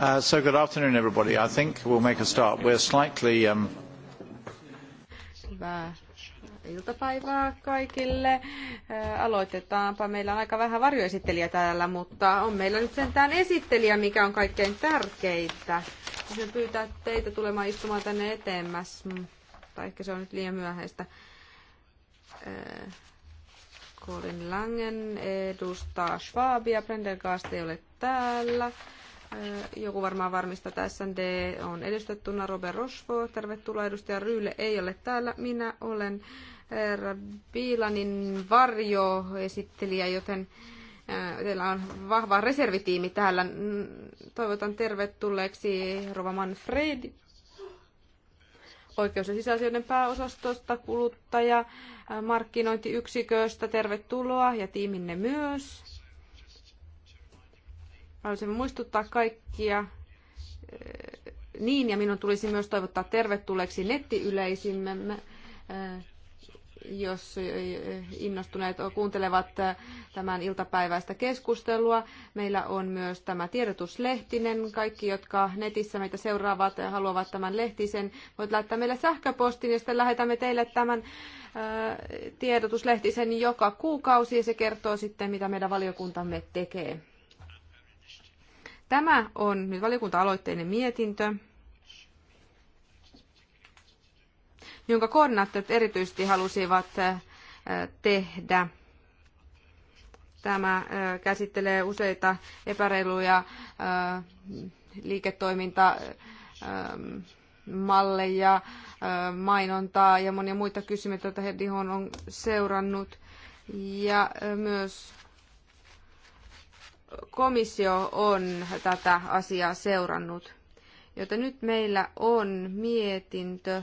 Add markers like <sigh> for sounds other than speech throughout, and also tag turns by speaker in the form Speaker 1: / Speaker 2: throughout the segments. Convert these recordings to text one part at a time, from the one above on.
Speaker 1: Uh, good afternoon everybody. I think we'll make a start. We're slightly... Um...
Speaker 2: Hyvää iltapäivää kaikille. Äh, aloitetaanpa. Meillä on aika vähän varjoesittelijä täällä, mutta on meillä nyt sentään esittelijä, mikä on kaikkein tärkeintä. Jos pyytää teitä tulemaan istumaan tänne etemmäs, mm, tai ehkä se on nyt liian myöhäistä. Äh, Colin Langen edustaa Schwabia, Prendergast ei ole täällä. Joku varmaan varmistaa, että SND on edustettuna. Robert Rochefort, tervetuloa. Edustaja Ryyle ei ole täällä. Minä olen herra Biilanin varjoesittelijä, joten teillä on vahva reservitiimi täällä. Toivotan tervetulleeksi Rova Manfred oikeus- ja sisäasioiden pääosastosta, kuluttaja, markkinointiyksiköstä. Tervetuloa ja tiiminne myös. Haluaisin muistuttaa kaikkia eh, niin, ja minun tulisi myös toivottaa tervetulleeksi nettiyleisimme, eh, jos eh, innostuneet kuuntelevat tämän iltapäiväistä keskustelua. Meillä on myös tämä tiedotuslehtinen. Kaikki, jotka netissä meitä seuraavat ja haluavat tämän lehtisen, voit laittaa meille sähköpostin ja sitten lähetämme teille tämän tiedotuslehtisen joka kuukausi ja se kertoo sitten, mitä meidän valiokuntamme tekee. Tämä on nyt valiokunta-aloitteinen mietintö, jonka koordinaattorit erityisesti halusivat äh, tehdä. Tämä äh, käsittelee useita epäreiluja äh, liiketoiminta ähm, malleja, mainontaa ja monia muita kysymyksiä, joita Hedihon on seurannut. Ja myös komissio on tätä asiaa seurannut. Joten nyt meillä on mietintö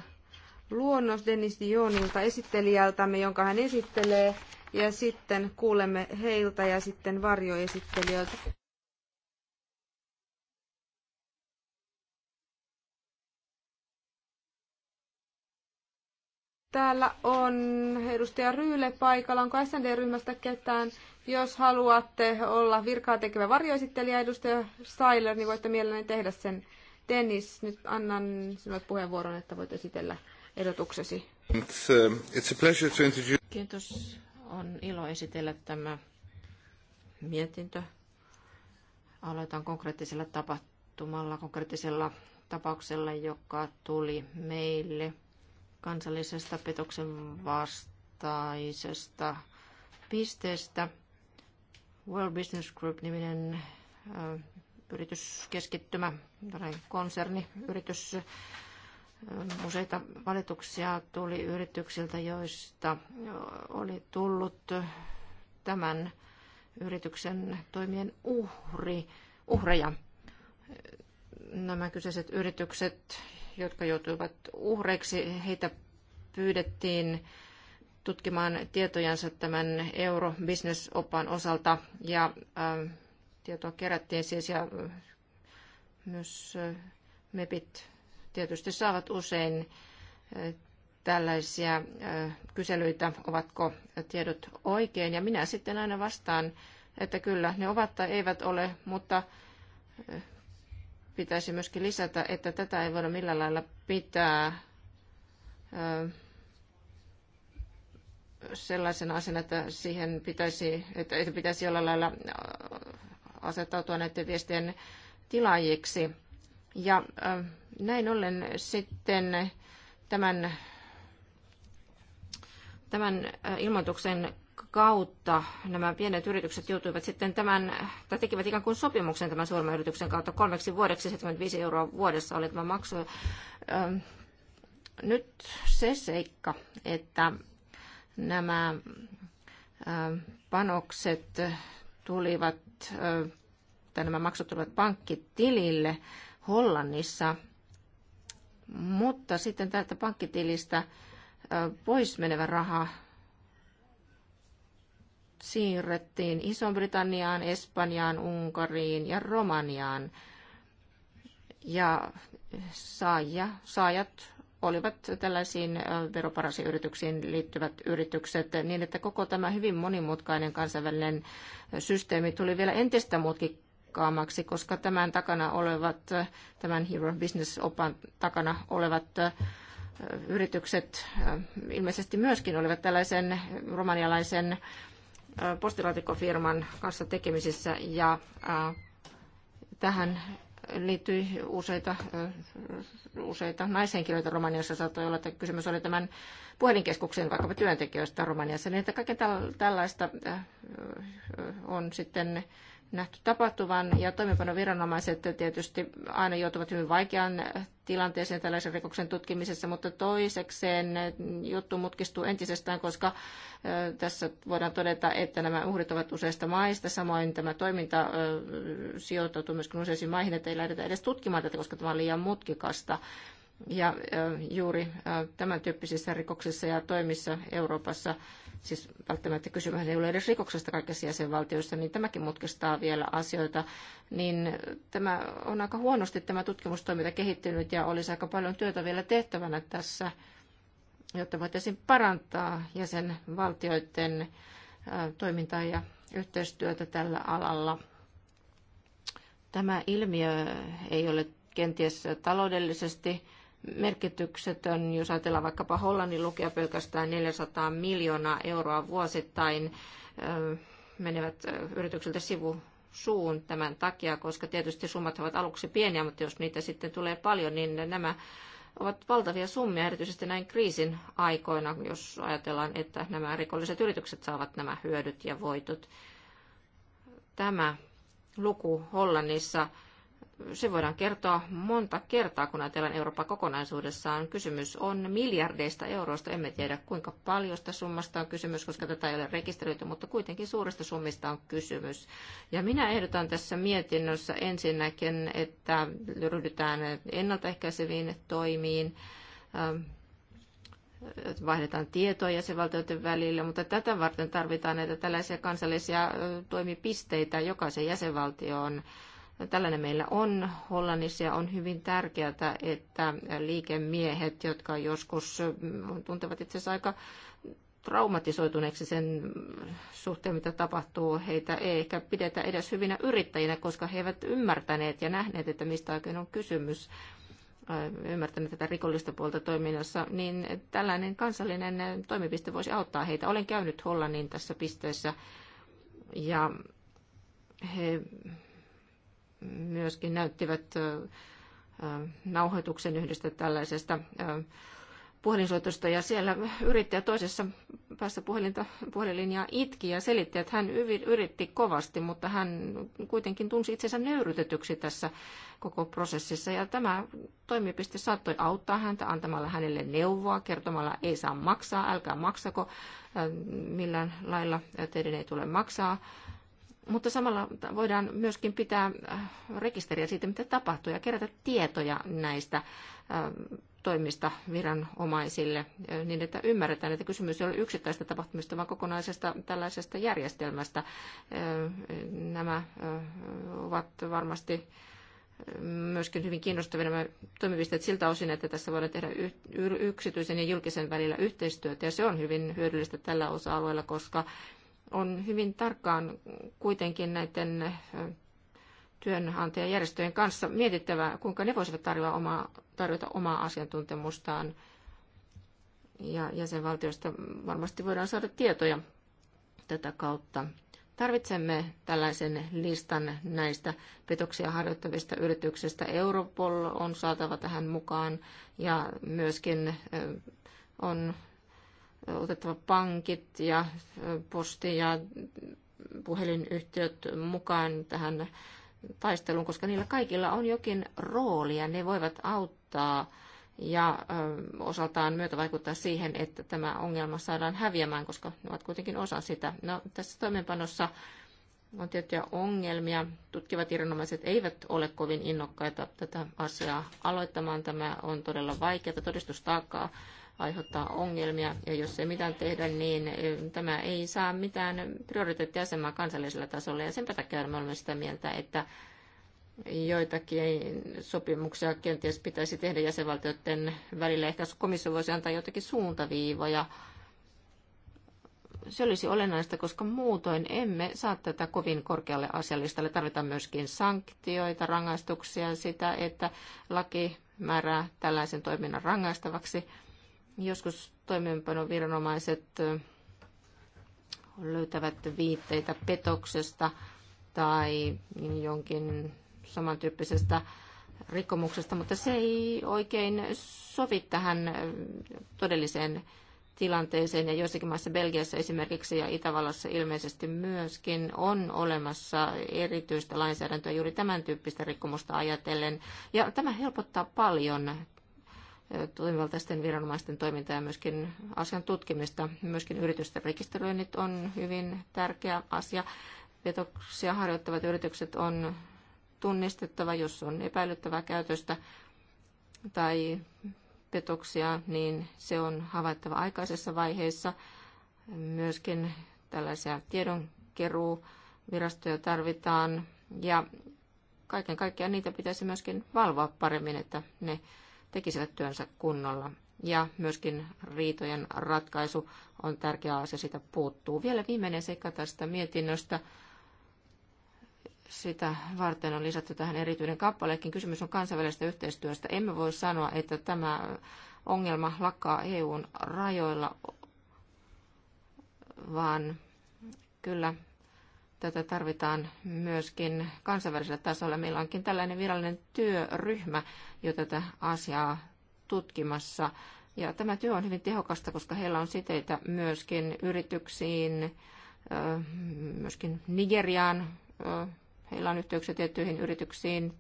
Speaker 2: luonnos Dennis Dionilta esittelijältämme, jonka hän esittelee, ja sitten kuulemme heiltä ja sitten varjoesittelijöiltä. Täällä on edustaja Ryyle paikalla. Onko SND-ryhmästä ketään? Jos haluatte olla virkaa tekevä varjoesittelijä, edustaja Sailer, niin voitte mielelläni tehdä sen. Dennis, nyt annan sinulle puheenvuoron, että voit esitellä
Speaker 3: ehdotuksesi.
Speaker 1: It's uh, a to introduce...
Speaker 3: Kiitos. On ilo esitellä tämä mietintö. Aloitan konkreettisella tapahtumalla, konkreettisella tapauksella, joka tuli meille kansallisesta petoksen vastaisesta pisteestä – World Business Group-niminen yrityskeskittymä, konserni, yritys, useita valituksia tuli yrityksiltä, joista oli tullut tämän yrityksen toimien uhri, uhreja. Nämä kyseiset yritykset, jotka joutuivat uhreiksi, heitä pyydettiin tutkimaan tietojansa tämän euro-business-opan osalta ja ähm, tietoa kerättiin siis ja äh, myös äh, MEPit tietysti saavat usein äh, tällaisia kyselyitä, ovatko tiedot oikein. Ja minä sitten aina vastaan, että kyllä ne ovat tai eivät ole, mutta pitäisi myöskin lisätä, että tätä ei voida millään lailla pitää sellaisena asiana, että siihen pitäisi, että pitäisi jollain lailla äh, asettautua näiden viestien tilaajiksi. Ja äh, näin ollen sitten tämän, tämän äh, ilmoituksen kautta nämä pienet yritykset joutuivat sitten tämän, tai tekivät ikään kuin sopimuksen tämän suuremman yrityksen kautta kolmeksi vuodeksi, 75 euroa vuodessa oli tämä maksu. Nyt se seikka, että nämä panokset tulivat, tai nämä maksut tulivat pankkitilille Hollannissa, mutta sitten täältä pankkitilistä pois menevä raha siirrettiin Iso-Britanniaan, Espanjaan, Unkariin ja Romaniaan. Ja saaja, saajat olivat tällaisiin äh, veroparasiyrityksiin liittyvät yritykset, niin että koko tämä hyvin monimutkainen kansainvälinen äh, systeemi tuli vielä entistä mutkikkaammaksi, koska tämän takana olevat, äh, tämän Hero Business-opan takana olevat yritykset ilmeisesti myöskin olivat tällaisen romanialaisen postilaatikkofirman kanssa tekemisissä ja tähän liittyi useita, useita naishenkilöitä Romaniassa. Saattoi olla, että kysymys oli tämän puhelinkeskuksen vaikkapa työntekijöistä Romaniassa. Niin, että kaiken tällaista on sitten nähty tapahtuvan ja toimeenpanoviranomaiset tietysti aina joutuvat hyvin vaikeaan tilanteeseen tällaisen rikoksen tutkimisessa, mutta toisekseen juttu mutkistuu entisestään, koska tässä voidaan todeta, että nämä uhrit ovat useista maista, samoin tämä toiminta sijoittautuu myöskin useisiin maihin, että ei lähdetä edes tutkimaan tätä, koska tämä on liian mutkikasta ja juuri tämän tyyppisissä rikoksissa ja toimissa Euroopassa, siis välttämättä kysymys ei ole edes rikoksesta kaikissa jäsenvaltioissa, niin tämäkin mutkistaa vielä asioita, niin tämä on aika huonosti tämä tutkimustoiminta kehittynyt ja olisi aika paljon työtä vielä tehtävänä tässä, jotta voitaisiin parantaa jäsenvaltioiden toimintaa ja yhteistyötä tällä alalla. Tämä ilmiö ei ole kenties taloudellisesti merkityksetön, jos ajatellaan vaikkapa Hollannin lukea pelkästään 400 miljoonaa euroa vuosittain menevät yrityksiltä sivu suun tämän takia, koska tietysti summat ovat aluksi pieniä, mutta jos niitä sitten tulee paljon, niin nämä ovat valtavia summia, erityisesti näin kriisin aikoina, jos ajatellaan, että nämä rikolliset yritykset saavat nämä hyödyt ja voitot. Tämä luku Hollannissa se voidaan kertoa monta kertaa, kun ajatellaan Euroopan kokonaisuudessaan. Kysymys on miljardeista euroista. Emme tiedä, kuinka paljosta summasta on kysymys, koska tätä ei ole rekisteröity, mutta kuitenkin suurista summista on kysymys. Ja minä ehdotan tässä mietinnössä ensinnäkin, että ryhdytään ennaltaehkäiseviin toimiin ähm, vaihdetaan tietoa jäsenvaltioiden välillä, mutta tätä varten tarvitaan näitä tällaisia kansallisia äh, toimipisteitä jokaisen jäsenvaltioon Tällainen meillä on Hollannissa ja on hyvin tärkeää, että liikemiehet, jotka joskus mm, tuntevat asiassa aika traumatisoituneeksi sen suhteen, mitä tapahtuu. Heitä ei ehkä pidetä edes hyvinä yrittäjinä, koska he eivät ymmärtäneet ja nähneet, että mistä oikein on kysymys äh, ymmärtänyt tätä rikollista puolta toiminnassa, niin tällainen kansallinen toimipiste voisi auttaa heitä. Olen käynyt Hollannin tässä pisteessä ja he myöskin näyttivät nauhoituksen yhdestä tällaisesta puhelinsoitosta ja siellä yrittäjä toisessa päässä puhelinta, puhelinlinjaa itki ja selitti, että hän yritti kovasti, mutta hän kuitenkin tunsi itsensä nöyrytetyksi tässä koko prosessissa ja tämä toimipiste saattoi auttaa häntä antamalla hänelle neuvoa, kertomalla ei saa maksaa, älkää maksako, millään lailla teidän ei tule maksaa mutta samalla voidaan myöskin pitää äh, rekisteriä siitä, mitä tapahtuu, ja kerätä tietoja näistä äh, toimista viranomaisille äh, niin, että ymmärretään, että kysymys ei ole yksittäistä tapahtumista, vaan kokonaisesta tällaisesta järjestelmästä. Nämä ovat varmasti myöskin hyvin kiinnostavia nämä toimipisteet siltä osin, että tässä voidaan tehdä yksityisen ja julkisen välillä yhteistyötä, ja se on hyvin hyödyllistä tällä osa-alueella, koska on hyvin tarkkaan kuitenkin näiden työnantajajärjestöjen kanssa mietittävä, kuinka ne voisivat tarjota omaa, tarjota omaa asiantuntemustaan. Ja jäsenvaltioista varmasti voidaan saada tietoja tätä kautta. Tarvitsemme tällaisen listan näistä petoksia harjoittavista yrityksistä. Europol on saatava tähän mukaan ja myöskin on otettava pankit ja posti ja puhelinyhtiöt mukaan tähän taisteluun, koska niillä kaikilla on jokin rooli ja ne voivat auttaa ja osaltaan myötä vaikuttaa siihen, että tämä ongelma saadaan häviämään, koska ne ovat kuitenkin osa sitä. No, tässä toimeenpanossa on tiettyjä ongelmia. Tutkivat viranomaiset eivät ole kovin innokkaita tätä asiaa aloittamaan. Tämä on todella vaikeaa. Todistustaakkaa aiheuttaa ongelmia. Ja jos ei mitään tehdä, niin eh, tämä ei saa mitään prioriteettiasemaa kansallisella tasolla. Ja sen takia me olemme sitä mieltä, että joitakin sopimuksia kenties pitäisi tehdä jäsenvaltioiden välillä. Ehkä komissio voisi antaa jotakin suuntaviivoja. Se olisi olennaista, koska muutoin emme saa tätä kovin korkealle asialistalle. Tarvitaan myöskin sanktioita, rangaistuksia, sitä, että laki määrää tällaisen toiminnan rangaistavaksi. Joskus toimeenpanoviranomaiset löytävät viitteitä petoksesta tai jonkin samantyyppisestä rikkomuksesta, mutta se ei oikein sovi tähän todelliseen tilanteeseen. Ja joissakin maissa, Belgiassa esimerkiksi ja Itävallassa ilmeisesti myöskin, on olemassa erityistä lainsäädäntöä juuri tämän tyyppistä rikkomusta ajatellen. Ja tämä helpottaa paljon toimivaltaisten viranomaisten toimintaa ja myöskin asian tutkimista. Myöskin yritysten rekisteröinnit on hyvin tärkeä asia. Petoksia harjoittavat yritykset on tunnistettava, jos on epäilyttävää käytöstä tai petoksia, niin se on havaittava aikaisessa vaiheessa. Myöskin tällaisia tiedonkeruuvirastoja tarvitaan ja kaiken kaikkiaan niitä pitäisi myöskin valvoa paremmin, että ne tekisivät työnsä kunnolla. Ja myöskin riitojen ratkaisu on tärkeä asia, sitä puuttuu. Vielä viimeinen seikka tästä mietinnöstä. Sitä varten on lisätty tähän erityinen kappaleekin. Kysymys on kansainvälisestä yhteistyöstä. Emme voi sanoa, että tämä ongelma lakkaa EUn rajoilla, vaan kyllä Tätä tarvitaan myöskin kansainvälisellä tasolla. Meillä onkin tällainen virallinen työryhmä jo tätä asiaa tutkimassa. Ja tämä työ on hyvin tehokasta, koska heillä on siteitä myöskin yrityksiin, myöskin Nigeriaan. Heillä on yhteyksiä tiettyihin yrityksiin,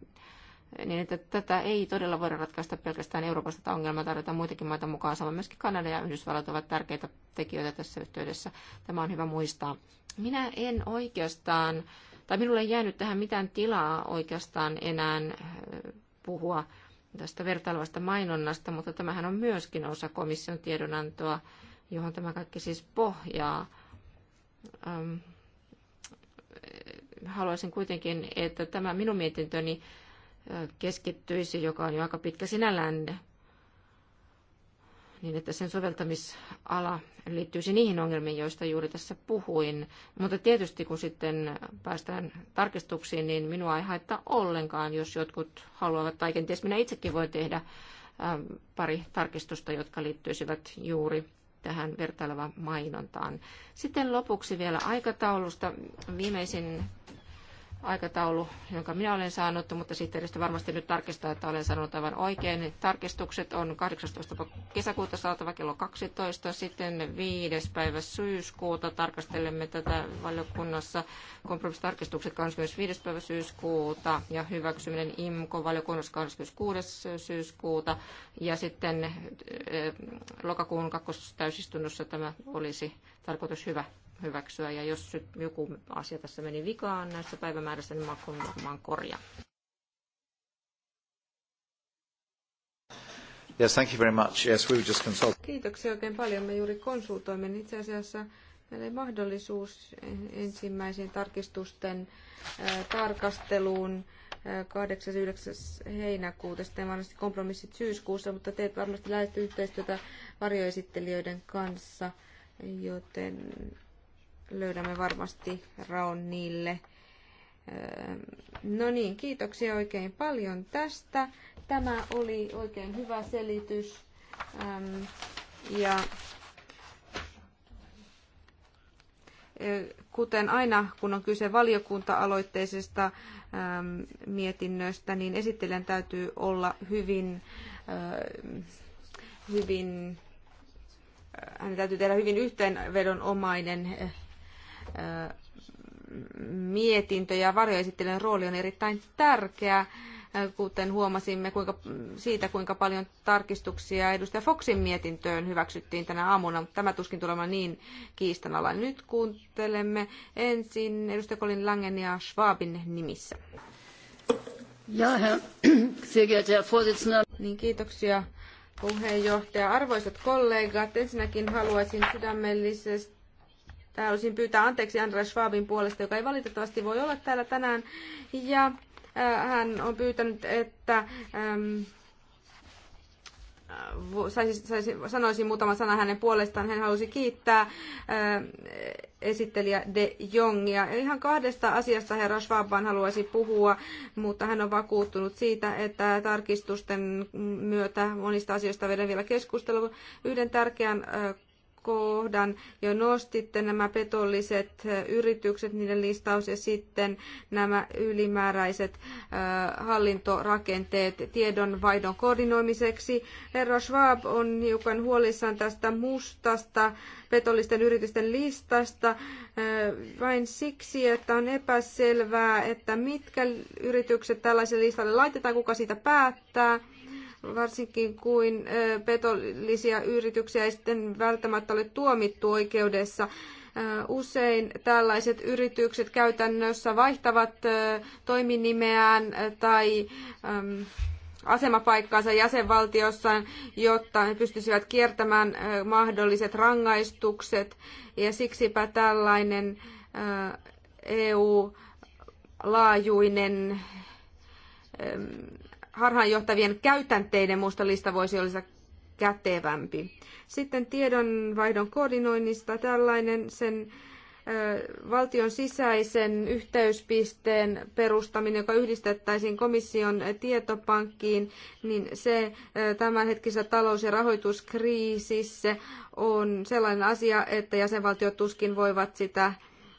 Speaker 3: niin että tätä ei todella voida ratkaista pelkästään Euroopasta tätä ongelmaa, tarvitaan muitakin maita mukaan, samoin myöskin Kanada ja Yhdysvallat ovat tärkeitä tekijöitä tässä yhteydessä. Tämä on hyvä muistaa. Minä en oikeastaan, tai minulle ei jäänyt tähän mitään tilaa oikeastaan enää puhua tästä vertailuvasta mainonnasta, mutta tämähän on myöskin osa komission tiedonantoa, johon tämä kaikki siis pohjaa. haluaisin kuitenkin, että tämä minun mietintöni keskittyisi, joka on jo aika pitkä sinällään, niin että sen soveltamisala liittyisi niihin ongelmiin, joista juuri tässä puhuin. Mutta tietysti kun sitten päästään tarkistuksiin, niin minua ei haittaa ollenkaan, jos jotkut haluavat, tai kenties minä itsekin voin tehdä pari tarkistusta, jotka liittyisivät juuri tähän vertailevaan mainontaan. Sitten lopuksi vielä aikataulusta. Viimeisin aikataulu, jonka minä olen saanut, mutta sitten sihteeristö varmasti nyt tarkistaa, että olen sanonut aivan oikein. Tarkistukset on 18. kesäkuuta saatava kello 12. Sitten 5. päivä syyskuuta tarkastelemme tätä valiokunnassa. Kompromissitarkistukset 25. päivä syyskuuta ja hyväksyminen IMKO-valiokunnassa 26. syyskuuta. Ja sitten eh, lokakuun kakkostäysistunnossa tämä olisi tarkoitus hyvä hyväksyä. Ja jos nyt joku asia tässä meni vikaan näissä päivämäärissä niin mä varmaan korjaa.
Speaker 1: Yes, thank you very much. Yes, we were just consult-
Speaker 3: Kiitoksia
Speaker 2: oikein paljon. Me juuri konsultoimme. Itse asiassa meillä oli mahdollisuus ensimmäisiin tarkistusten tarkasteluun 8.9. heinäkuuta, sitten varmasti kompromissit syyskuussa, mutta teet varmasti läheistä yhteistyötä varjoesittelijöiden kanssa, joten löydämme varmasti raon niille. Öö, no niin, kiitoksia oikein paljon tästä. Tämä oli oikein hyvä selitys. Ja kuten aina, kun on kyse valiokunta-aloitteisesta mietinnöstä, niin esittelijän täytyy olla hyvin, hyvin hän täytyy tehdä hyvin yhteenvedonomainen mietintö ja varjoesittelijän rooli on erittäin tärkeä, kuten huomasimme kuinka, siitä, kuinka paljon tarkistuksia edustaja Foxin mietintöön hyväksyttiin tänä aamuna, mutta tämä tuskin tulemaan niin kiistanalainen. Nyt kuuntelemme ensin edustaja Colin Langen ja Schwabin nimissä. Ja, herr, <clears throat> Niin, kiitoksia puheenjohtaja. Arvoisat kollegat, ensinnäkin haluaisin sydämellisesti olisin pyytää anteeksi Andreas Schwabin puolesta, joka ei valitettavasti voi olla täällä tänään. Ja äh, hän on pyytänyt, että äm, saisi, saisi, sanoisin muutama sana hänen puolestaan. Hän halusi kiittää äh, esittelijä De Jongia. Ihan kahdesta asiasta herra Schwaban haluaisi puhua, mutta hän on vakuuttunut siitä, että tarkistusten myötä monista asioista vedän vielä keskustelua. Yhden tärkeän äh, kohdan jo nostitte, nämä petolliset yritykset, niiden listaus ja sitten nämä ylimääräiset hallintorakenteet tiedonvaihdon koordinoimiseksi. Herra Schwab on hiukan huolissaan tästä mustasta petollisten yritysten listasta vain siksi, että on epäselvää, että mitkä yritykset tällaiselle listalle laitetaan, kuka siitä päättää varsinkin kuin petollisia yrityksiä ei sitten välttämättä ole tuomittu oikeudessa. Usein tällaiset yritykset käytännössä vaihtavat toiminimeään tai asemapaikkaansa jäsenvaltiossaan, jotta he pystyisivät kiertämään mahdolliset rangaistukset. Ja siksipä tällainen EU-laajuinen harhaanjohtavien käytänteiden musta lista voisi olla kätevämpi. Sitten tiedonvaihdon koordinoinnista tällainen sen valtion sisäisen yhteyspisteen perustaminen, joka yhdistettäisiin komission tietopankkiin, niin se tämänhetkisessä talous- ja rahoituskriisissä on sellainen asia, että jäsenvaltiot tuskin voivat sitä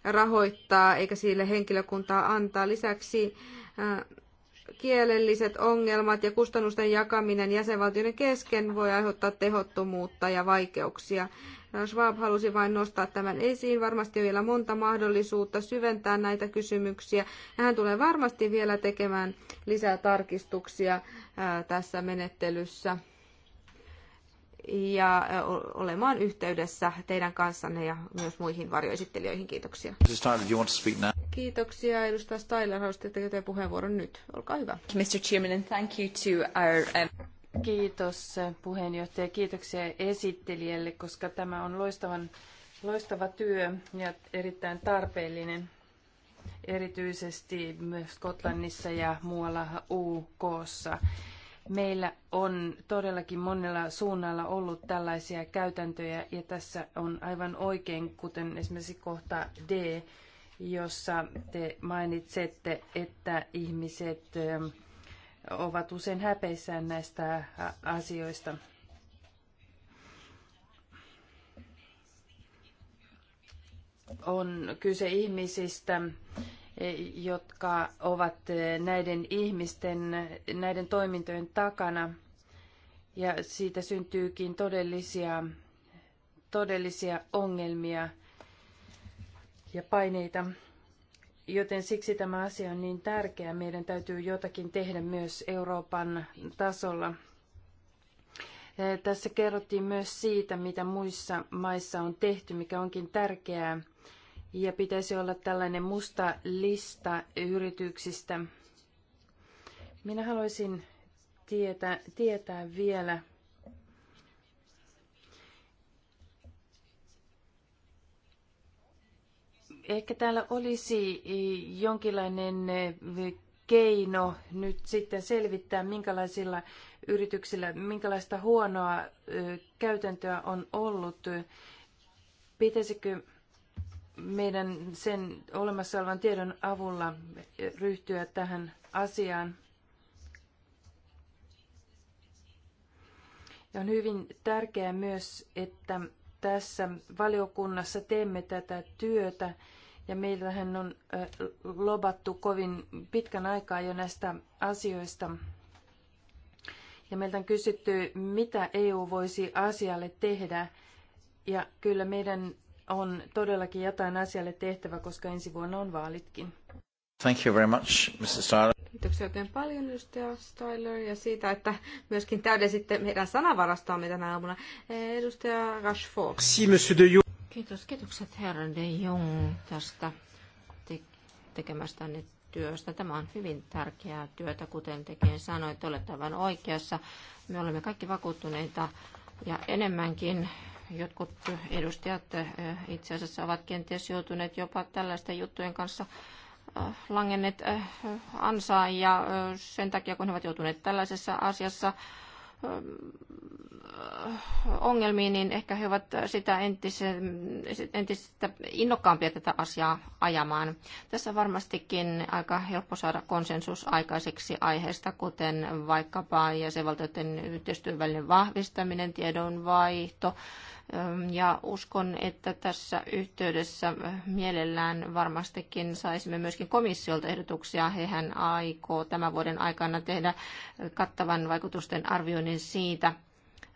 Speaker 2: rahoittaa eikä sille henkilökuntaa antaa. Lisäksi kielelliset ongelmat ja kustannusten jakaminen jäsenvaltioiden kesken voi aiheuttaa tehottomuutta ja vaikeuksia. Schwab halusi vain nostaa tämän esiin. Varmasti on vielä monta mahdollisuutta syventää näitä kysymyksiä. Ja hän tulee varmasti vielä tekemään lisää tarkistuksia tässä menettelyssä ja olemaan yhteydessä teidän kanssanne ja myös muihin varjoesittelijöihin. Kiitoksia. Kiitoksia edustaja Styler, haluaisitte käyttää puheenvuoron nyt. Olkaa hyvä. Mr. Chairman, and thank you to our... Um... Kiitos puheenjohtaja, kiitoksia esittelijälle,
Speaker 4: koska tämä on loistavan, loistava työ ja erittäin tarpeellinen erityisesti Skotlannissa ja muualla UKssa. Meillä on todellakin monella suunnalla ollut tällaisia käytäntöjä ja tässä on aivan oikein, kuten esimerkiksi kohta D, jossa te mainitsette, että ihmiset ovat usein häpeissään näistä asioista. On kyse ihmisistä, e, jotka ovat näiden ihmisten, näiden toimintojen takana. Ja siitä syntyykin todellisia, todellisia ongelmia – ja paineita. Joten siksi tämä asia on niin tärkeä. Meidän täytyy jotakin tehdä myös Euroopan tasolla. Eh, tässä kerrottiin myös siitä, mitä muissa maissa on tehty, mikä onkin tärkeää. Ja pitäisi olla tällainen musta lista yrityksistä. Minä haluaisin tietää, tietää vielä, ehkä täällä olisi eh, jonkinlainen eh, keino nyt sitten selvittää, minkälaisilla yrityksillä, minkälaista huonoa eh, käytäntöä on ollut. Pitäisikö meidän sen olemassa olevan tiedon avulla ryhtyä tähän asiaan? Ja on hyvin tärkeää myös, että tässä valiokunnassa teemme tätä työtä ja meillähän on lobattu kovin pitkän aikaa jo näistä asioista. Ja meiltä on kysytty, mitä EU voisi asialle tehdä. Ja kyllä meidän on todellakin jotain asialle tehtävä, koska ensi vuonna
Speaker 2: on vaalitkin.
Speaker 1: Thank you very much, Mr. Styler.
Speaker 2: Kiitoksia oikein paljon, edustaja Styler, ja siitä, että myöskin täydensitte meidän sanavarastamme tänä aamuna. Edustaja
Speaker 3: Rashford. Si, monsieur de Kiitos, kiitokset herra De Jong tästä te- tekemästänne työstä. Tämä on hyvin tärkeää työtä, kuten tekin sanoit, olette aivan oikeassa. Me olemme kaikki vakuuttuneita ja enemmänkin jotkut edustajat eh, itse asiassa ovat kenties joutuneet jopa tällaisten juttujen kanssa eh, langenneet eh, ansaan ja sen takia, kun he ovat joutuneet tällaisessa asiassa ongelmiin, niin ehkä he ovat sitä entistä innokkaampia tätä asiaa ajamaan. Tässä varmastikin aika helppo saada konsensus aikaiseksi aiheesta, kuten vaikkapa jäsenvaltioiden välinen vahvistaminen, tiedonvaihto. Ja uskon, että tässä yhteydessä mielellään varmastikin saisimme myöskin komissiolta ehdotuksia. Hehän aikoo tämän vuoden aikana tehdä kattavan vaikutusten arvioinnin siitä,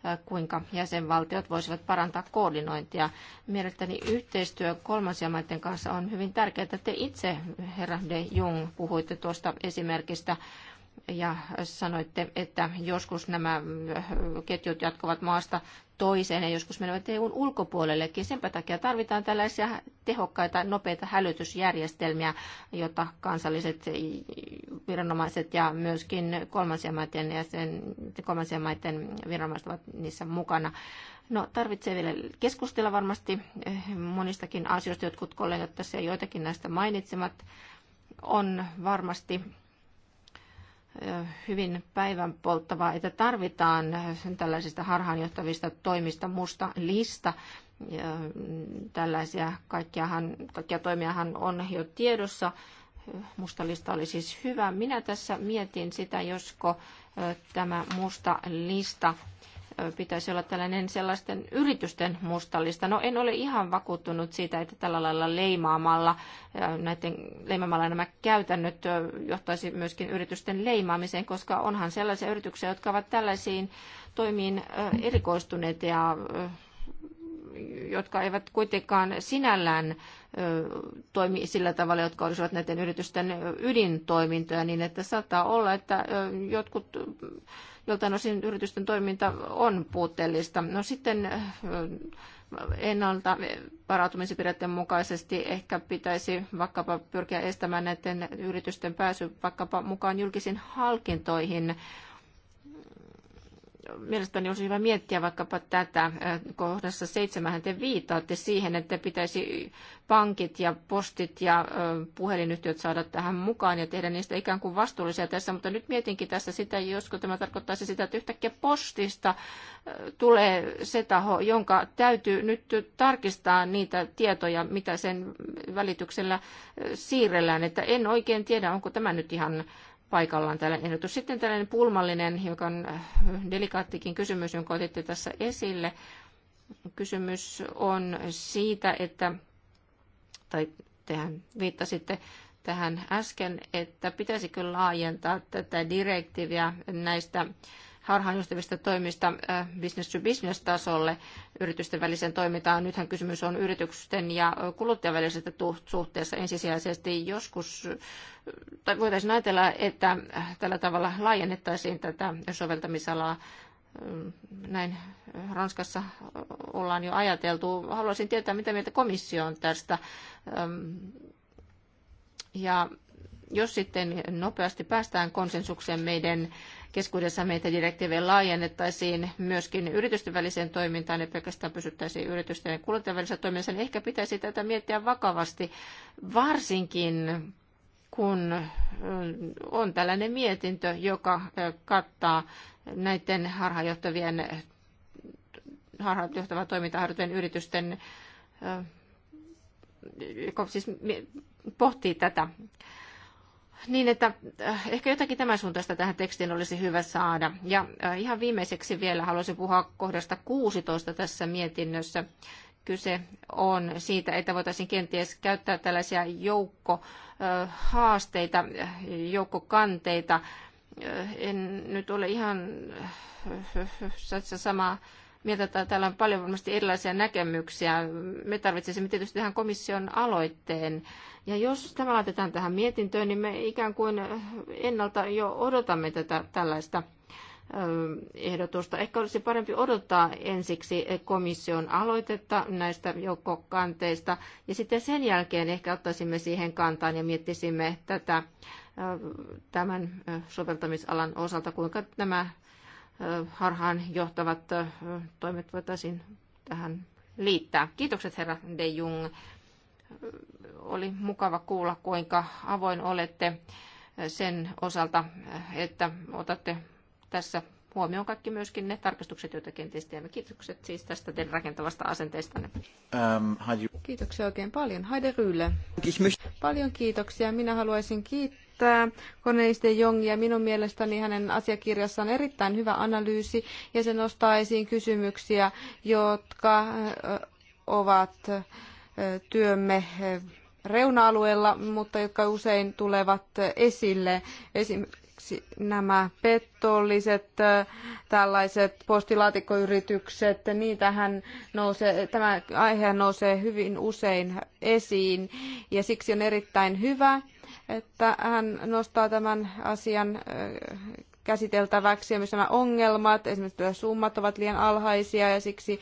Speaker 3: Äh, kuinka jäsenvaltiot voisivat parantaa koordinointia. Mielestäni yhteistyö kolmansien maiden kanssa on hyvin tärkeää. Te itse, herra de Jung, puhuitte tuosta esimerkistä ja sanoitte, että joskus nämä ketjut jatkuvat maasta toiseen ja joskus menevät EUn ulkopuolellekin. Senpä takia tarvitaan tällaisia tehokkaita, nopeita hälytysjärjestelmiä, jotta kansalliset viranomaiset ja myöskin kolmansien maiden, ja sen, kolmansien maiden viranomaiset ovat niissä mukana. No, tarvitsee vielä keskustella varmasti monistakin asioista. Jotkut kollegat tässä joitakin näistä mainitsemat on varmasti hyvin päivän polttavaa, että tarvitaan tällaisista harhaanjohtavista toimista musta lista. Ja mm, tällaisia kaikkiahan, kaikkia toimiahan on jo tiedossa. Musta lista oli siis hyvä. Minä tässä mietin sitä, josko tämä musta lista pitäisi olla tällainen sellaisten yritysten mustallista. No en ole ihan vakuuttunut siitä, että tällä lailla leimaamalla, näiden, leimaamalla nämä käytännöt johtaisi myöskin yritysten leimaamiseen, koska onhan sellaisia yrityksiä, jotka ovat tällaisiin toimiin erikoistuneet ja jotka eivät kuitenkaan sinällään toimi sillä tavalla, jotka olisivat näiden yritysten ydintoimintoja, niin että saattaa olla, että jotkut joltain osin yritysten toiminta on puutteellista. No sitten eh, ennalta varautumisen periaatteen mukaisesti ehkä pitäisi vaikkapa pyrkiä estämään näiden yritysten pääsy vaikkapa mukaan julkisiin halkintoihin mielestäni olisi hyvä miettiä vaikkapa tätä. Kohdassa seitsemään te viitaatte siihen, että pitäisi pankit ja postit ja puhelinyhtiöt saada tähän mukaan ja tehdä niistä ikään kuin vastuullisia tässä, mutta nyt mietinkin tässä sitä, josko tämä tarkoittaisi sitä, että yhtäkkiä postista tulee se taho, jonka täytyy nyt tarkistaa niitä tietoja, mitä sen välityksellä siirrellään, että en oikein tiedä, onko tämä nyt ihan paikallaan tällainen ehdotus. Sitten tällainen pulmallinen, joka on äh, delikaattikin kysymys, jonka otitte tässä esille. Kysymys on siitä, että, tai tehän viittasitte tähän äsken, että pitäisikö laajentaa tätä direktiiviä näistä harhaanjohtavista toimista äh, business to business tasolle yritysten väliseen toimintaan. Nythän kysymys on yritysten ja kuluttajan välisestä suhteessa ensisijaisesti. Joskus tai voitaisiin ajatella, että äh, tällä tavalla laajennettaisiin tätä soveltamisalaa mm, näin äh, Ranskassa ollaan jo ajateltu. Haluaisin tietää, mitä mieltä komissio on tästä. Ja jos sitten nopeasti päästään konsensukseen meidän keskuudessamme, että direktiivejä laajennettaisiin myöskin yritysten väliseen toimintaan, ei pelkästään pysyttäisiin yritysten ja kuluttajien välisessä toiminnassa, niin ehkä pitäisi tätä miettiä vakavasti, varsinkin kun on tällainen mietintö, joka kattaa näiden harhaanjohtavien harhaanjohtavaa toimintaa harjoittavien yritysten, siis pohtii tätä niin, että äh, ehkä jotakin tämän suuntaista tähän tekstiin olisi hyvä saada. Ja äh, ihan viimeiseksi vielä haluaisin puhua kohdasta 16 tässä mietinnössä. Kyse on siitä, että voitaisiin kenties käyttää tällaisia joukkohaasteita, äh, joukkokanteita. En nyt ole ihan samaa mieltä, että täällä on paljon varmasti erilaisia näkemyksiä. Me tarvitsisimme tietysti tähän komission aloitteen ja jos tämä laitetaan tähän mietintöön, niin me ikään kuin ennalta jo odotamme tätä tällaista ehdotusta. Ehkä olisi parempi odottaa ensiksi komission aloitetta näistä joukkokanteista ja sitten sen jälkeen ehkä ottaisimme siihen kantaan ja miettisimme tätä tämän soveltamisalan osalta, kuinka nämä harhaan johtavat toimet voitaisiin tähän liittää. Kiitokset herra De Jung oli mukava kuulla, kuinka avoin olette sen osalta, että otatte tässä huomioon kaikki myöskin ne tarkastukset, joita kenties teemme. Kiitokset siis tästä teidän rakentavasta asenteestanne.
Speaker 1: Ähm,
Speaker 3: kiitoksia oikein paljon. Haide Ryle. Paljon
Speaker 2: kiitoksia. Minä haluaisin kiittää Corneliste Jongia. Minun mielestäni hänen asiakirjassaan on erittäin hyvä analyysi ja se nostaa esiin kysymyksiä, jotka ovat työmme eh, reuna-alueella, mutta jotka usein tulevat eh, esille. Esimerkiksi nämä petolliset, eh, tällaiset postilaatikkoyritykset, niitähän nousee, tämä aihe nousee hyvin usein esiin ja siksi on erittäin hyvä, että hän nostaa tämän asian käsiteltäväksi ja myös nämä ongelmat, esimerkiksi summat ovat liian alhaisia ja siksi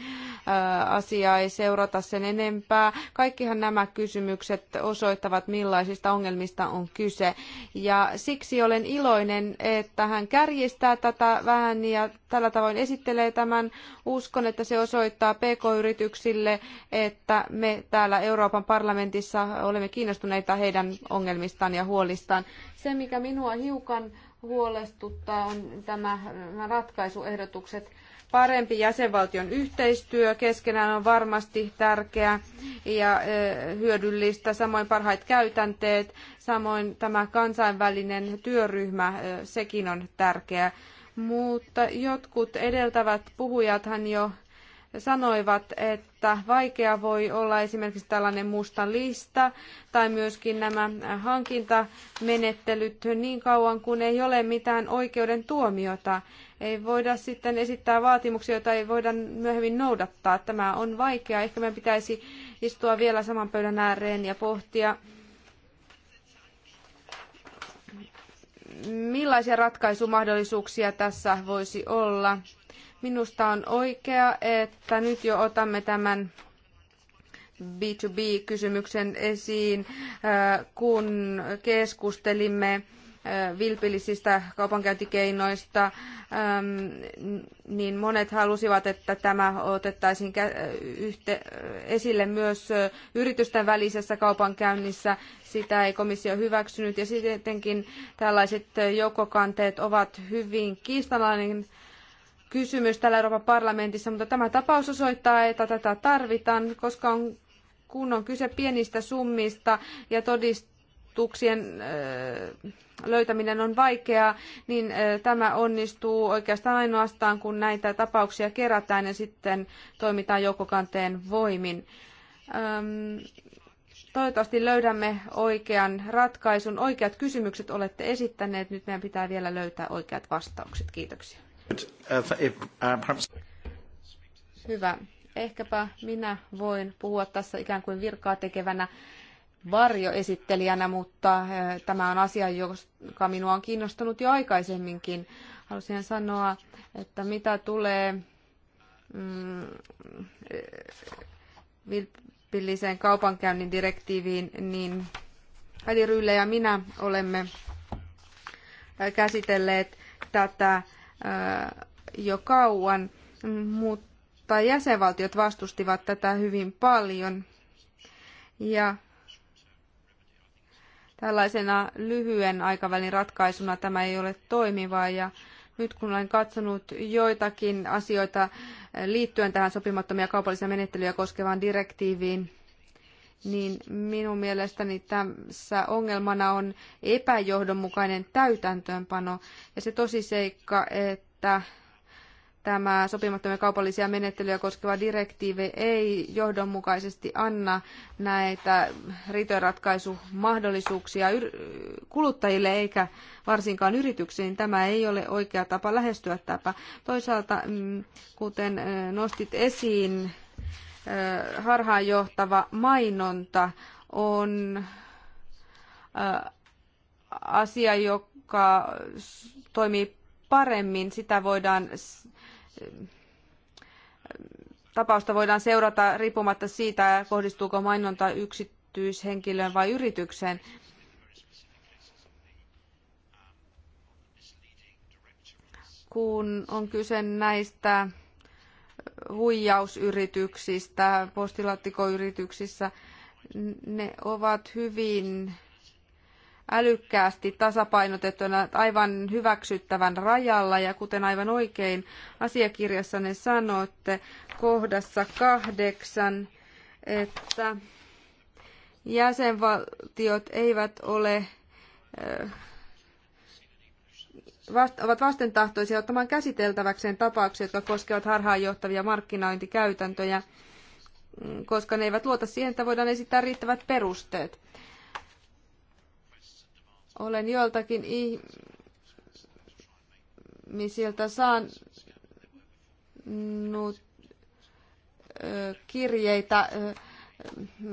Speaker 2: asiaa ei seurata sen enempää. Kaikkihan nämä kysymykset osoittavat, millaisista ongelmista on kyse. Ja siksi olen iloinen, että hän kärjistää tätä vähän ja tällä tavoin esittelee tämän. Uskon, että se osoittaa pk-yrityksille, että me täällä Euroopan parlamentissa olemme kiinnostuneita heidän ongelmistaan ja huolistaan. Se, mikä minua hiukan huolestuttaa on tämä, nämä ratkaisuehdotukset. Parempi jäsenvaltion yhteistyö keskenään on varmasti tärkeää ja eh, hyödyllistä, samoin parhaat käytänteet, samoin tämä kansainvälinen työryhmä, eh, sekin on tärkeää. Mutta jotkut edeltävät puhujathan jo sanoivat, että vaikea voi olla esimerkiksi tällainen musta lista tai myöskin nämä hankintamenettelyt niin kauan, kun ei ole mitään oikeuden tuomiota. Ei voida sitten esittää vaatimuksia, joita ei voida myöhemmin noudattaa. Tämä on vaikeaa. Ehkä meidän pitäisi istua vielä saman pöydän ääreen ja pohtia, millaisia ratkaisumahdollisuuksia tässä voisi olla Minusta on oikea, että nyt jo otamme tämän B2B-kysymyksen esiin, kun keskustelimme vilpillisistä kaupankäyntikeinoista, niin monet halusivat, että tämä otettaisiin esille myös yritysten välisessä kaupankäynnissä. Sitä ei komissio hyväksynyt ja sittenkin tällaiset joukkokanteet ovat hyvin kiistanalainen kysymys täällä Euroopan parlamentissa, mutta tämä tapaus osoittaa, että tätä tarvitaan, koska on, kun on kyse pienistä summista ja todistuksien löytäminen on vaikeaa, niin tämä onnistuu oikeastaan ainoastaan, kun näitä tapauksia kerätään ja sitten toimitaan joukkokanteen voimin. Toivottavasti löydämme oikean ratkaisun. Oikeat kysymykset olette esittäneet. Nyt meidän pitää vielä löytää oikeat vastaukset. Kiitoksia.
Speaker 1: Uh, uh,
Speaker 2: Hyvä. Ehkäpä minä voin puhua tässä ikään kuin virkaa tekevänä varjoesittelijänä, mutta eh, tämä on asia, joka minua on kiinnostanut jo aikaisemminkin. Halusin sanoa, että mitä tulee mm, eh, vilpilliseen kaupankäynnin direktiiviin, niin Heidi Ryyle ja minä olemme eh, käsitelleet tätä jo kauan, mutta jäsenvaltiot vastustivat tätä hyvin paljon. Ja tällaisena lyhyen aikavälin ratkaisuna tämä ei ole toimivaa ja nyt kun olen katsonut joitakin asioita liittyen tähän sopimattomia kaupallisia menettelyjä koskevaan direktiiviin, niin minun mielestäni tässä ongelmana on epäjohdonmukainen täytäntöönpano ja se tosiseikka, että tämä sopimattomia kaupallisia menettelyjä koskeva direktiivi ei johdonmukaisesti anna näitä riitojenratkaisumahdollisuuksia kuluttajille eikä varsinkaan yrityksiin. Niin tämä ei ole oikea tapa lähestyä tätä. Toisaalta, mm, kuten nostit esiin, harhaanjohtava mainonta on asia, joka toimii paremmin. Sitä voidaan, tapausta voidaan seurata riippumatta siitä, kohdistuuko mainonta yksityishenkilöön vai yritykseen. Kun on kyse näistä huijausyrityksistä, postilaattikoyrityksissä, ne ovat hyvin älykkäästi tasapainotettuna aivan hyväksyttävän rajalla ja kuten aivan oikein asiakirjassanne sanoitte kohdassa kahdeksan, että jäsenvaltiot eivät ole eh, vast, ovat vastentahtoisia ottamaan käsiteltäväkseen tapauksia, jotka koskevat harhaanjohtavia markkinointikäytäntöjä, mm, koska ne eivät luota siihen, että voidaan esittää riittävät perusteet. Olen joiltakin ihmisiltä saanut kirjeitä,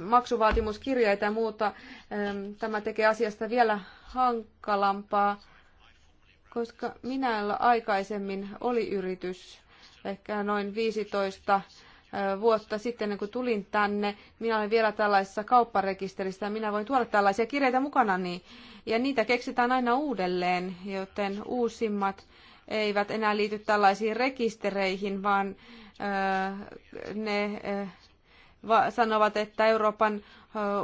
Speaker 2: maksuvaatimuskirjeitä ja muuta. Tämä tekee asiasta vielä hankalampaa koska minä aikaisemmin oli yritys, ehkä noin 15 vuotta sitten, kun tulin tänne. Minä olen vielä tällaisessa kaupparekisterissä ja minä voin tuoda tällaisia kirjeitä mukana. Ja niitä keksitään aina uudelleen, joten uusimmat eivät enää liity tällaisiin rekistereihin, vaan ne sanovat, että Euroopan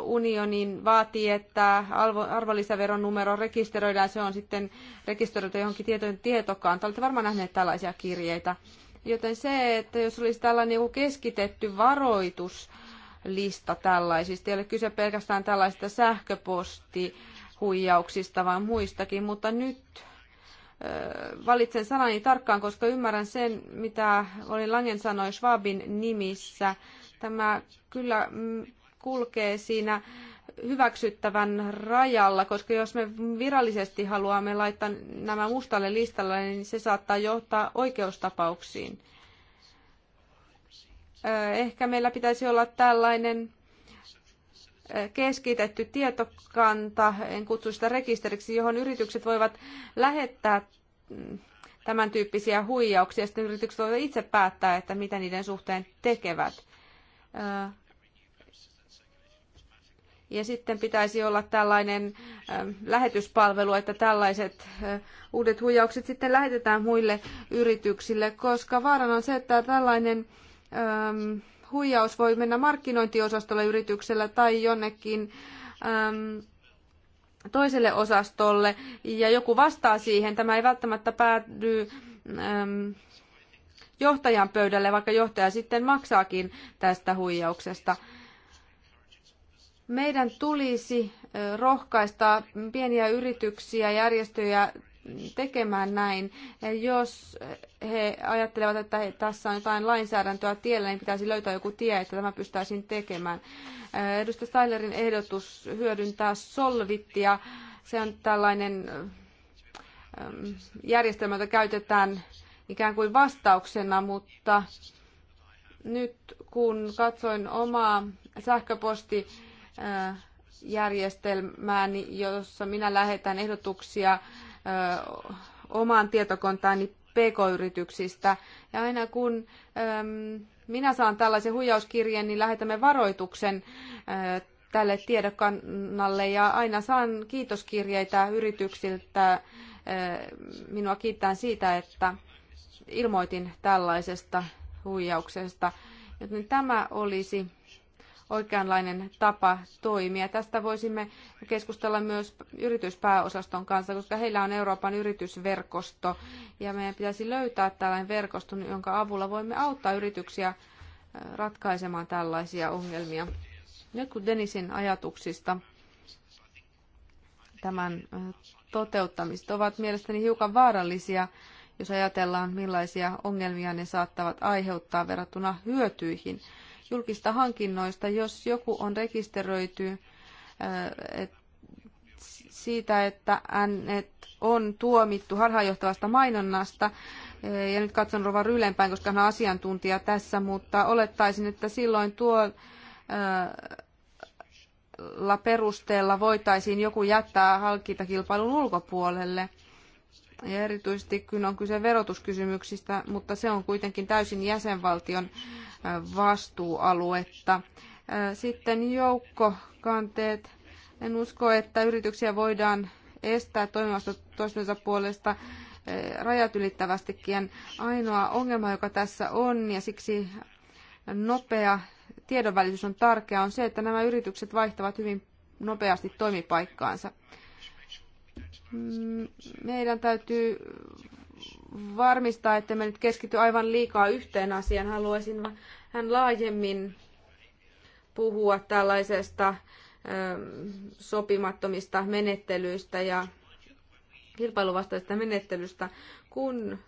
Speaker 2: unionin vaatii, että arvonlisäveron numero rekisteröidään, se on sitten rekisteröity johonkin tietojen tietokantaan. Olette varmaan nähneet tällaisia kirjeitä. Joten se, että jos olisi tällainen joku keskitetty varoituslista tällaisista, ei ole kyse pelkästään tällaisista sähköpostihuijauksista, vaan muistakin, mutta nyt valitsen sanani tarkkaan, koska ymmärrän sen, mitä oli Langen sanoi Schwabin nimissä – Tämä kyllä mm, kulkee siinä hyväksyttävän rajalla, koska jos me virallisesti haluamme laittaa nämä mustalle listalle, niin se saattaa johtaa oikeustapauksiin. Ehkä meillä pitäisi olla tällainen keskitetty tietokanta, en kutsu sitä rekisteriksi, johon yritykset voivat lähettää mm, tämän tyyppisiä huijauksia. Sitten yritykset voivat itse päättää, että mitä niiden suhteen tekevät ja sitten pitäisi olla tällainen lähetyspalvelu, että tällaiset uudet huijaukset sitten lähetetään muille yrityksille, koska vaarana on se, että tällainen huijaus voi mennä markkinointiosastolle yrityksellä tai jonnekin toiselle osastolle ja joku vastaa siihen. Tämä ei välttämättä päädy johtajan pöydälle, vaikka johtaja sitten maksaakin tästä huijauksesta. Meidän tulisi rohkaista pieniä yrityksiä, järjestöjä tekemään näin. Jos he ajattelevat, että he, tässä on jotain lainsäädäntöä tiellä, niin pitäisi löytää joku tie, että tämä pystyttäisiin tekemään. Edustaja Steilerin ehdotus hyödyntää solvittia. Se on tällainen järjestelmä, jota käytetään ikään kuin vastauksena, mutta nyt kun katsoin omaa sähköpostijärjestelmääni, jossa minä lähetän ehdotuksia omaan tietokontaani pk-yrityksistä. Ja aina kun minä saan tällaisen huijauskirjeen, niin lähetämme varoituksen tälle tiedokannalle ja aina saan kiitoskirjeitä yrityksiltä. minua kiittää siitä, että ilmoitin tällaisesta huijauksesta. Joten tämä olisi oikeanlainen tapa toimia. Tästä voisimme keskustella myös yrityspääosaston kanssa, koska heillä on Euroopan yritysverkosto ja meidän pitäisi löytää tällainen verkosto, jonka avulla voimme auttaa yrityksiä äh, ratkaisemaan tällaisia ongelmia. Nyt kun Denisin ajatuksista tämän äh, toteuttamista ovat mielestäni hiukan vaarallisia, jos ajatellaan millaisia ongelmia ne saattavat aiheuttaa verrattuna hyötyihin. Julkista hankinnoista, jos joku on rekisteröity äh, siitä, että hänet on tuomittu harhaanjohtavasta mainonnasta, äh, ja nyt katson Rova Rylenpäin, koska hän on asiantuntija tässä, mutta olettaisin, että silloin tuo äh, perusteella voitaisiin joku jättää hankintakilpailun ulkopuolelle ja erityisesti kun on kyse verotuskysymyksistä, mutta se on kuitenkin täysin jäsenvaltion vastuualuetta. Sitten joukkokanteet. En usko, että yrityksiä voidaan estää toimimasta toistensa puolesta rajat ylittävästikin. Ainoa ongelma, joka tässä on, ja siksi nopea tiedonvälitys on tärkeää, on se, että nämä yritykset vaihtavat hyvin nopeasti toimipaikkaansa meidän täytyy varmistaa, että me nyt keskity aivan liikaa yhteen asiaan. Haluaisin hän laajemmin puhua tällaisesta sopimattomista menettelyistä ja kilpailuvastaisesta menettelystä, kun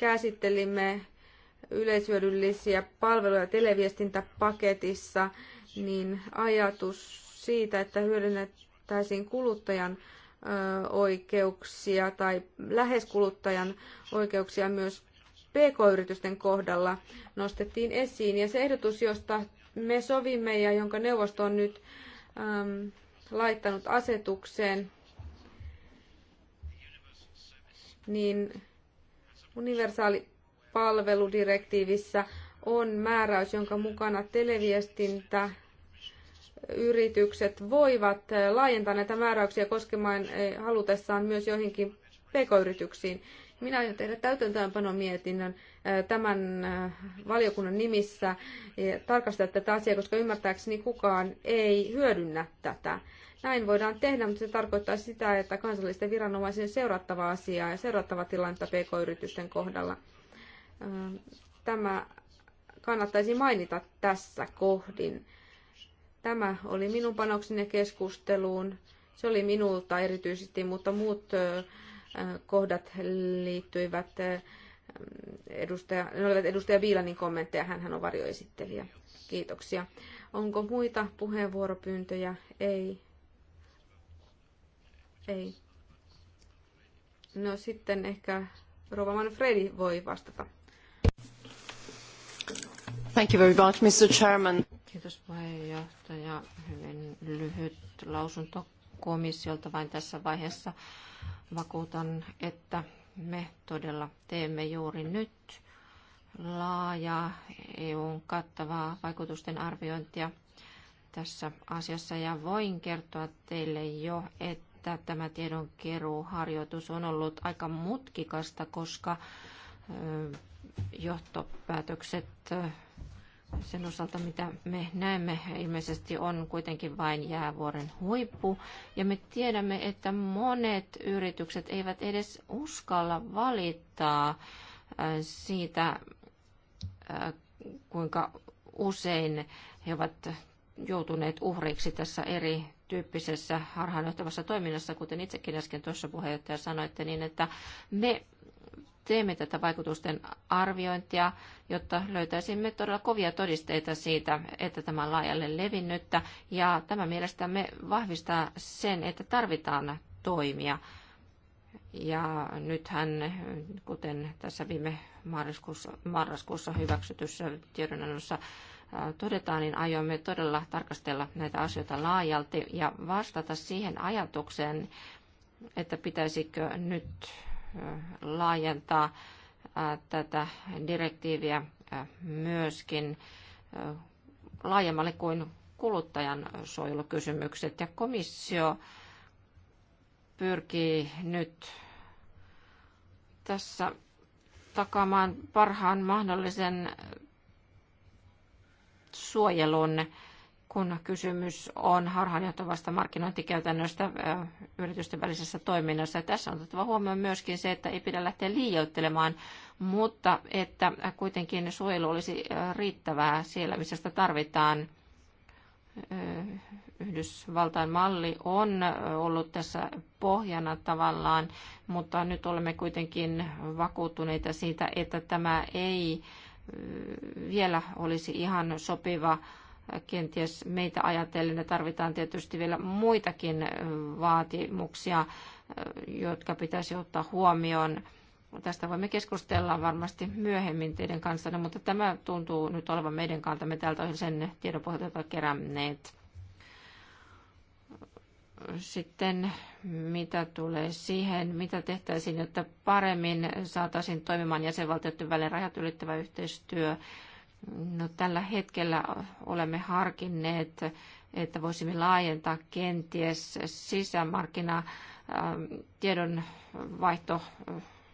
Speaker 2: käsittelimme yleisyödyllisiä palveluja televiestintäpaketissa, niin ajatus siitä, että hyödynnettäisiin kuluttajan oikeuksia tai lähes kuluttajan oikeuksia myös PK-yritysten kohdalla nostettiin esiin. Ja se ehdotus, josta me sovimme ja jonka neuvosto on nyt äm, laittanut asetukseen, niin universaali palveludirektiivissä on määräys, jonka mukana televiestintä yritykset voivat eh, laajentaa näitä määräyksiä koskemaan eh, halutessaan myös joihinkin pk-yrityksiin. Minä aion tehdä täytäntöönpanomietinnön eh, tämän valiokunnan nimissä ja tarkastaa tätä asiaa, koska ymmärtääkseni kukaan ei hyödynnä tätä. Näin voidaan tehdä, mutta se tarkoittaa sitä, että kansallisten viranomaisien seurattava asiaa ja seurattava tilannetta pk-yritysten kohdalla. Tämä kannattaisi mainita tässä kohdin. Tämä oli minun panokseni keskusteluun. Se oli minulta erityisesti, mutta muut kohdat liittyivät edustaja, ne olivat edustaja Viilanin kommentteja, hän on varjoesittelijä. Kiitoksia. Onko muita puheenvuoropyyntöjä? Ei. Ei. No sitten ehkä Rova Manfredi voi vastata.
Speaker 3: Thank you very much, Mr. Chairman. Kiitos puheenjohtaja. Hyvin lyhyt lausunto komissiolta vain tässä vaiheessa. Vakuutan, että me todella teemme juuri nyt laajaa EUn kattavaa vaikutusten arviointia tässä asiassa ja voin kertoa teille jo, että tämä tiedonkeruuharjoitus on ollut aika mutkikasta, koska johtopäätökset sen osalta, mitä me näemme, ilmeisesti on kuitenkin vain jäävuoren huippu. Ja me tiedämme, että monet yritykset eivät edes uskalla valittaa äh, siitä, äh, kuinka usein he ovat joutuneet uhriksi tässä eri tyyppisessä harhaanjohtavassa toiminnassa, kuten itsekin äsken tuossa puheenjohtaja sanoitte, niin että me teemme tätä vaikutusten arviointia, jotta löytäisimme todella kovia todisteita siitä, että tämä on laajalle levinnyttä. Ja tämä mielestämme vahvistaa sen, että tarvitaan toimia. Ja nythän, kuten tässä viime marraskuussa, marraskuussa hyväksytyssä tiedonannossa äh, todetaan, niin aiomme todella tarkastella näitä asioita laajalti ja vastata siihen ajatukseen, että pitäisikö nyt laajentaa tätä direktiiviä myöskin laajemmalle kuin kuluttajan suojelukysymykset. Ja komissio pyrkii nyt tässä takaamaan parhaan mahdollisen suojelun kun kysymys on harhaanjohtavasta markkinointikäytännöstä yritysten välisessä toiminnassa. Tässä on otettava huomioon myöskin se, että ei pidä lähteä liioittelemaan, mutta että kuitenkin suojelu olisi riittävää siellä, missä sitä tarvitaan. Yhdysvaltain malli on ollut tässä pohjana tavallaan, mutta nyt olemme kuitenkin vakuuttuneita siitä, että tämä ei vielä olisi ihan sopiva Kenties meitä ajatellen tarvitaan tietysti vielä muitakin vaatimuksia, jotka pitäisi ottaa huomioon. Tästä voimme keskustella varmasti myöhemmin teidän kanssa, mutta tämä tuntuu nyt olevan meidän kantamme tältä olemme sen tiedon pohjalta, keränneet. Sitten mitä tulee siihen, mitä tehtäisiin, jotta paremmin saataisiin toimimaan jäsenvaltioiden välinen rajat ylittävä yhteistyö No, tällä hetkellä olemme harkinneet, että voisimme laajentaa kenties sisämarkkina ähm, tiedon vaihto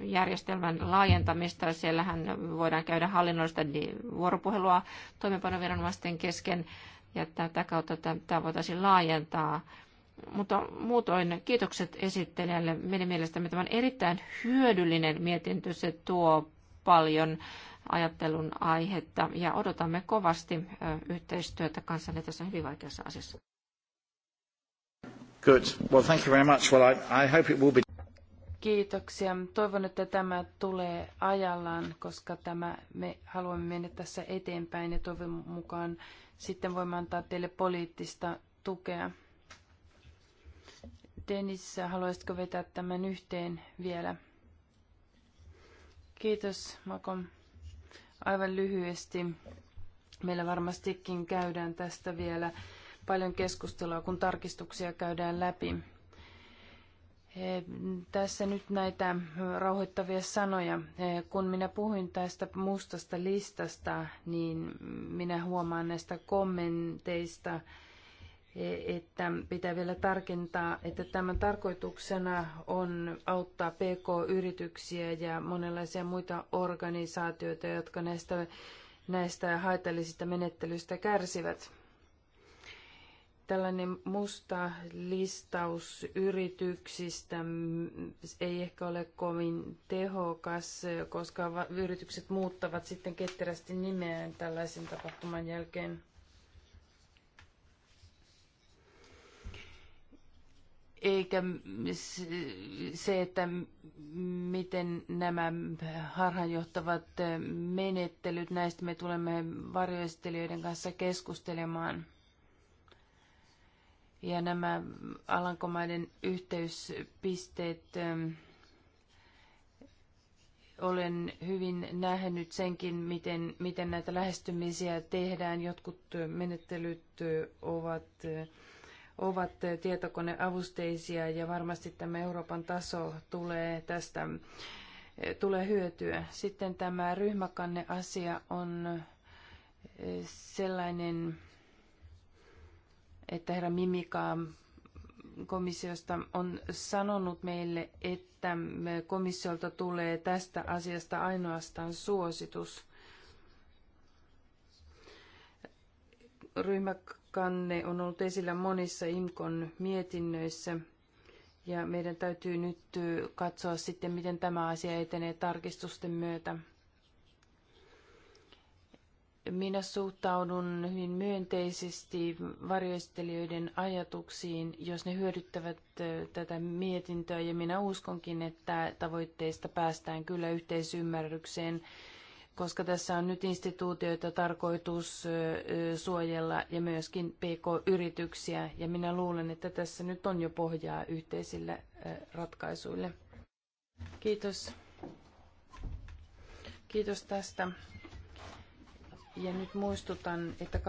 Speaker 3: järjestelmän laajentamista. Siellähän voidaan käydä hallinnollista vuoropuhelua toimeenpanoviranomaisten kesken ja tätä kautta tämä voitaisiin laajentaa. Mutta muutoin kiitokset esittelijälle. Meidän mielestämme tämä on erittäin hyödyllinen mietintö. Se tuo paljon ajattelun aihetta ja odotamme kovasti yhteistyötä kanssanne tässä hyvin vaikeassa asiassa.
Speaker 1: Good. Well, thank you very much. Well, I, I hope it will be...
Speaker 4: Kiitoksia. Toivon, että tämä tulee ajallaan, koska tämä, me haluamme mennä tässä eteenpäin ja toivon mukaan sitten voimme antaa teille poliittista tukea. Dennis, haluaisitko vetää tämän yhteen vielä? Kiitos, Makom. Aivan lyhyesti. Meillä varmastikin käydään tästä vielä paljon keskustelua, kun tarkistuksia käydään läpi. Tässä nyt näitä rauhoittavia sanoja. Kun minä puhuin tästä mustasta listasta, niin minä huomaan näistä kommenteista, E, että pitää vielä tarkentaa, että tämän tarkoituksena on auttaa PK-yrityksiä ja monenlaisia muita organisaatioita, jotka näistä, näistä haitallisista menettelyistä kärsivät. Tällainen musta listaus yrityksistä ei ehkä ole kovin tehokas, koska yritykset muuttavat sitten ketterästi nimeään tällaisen tapahtuman jälkeen. eikä se, että miten nämä harhanjohtavat menettelyt, näistä me tulemme varjoistelijoiden kanssa keskustelemaan. Ja nämä Alankomaiden yhteyspisteet, ähm, olen hyvin nähnyt senkin, miten, miten näitä lähestymisiä tehdään. Jotkut menettelyt äh, ovat äh, ovat tietokoneavusteisia ja varmasti tämä Euroopan taso tulee tästä tulee hyötyä. Sitten tämä ryhmäkanneasia on eh, sellainen, että herra Mimika komissiosta on sanonut meille, että komissiolta tulee tästä asiasta ainoastaan suositus. Ryhmäkanneasia kanne on ollut esillä monissa IMKON mietinnöissä. Ja meidän täytyy nyt katsoa sitten, miten tämä asia etenee tarkistusten myötä. Minä suhtaudun hyvin myönteisesti varjoistelijoiden ajatuksiin, jos ne hyödyttävät tätä mietintöä, ja minä uskonkin, että tavoitteista päästään kyllä yhteisymmärrykseen koska tässä on nyt instituutioita tarkoitus suojella ja myöskin PK-yrityksiä, ja minä luulen, että tässä nyt on jo pohjaa yhteisille ratkaisuille. Kiitos. Kiitos tästä. Ja nyt muistutan, että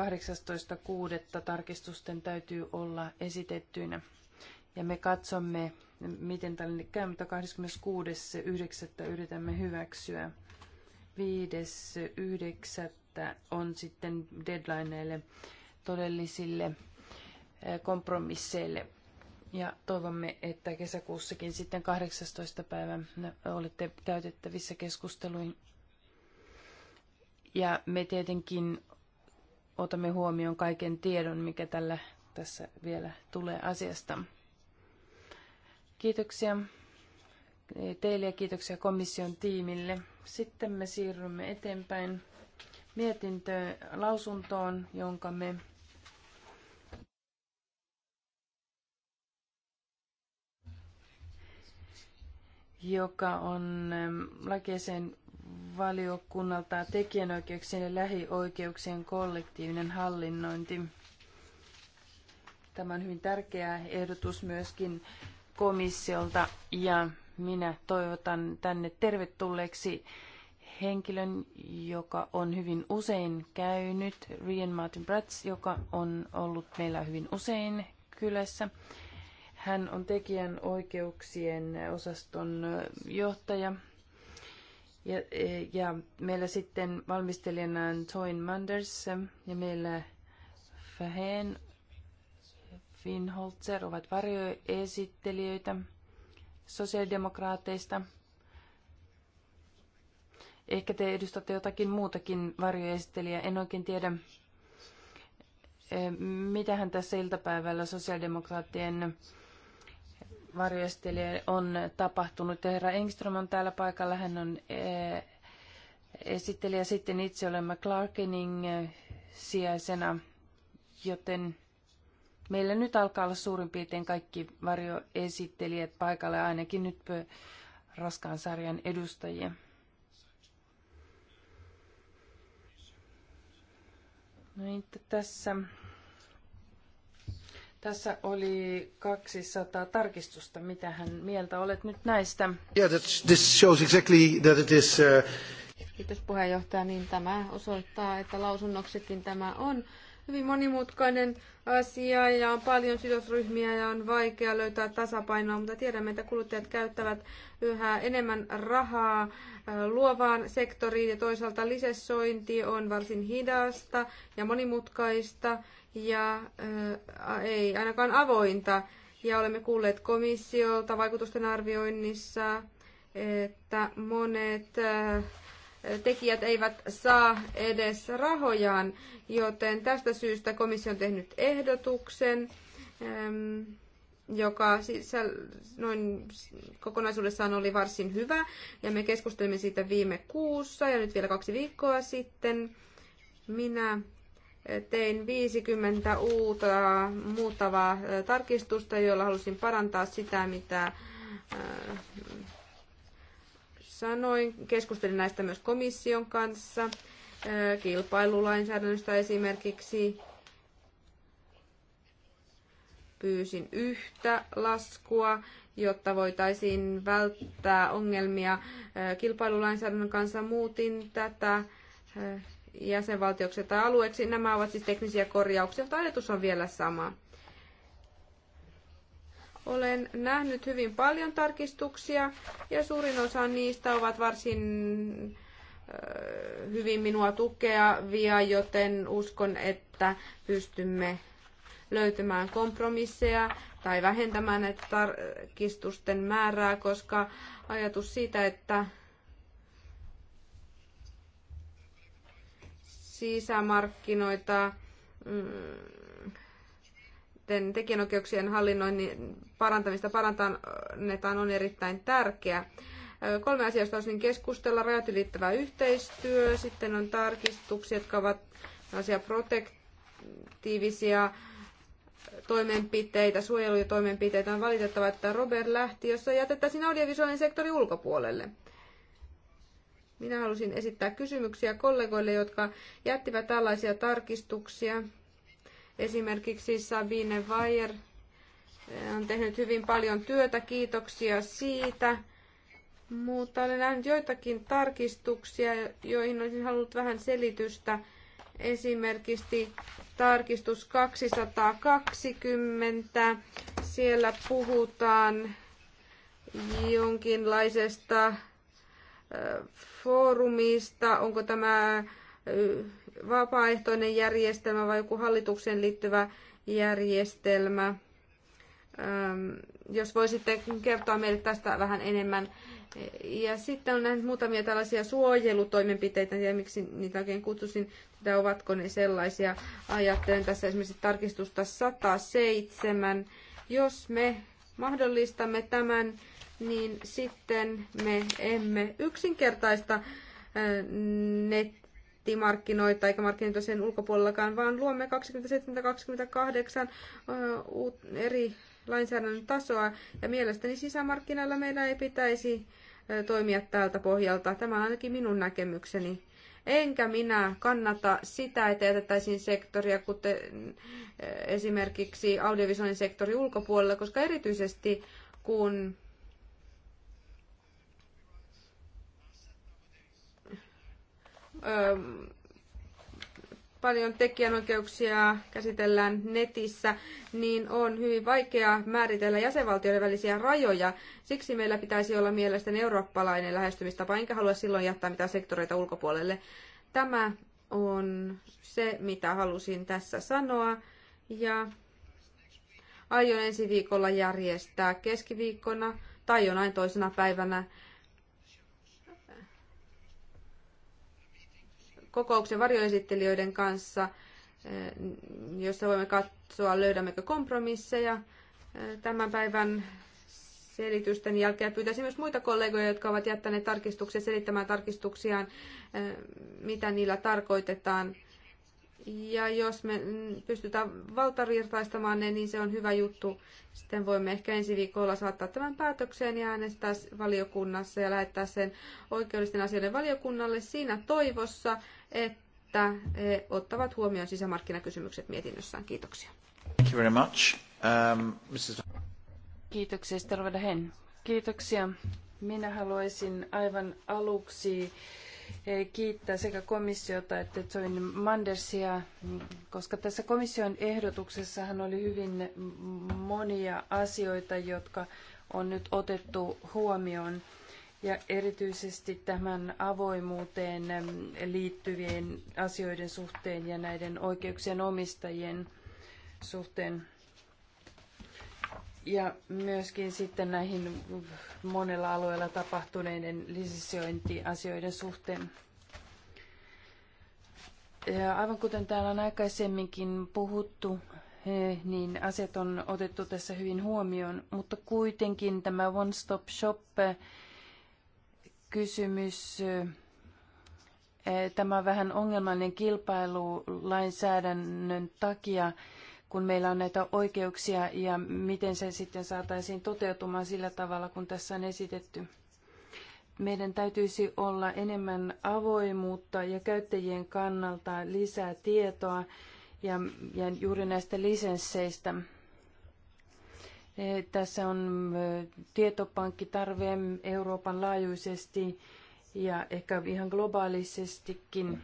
Speaker 4: 18.6. tarkistusten täytyy olla esitettyinä. Ja me katsomme, miten tällainen käy, mutta 26.9. yritämme hyväksyä 5.9. on sitten deadlineille todellisille kompromisseille. Ja toivomme, että kesäkuussakin sitten 18. päivä olette käytettävissä keskusteluihin. Ja me tietenkin otamme huomioon kaiken tiedon, mikä tällä tässä vielä tulee asiasta. Kiitoksia teille ja kiitoksia komission tiimille. Sitten me siirrymme eteenpäin mietintöön lausuntoon, jonka me joka on ähm, lakieseen valiokunnalta tekijänoikeuksien ja lähioikeuksien kollektiivinen hallinnointi. Tämä on hyvin tärkeä ehdotus myöskin komissiolta ja minä toivotan tänne tervetulleeksi henkilön, joka on hyvin usein käynyt, Rian Martin Bratz, joka on ollut meillä hyvin usein kylässä. Hän on tekijän oikeuksien osaston johtaja. Ja, ja meillä sitten valmistelijana on Toin Manders ja meillä Fahen Finholzer ovat varjoesittelijöitä sosiaalidemokraateista. Ehkä te edustatte jotakin muutakin varjoesittelijää, en oikein tiedä. Eh, mitähän tässä iltapäivällä sosiaalidemokraattien varjoesittelijä on tapahtunut? Herra Engström on täällä paikalla, hän on eh, esittelijä. Sitten itse olemme Clarkening sijaisena, joten Meillä nyt alkaa olla suurin piirtein kaikki varjoesittelijät paikalle, ainakin nyt raskaan sarjan edustajia. No niin, tässä, tässä oli 200 tarkistusta. mitä hän mieltä olet nyt
Speaker 2: näistä? Yeah, that's,
Speaker 1: this shows exactly that it is, uh...
Speaker 2: Kiitos puheenjohtaja. Niin tämä osoittaa, että lausunnoksikin tämä on hyvin monimutkainen asia ja on paljon sidosryhmiä ja on vaikea löytää tasapainoa, mutta tiedämme, että kuluttajat käyttävät yhä enemmän rahaa luovaan sektoriin ja toisaalta lisessointi on varsin hidasta ja monimutkaista ja äh, ei ainakaan avointa. Ja olemme kuulleet komissiolta vaikutusten arvioinnissa, että monet äh, tekijät eivät saa edes rahojaan, joten tästä syystä komissio on tehnyt ehdotuksen, joka noin kokonaisuudessaan oli varsin hyvä, ja me keskustelimme siitä viime kuussa ja nyt vielä kaksi viikkoa sitten. Minä tein 50 uutta muuttavaa tarkistusta, joilla halusin parantaa sitä, mitä sanoin. Keskustelin näistä myös komission kanssa, kilpailulainsäädännöstä esimerkiksi. Pyysin yhtä laskua, jotta voitaisiin välttää ongelmia kilpailulainsäädännön kanssa. Muutin tätä jäsenvaltioksi tai alueeksi. Nämä ovat siis teknisiä korjauksia, mutta ajatus on vielä sama. Olen nähnyt hyvin paljon tarkistuksia ja suurin osa niistä ovat varsin hyvin minua tukevia, joten uskon, että pystymme löytämään kompromisseja tai vähentämään näitä tarkistusten määrää, koska ajatus siitä, että sisämarkkinoita mm, tekijänoikeuksien hallinnoinnin parantamista parantanetaan on erittäin tärkeä. Kolme asiasta olisin keskustella. Rajat ylittävä yhteistyö, sitten on tarkistuksia, jotka ovat protektiivisia toimenpiteitä, suojelutoimenpiteitä. On valitettava, että Robert lähti, jossa jätettäisiin audiovisuaalinen sektori ulkopuolelle. Minä halusin esittää kysymyksiä kollegoille, jotka jättivät tällaisia tarkistuksia. Esimerkiksi Sabine Weyer on tehnyt hyvin paljon työtä, kiitoksia siitä. Mutta olen nähnyt joitakin tarkistuksia, joihin olisin halunnut vähän selitystä. Esimerkiksi tarkistus 220. Siellä puhutaan jonkinlaisesta foorumista. Onko tämä vapaaehtoinen järjestelmä vai joku hallituksen liittyvä järjestelmä? Ähm, jos voisitte kertoa meille tästä vähän enemmän. Ja sitten on näin muutamia tällaisia suojelutoimenpiteitä, ja miksi niitä oikein kutsusin, että ovatko ne sellaisia. Ajattelen tässä esimerkiksi tarkistusta 107. Jos me mahdollistamme tämän, niin sitten me emme yksinkertaista äh, nettimarkkinoita eikä markkinoita sen ulkopuolellakaan, vaan luomme 27-28 äh, eri lainsäädännön tasoa ja mielestäni sisämarkkinoilla meidän ei pitäisi toimia tältä pohjalta. Tämä on ainakin minun näkemykseni. Enkä minä kannata sitä, että jätettäisiin sektoria, kuten esimerkiksi audiovisuaalinen sektori ulkopuolella, koska erityisesti kun paljon tekijänoikeuksia käsitellään netissä, niin on hyvin vaikea määritellä jäsenvaltioiden välisiä rajoja. Siksi meillä pitäisi olla mielestäni eurooppalainen lähestymistapa, enkä halua silloin jättää mitään sektoreita ulkopuolelle. Tämä on se, mitä halusin tässä sanoa. Ja aion ensi viikolla järjestää keskiviikkona tai jonain toisena päivänä kokouksen varjoesittelijöiden kanssa, eh, jossa voimme katsoa, löydämmekö kompromisseja eh, tämän päivän selitysten jälkeen. Pyytäisin myös muita kollegoja, jotka ovat jättäneet tarkistuksia selittämään tarkistuksiaan, eh, mitä niillä tarkoitetaan. Ja jos me mm, pystytään valtavirtaistamaan ne, niin se on hyvä juttu. Sitten voimme ehkä ensi viikolla saattaa tämän päätökseen ja äänestää valiokunnassa ja lähettää sen oikeudellisten asioiden valiokunnalle siinä toivossa, että he ottavat huomioon sisämarkkinakysymykset mietinnössään. Kiitoksia.
Speaker 1: Thank you very much. Um, Mrs.
Speaker 2: Kiitoksia, Stervada Hen. Kiitoksia.
Speaker 4: Minä haluaisin aivan aluksi eh, kiittää sekä komissiota että Zoin Mandersia, koska tässä komission ehdotuksessahan oli hyvin monia asioita, jotka on nyt otettu huomioon ja erityisesti tämän avoimuuteen liittyvien asioiden suhteen ja näiden oikeuksien omistajien suhteen. Ja myöskin sitten näihin monella alueella tapahtuneiden lisensiointiasioiden suhteen. Ja aivan kuten täällä on aikaisemminkin puhuttu, niin asiat on otettu tässä hyvin huomioon, mutta kuitenkin tämä One Stop Shop kysymys. Eh, tämä on vähän ongelmallinen kilpailulainsäädännön takia, kun meillä on näitä oikeuksia ja miten se sitten saataisiin toteutumaan sillä tavalla, kun tässä on esitetty. Meidän täytyisi olla enemmän avoimuutta ja käyttäjien kannalta lisää tietoa ja, ja juuri näistä lisensseistä. Tässä on tietopankkitarve Euroopan laajuisesti ja ehkä ihan globaalisestikin.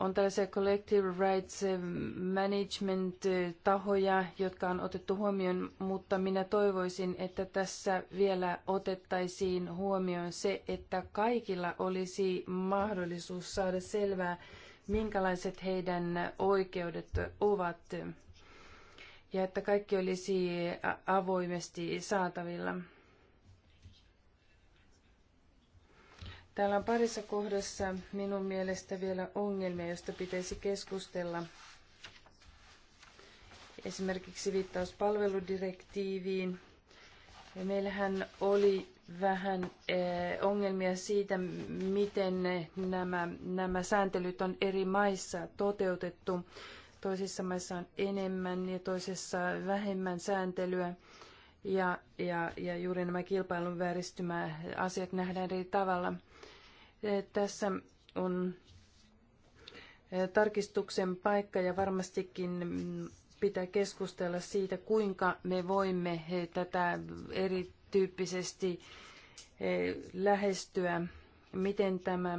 Speaker 4: On tällaisia collective rights management-tahoja, jotka on otettu huomioon, mutta minä toivoisin, että tässä vielä otettaisiin huomioon se, että kaikilla olisi mahdollisuus saada selvää, minkälaiset heidän oikeudet ovat ja että kaikki olisi avoimesti saatavilla. Täällä on parissa kohdassa minun mielestä vielä ongelmia, joista pitäisi keskustella. Esimerkiksi viittaus palveludirektiiviin. Ja meillähän oli vähän ongelmia siitä, miten nämä, nämä sääntelyt on eri maissa toteutettu. Toisissa maissa on enemmän ja toisessa vähemmän sääntelyä. Ja, ja, ja juuri nämä kilpailun vääristymä-asiat nähdään eri tavalla. E, tässä on e, tarkistuksen paikka ja varmastikin pitää keskustella siitä, kuinka me voimme e, tätä erityyppisesti lähestyä, miten tämä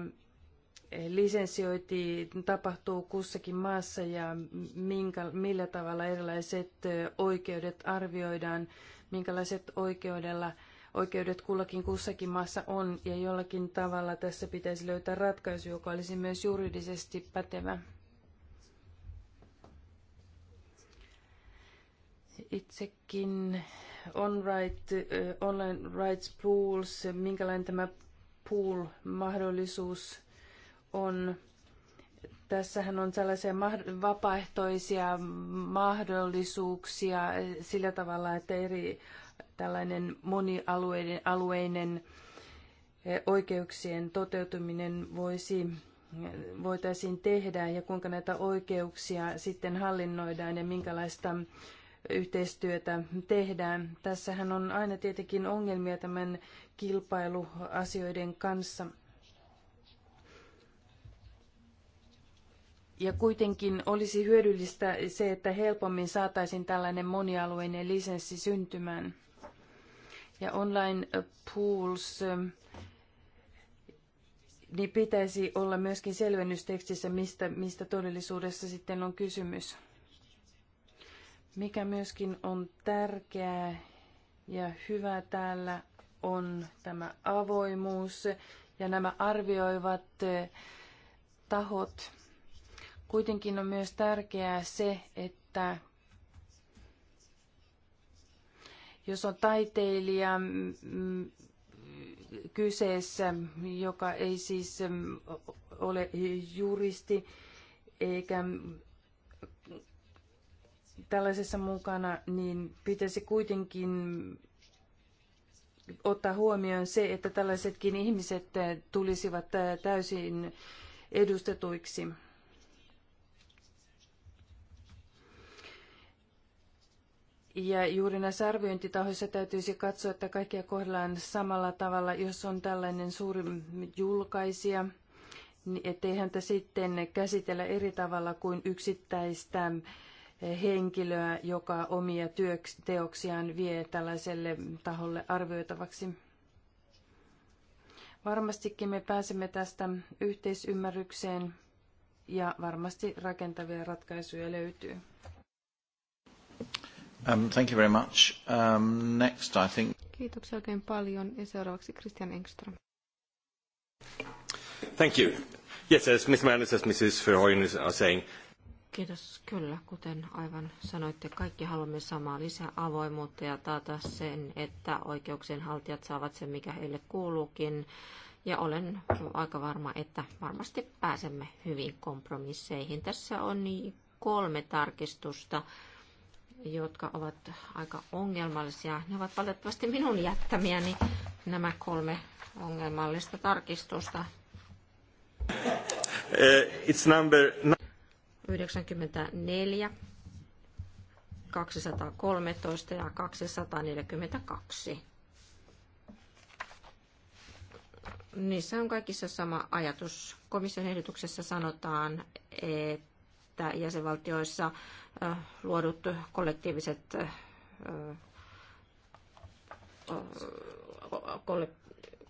Speaker 4: lisensiointi tapahtuu kussakin maassa ja minkä, millä tavalla erilaiset oikeudet arvioidaan, minkälaiset oikeudella, oikeudet kullakin kussakin maassa on ja jollakin tavalla tässä pitäisi löytää ratkaisu, joka olisi myös juridisesti pätevä. Itsekin on right, online rights pools, minkälainen tämä pool-mahdollisuus on, tässähän on sellaisia vapaaehtoisia mahdollisuuksia eh, sillä tavalla, että eri tällainen monialueinen alueinen eh, oikeuksien toteutuminen voisi, eh, voitaisiin tehdä ja kuinka näitä oikeuksia sitten hallinnoidaan ja minkälaista yhteistyötä tehdään. Tässähän on aina tietenkin ongelmia tämän kilpailuasioiden kanssa. Ja kuitenkin olisi hyödyllistä se, että helpommin saataisiin tällainen monialueinen lisenssi syntymään. Ja online pools, niin pitäisi olla myöskin selvennystekstissä, mistä, mistä todellisuudessa sitten on kysymys. Mikä myöskin on tärkeää ja hyvä täällä on tämä avoimuus ja nämä arvioivat eh, tahot – Kuitenkin on myös tärkeää se, että jos on taiteilija mm, mm, kyseessä, joka ei siis mm, ole juristi eikä tällaisessa mukana, niin pitäisi kuitenkin ottaa huomioon se, että tällaisetkin ihmiset eh, tulisivat eh, täysin edustetuiksi. Ja juuri näissä arviointitahoissa täytyisi katsoa, että kaikkia kohdellaan samalla tavalla, jos on tällainen suuri julkaisija, niin ettei häntä sitten käsitellä eri tavalla kuin yksittäistä henkilöä, joka omia teoksiaan vie tällaiselle taholle arvioitavaksi. Varmastikin me pääsemme tästä yhteisymmärrykseen ja varmasti rakentavia ratkaisuja löytyy.
Speaker 1: Um, thank you very much. Um, next, I
Speaker 4: think.
Speaker 2: Kiitoksia oikein paljon. Ja seuraavaksi Christian Engström. Thank you. Yes, as Ms. as Mrs. saying.
Speaker 3: Kiitos. Kyllä, kuten aivan sanoitte, kaikki haluamme samaa lisää avoimuutta ja taata sen, että oikeuksien haltijat saavat sen, mikä heille kuuluukin. Ja olen aika varma, että varmasti pääsemme hyvin kompromisseihin. Tässä on kolme tarkistusta jotka ovat aika ongelmallisia. Ne ovat valitettavasti minun jättämiäni, nämä kolme ongelmallista tarkistusta.
Speaker 2: Eh, it's number
Speaker 3: 94, 213 ja 242. Niissä on kaikissa sama ajatus. Komission ehdotuksessa sanotaan, että että jäsenvaltioissa luodut kollektiiviset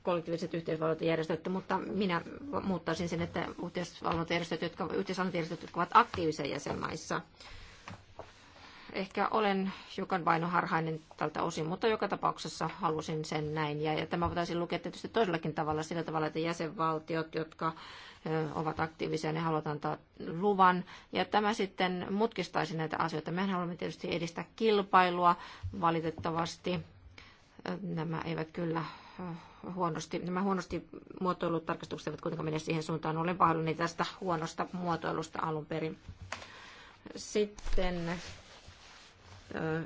Speaker 3: kollektiiviset yhteisvalvontajärjestöt, mutta minä muuttaisin sen, että yhteisvalvontajärjestöt, jotka, jotka ovat aktiivisia jäsenmaissa, ehkä olen hiukan vainoharhainen tältä osin, mutta joka tapauksessa halusin sen näin. Ja, ja tämä voitaisiin lukea tietysti toisellakin tavalla, sillä tavalla, että jäsenvaltiot, jotka ovat aktiivisia, ne haluavat antaa luvan. Ja tämä sitten mutkistaisi näitä asioita. Mehän haluamme tietysti edistää kilpailua valitettavasti. Nämä eivät kyllä huonosti, nämä huonosti muotoilut tarkastukset eivät kuitenkaan mene siihen suuntaan. Olen pahoillani tästä huonosta muotoilusta alun perin. Sitten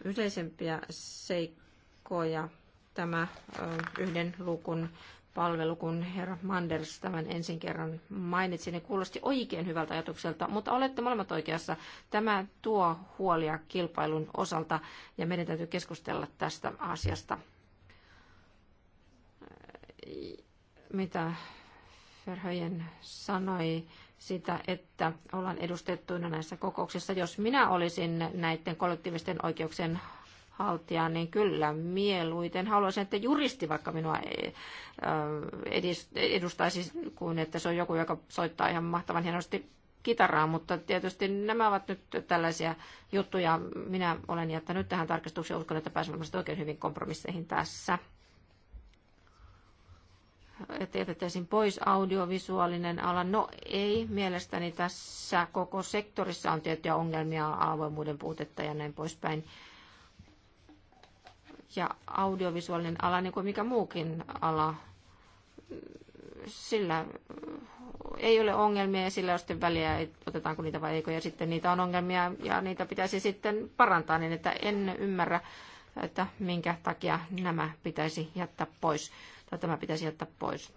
Speaker 3: yleisempiä seikkoja. Tämä yhden luukun palvelu, kun herra Manders tämän ensin kerran mainitsi, niin kuulosti oikein hyvältä ajatukselta, mutta olette molemmat oikeassa. Tämä tuo huolia kilpailun osalta ja meidän täytyy keskustella tästä asiasta. Mitä Ferhöjen sanoi sitä, että ollaan edustettuina näissä kokouksissa. Jos minä olisin näiden kollektiivisten oikeuksien haltija, niin kyllä mieluiten haluaisin, että juristi vaikka minua eh, eh, edustaisi, kuin että se on joku, joka soittaa ihan mahtavan hienosti kitaraa, mutta tietysti nämä ovat nyt tällaisia juttuja. Minä olen jättänyt tähän tarkistukseen, uskon, että pääsen oikein hyvin kompromisseihin tässä että jätettäisiin pois audiovisuaalinen ala. No ei, mielestäni tässä koko sektorissa on tiettyjä ongelmia, avoimuuden puutetta ja näin poispäin. Ja audiovisuaalinen ala, niin kuin mikä muukin ala, sillä ei ole ongelmia ja sillä on sitten väliä, otetaanko niitä vai eikö, ja sitten niitä on ongelmia ja niitä pitäisi sitten parantaa, niin että en ymmärrä, että minkä takia nämä pitäisi jättää pois tai tämä pitäisi jättää pois.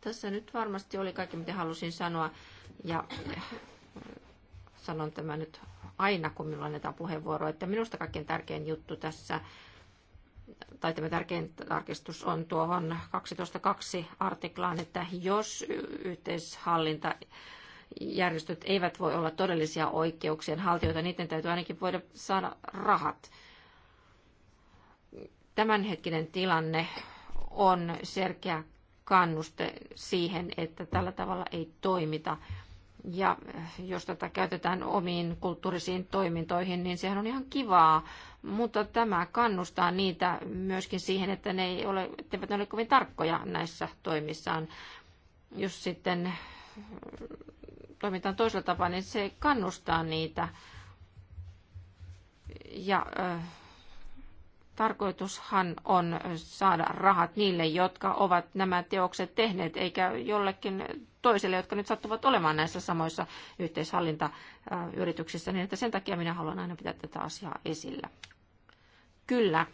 Speaker 3: Tässä nyt varmasti oli kaikki, mitä halusin sanoa, ja äh, sanon tämä nyt aina, kun minulla näitä puheenvuoro, että minusta kaikkein tärkein juttu tässä, tai tämä tärkein tarkistus on tuohon 12.2 artiklaan, että jos yhteishallinta järjestöt eivät voi olla todellisia oikeuksien haltijoita, niiden täytyy ainakin voida saada rahat tämänhetkinen tilanne on selkeä kannuste siihen, että tällä tavalla ei toimita. Ja jos tätä käytetään omiin kulttuurisiin toimintoihin, niin sehän on ihan kivaa. Mutta tämä kannustaa niitä myöskin siihen, että ne ei ole, etteivät ne ole kovin tarkkoja näissä toimissaan. Jos sitten toimitaan toisella tapaa, niin se kannustaa niitä. Ja äh, Tarkoitushan on saada rahat niille, jotka ovat nämä teokset tehneet, eikä jollekin toiselle, jotka nyt sattuvat olemaan näissä samoissa yhteishallintayrityksissä, niin että sen takia minä haluan aina pitää tätä asiaa esillä. Kyllä.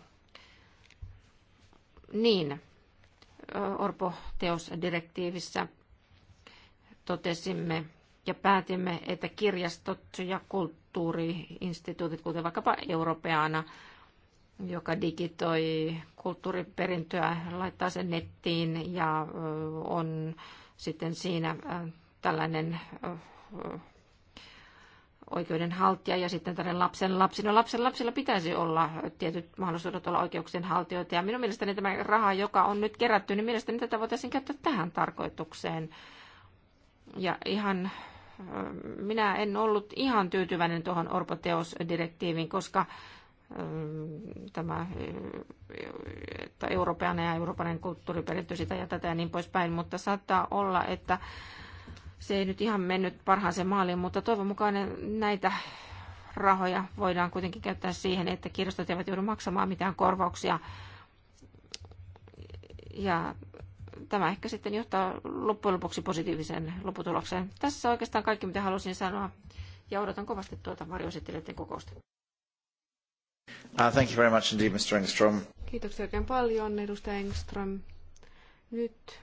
Speaker 3: Niin. Orpo-teosdirektiivissä totesimme ja päätimme, että kirjastot ja kulttuuriinstituutit, kuten vaikkapa Europeana, joka digitoi kulttuuriperintöä, laittaa sen nettiin ja on sitten siinä tällainen oikeudenhaltija ja sitten tällainen lapsen lapsi No Lapsen lapsilla pitäisi olla tietyt mahdollisuudet olla oikeuksien haltijoita. Ja minun mielestäni tämä raha, joka on nyt kerätty, niin mielestäni tätä voitaisiin käyttää tähän tarkoitukseen. Ja ihan minä en ollut ihan tyytyväinen tuohon orpoteosdirektiiviin, koska tämä että Euroopan ja Euroopan kulttuuriperintö sitä ja tätä ja niin poispäin, mutta saattaa olla, että se ei nyt ihan mennyt parhaaseen maaliin, mutta toivon mukaan näitä rahoja voidaan kuitenkin käyttää siihen, että kirjastot eivät joudu maksamaan mitään korvauksia. Ja tämä ehkä sitten johtaa loppujen lopuksi positiiviseen lopputulokseen. Tässä oikeastaan kaikki, mitä halusin sanoa, ja odotan kovasti tuota varjoesittelijöiden kokousta.
Speaker 1: Uh, thank you very much indeed, Mr. Engström.
Speaker 2: Kiitoksia oikein paljon, edustaja Engström. Nyt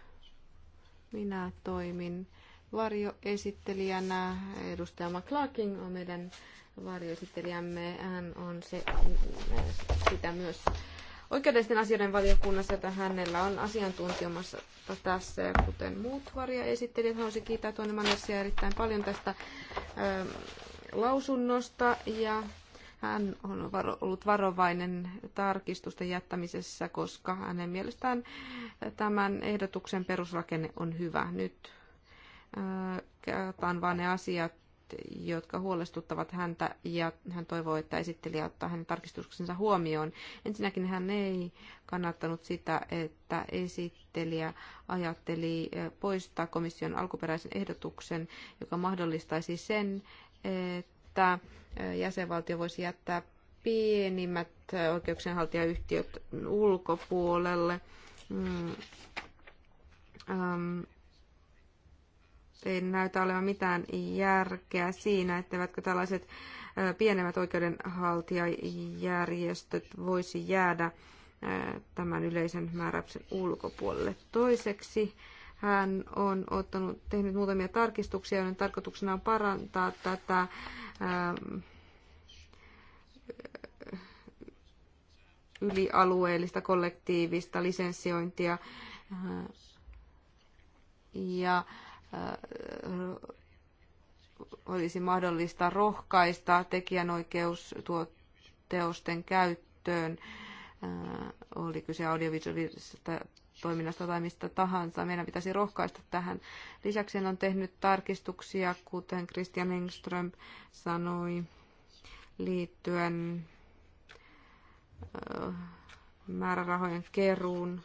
Speaker 2: minä toimin varjoesittelijänä. Edustaja McClarkin on meidän varjoesittelijämme. Hän on se, sitä myös oikeudellisten asioiden valiokunnassa, jota hänellä on asiantuntijamassa tässä, kuten muut varjoesittelijät. Haluaisin kiittää tuonne Mannersia erittäin paljon tästä ö, lausunnosta ja hän on ollut varovainen tarkistusten jättämisessä, koska hänen mielestään tämän ehdotuksen perusrakenne on hyvä. Nyt äh, kertaan vain ne asiat, jotka huolestuttavat häntä ja hän toivoo, että esittelijä ottaa hänen tarkistuksensa huomioon. Ensinnäkin hän ei kannattanut sitä, että esittelijä ajatteli äh, poistaa komission alkuperäisen ehdotuksen, joka mahdollistaisi sen, että jäsenvaltio voisi jättää pienimmät oikeuksienhaltijayhtiöt ulkopuolelle. Mm. Ähm. Ei näytä olevan mitään järkeä siinä, etteivätkö tällaiset pienemmät oikeudenhaltijajärjestöt voisi jäädä tämän yleisen määräyksen ulkopuolelle. Toiseksi hän on ottanut, tehnyt muutamia tarkistuksia, joiden tarkoituksena on parantaa tätä ähm, ylialueellista kollektiivista lisenssiointia ja äh, olisi mahdollista rohkaista teosten käyttöön, äh, oli kyse audiovisuaalisesta toiminnasta tai mistä tahansa. Meidän pitäisi rohkaista tähän. Lisäksi on tehnyt tarkistuksia, kuten Christian Engström sanoi, liittyen määrärahojen keruun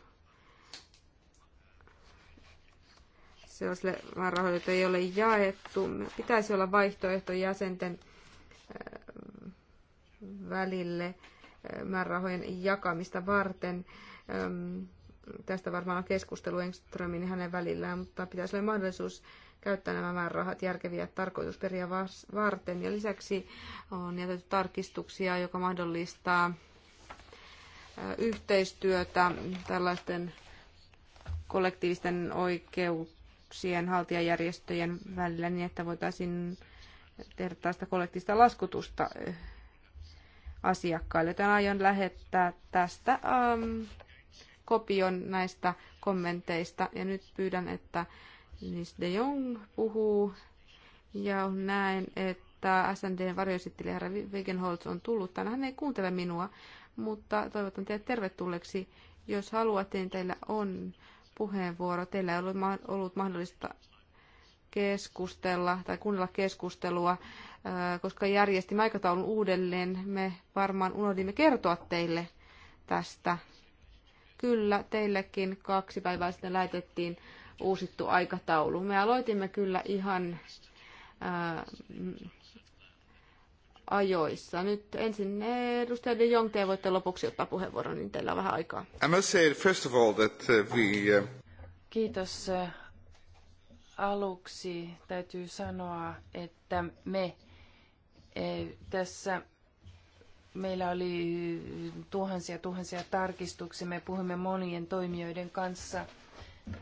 Speaker 2: sellaisille määrärahoille, joita ei ole jaettu. Pitäisi olla vaihtoehto jäsenten välille määrärahojen jakamista varten tästä varmaan on keskustelu Engströmin ja hänen välillään, mutta pitäisi olla mahdollisuus käyttää nämä määrärahat järkeviä tarkoitusperiä varten. Ja lisäksi on jätetty tarkistuksia, joka mahdollistaa yhteistyötä tällaisten kollektiivisten oikeuksien haltijajärjestöjen välillä niin, että voitaisiin tehdä tästä kollektiivista laskutusta asiakkaille. Tämän aion lähettää tästä kopion näistä kommenteista. Ja nyt pyydän, että Nis de Jong puhuu. Ja näen, että SNDn varjoesittelijä herra Wegenholz on tullut. Tänään hän ei kuuntele minua, mutta toivotan teidät tervetulleeksi. Jos haluatte, niin teillä on puheenvuoro. Teillä ei ollut mahdollista keskustella tai kuunnella keskustelua, äh, koska järjestimme aikataulun uudelleen. Me varmaan unohdimme kertoa teille tästä kyllä teillekin kaksi päivää sitten lähetettiin uusittu aikataulu. Me aloitimme kyllä ihan ää, mm, ajoissa. Nyt ensin eh, edustaja De Jong, te voitte lopuksi ottaa puheenvuoron, niin teillä on vähän aikaa.
Speaker 1: I must say first of all that uh, we, uh,
Speaker 2: Kiitos.
Speaker 4: Aluksi täytyy sanoa, että me eh, tässä Meillä oli tuhansia tuhansia tarkistuksia. Me puhumme monien toimijoiden kanssa.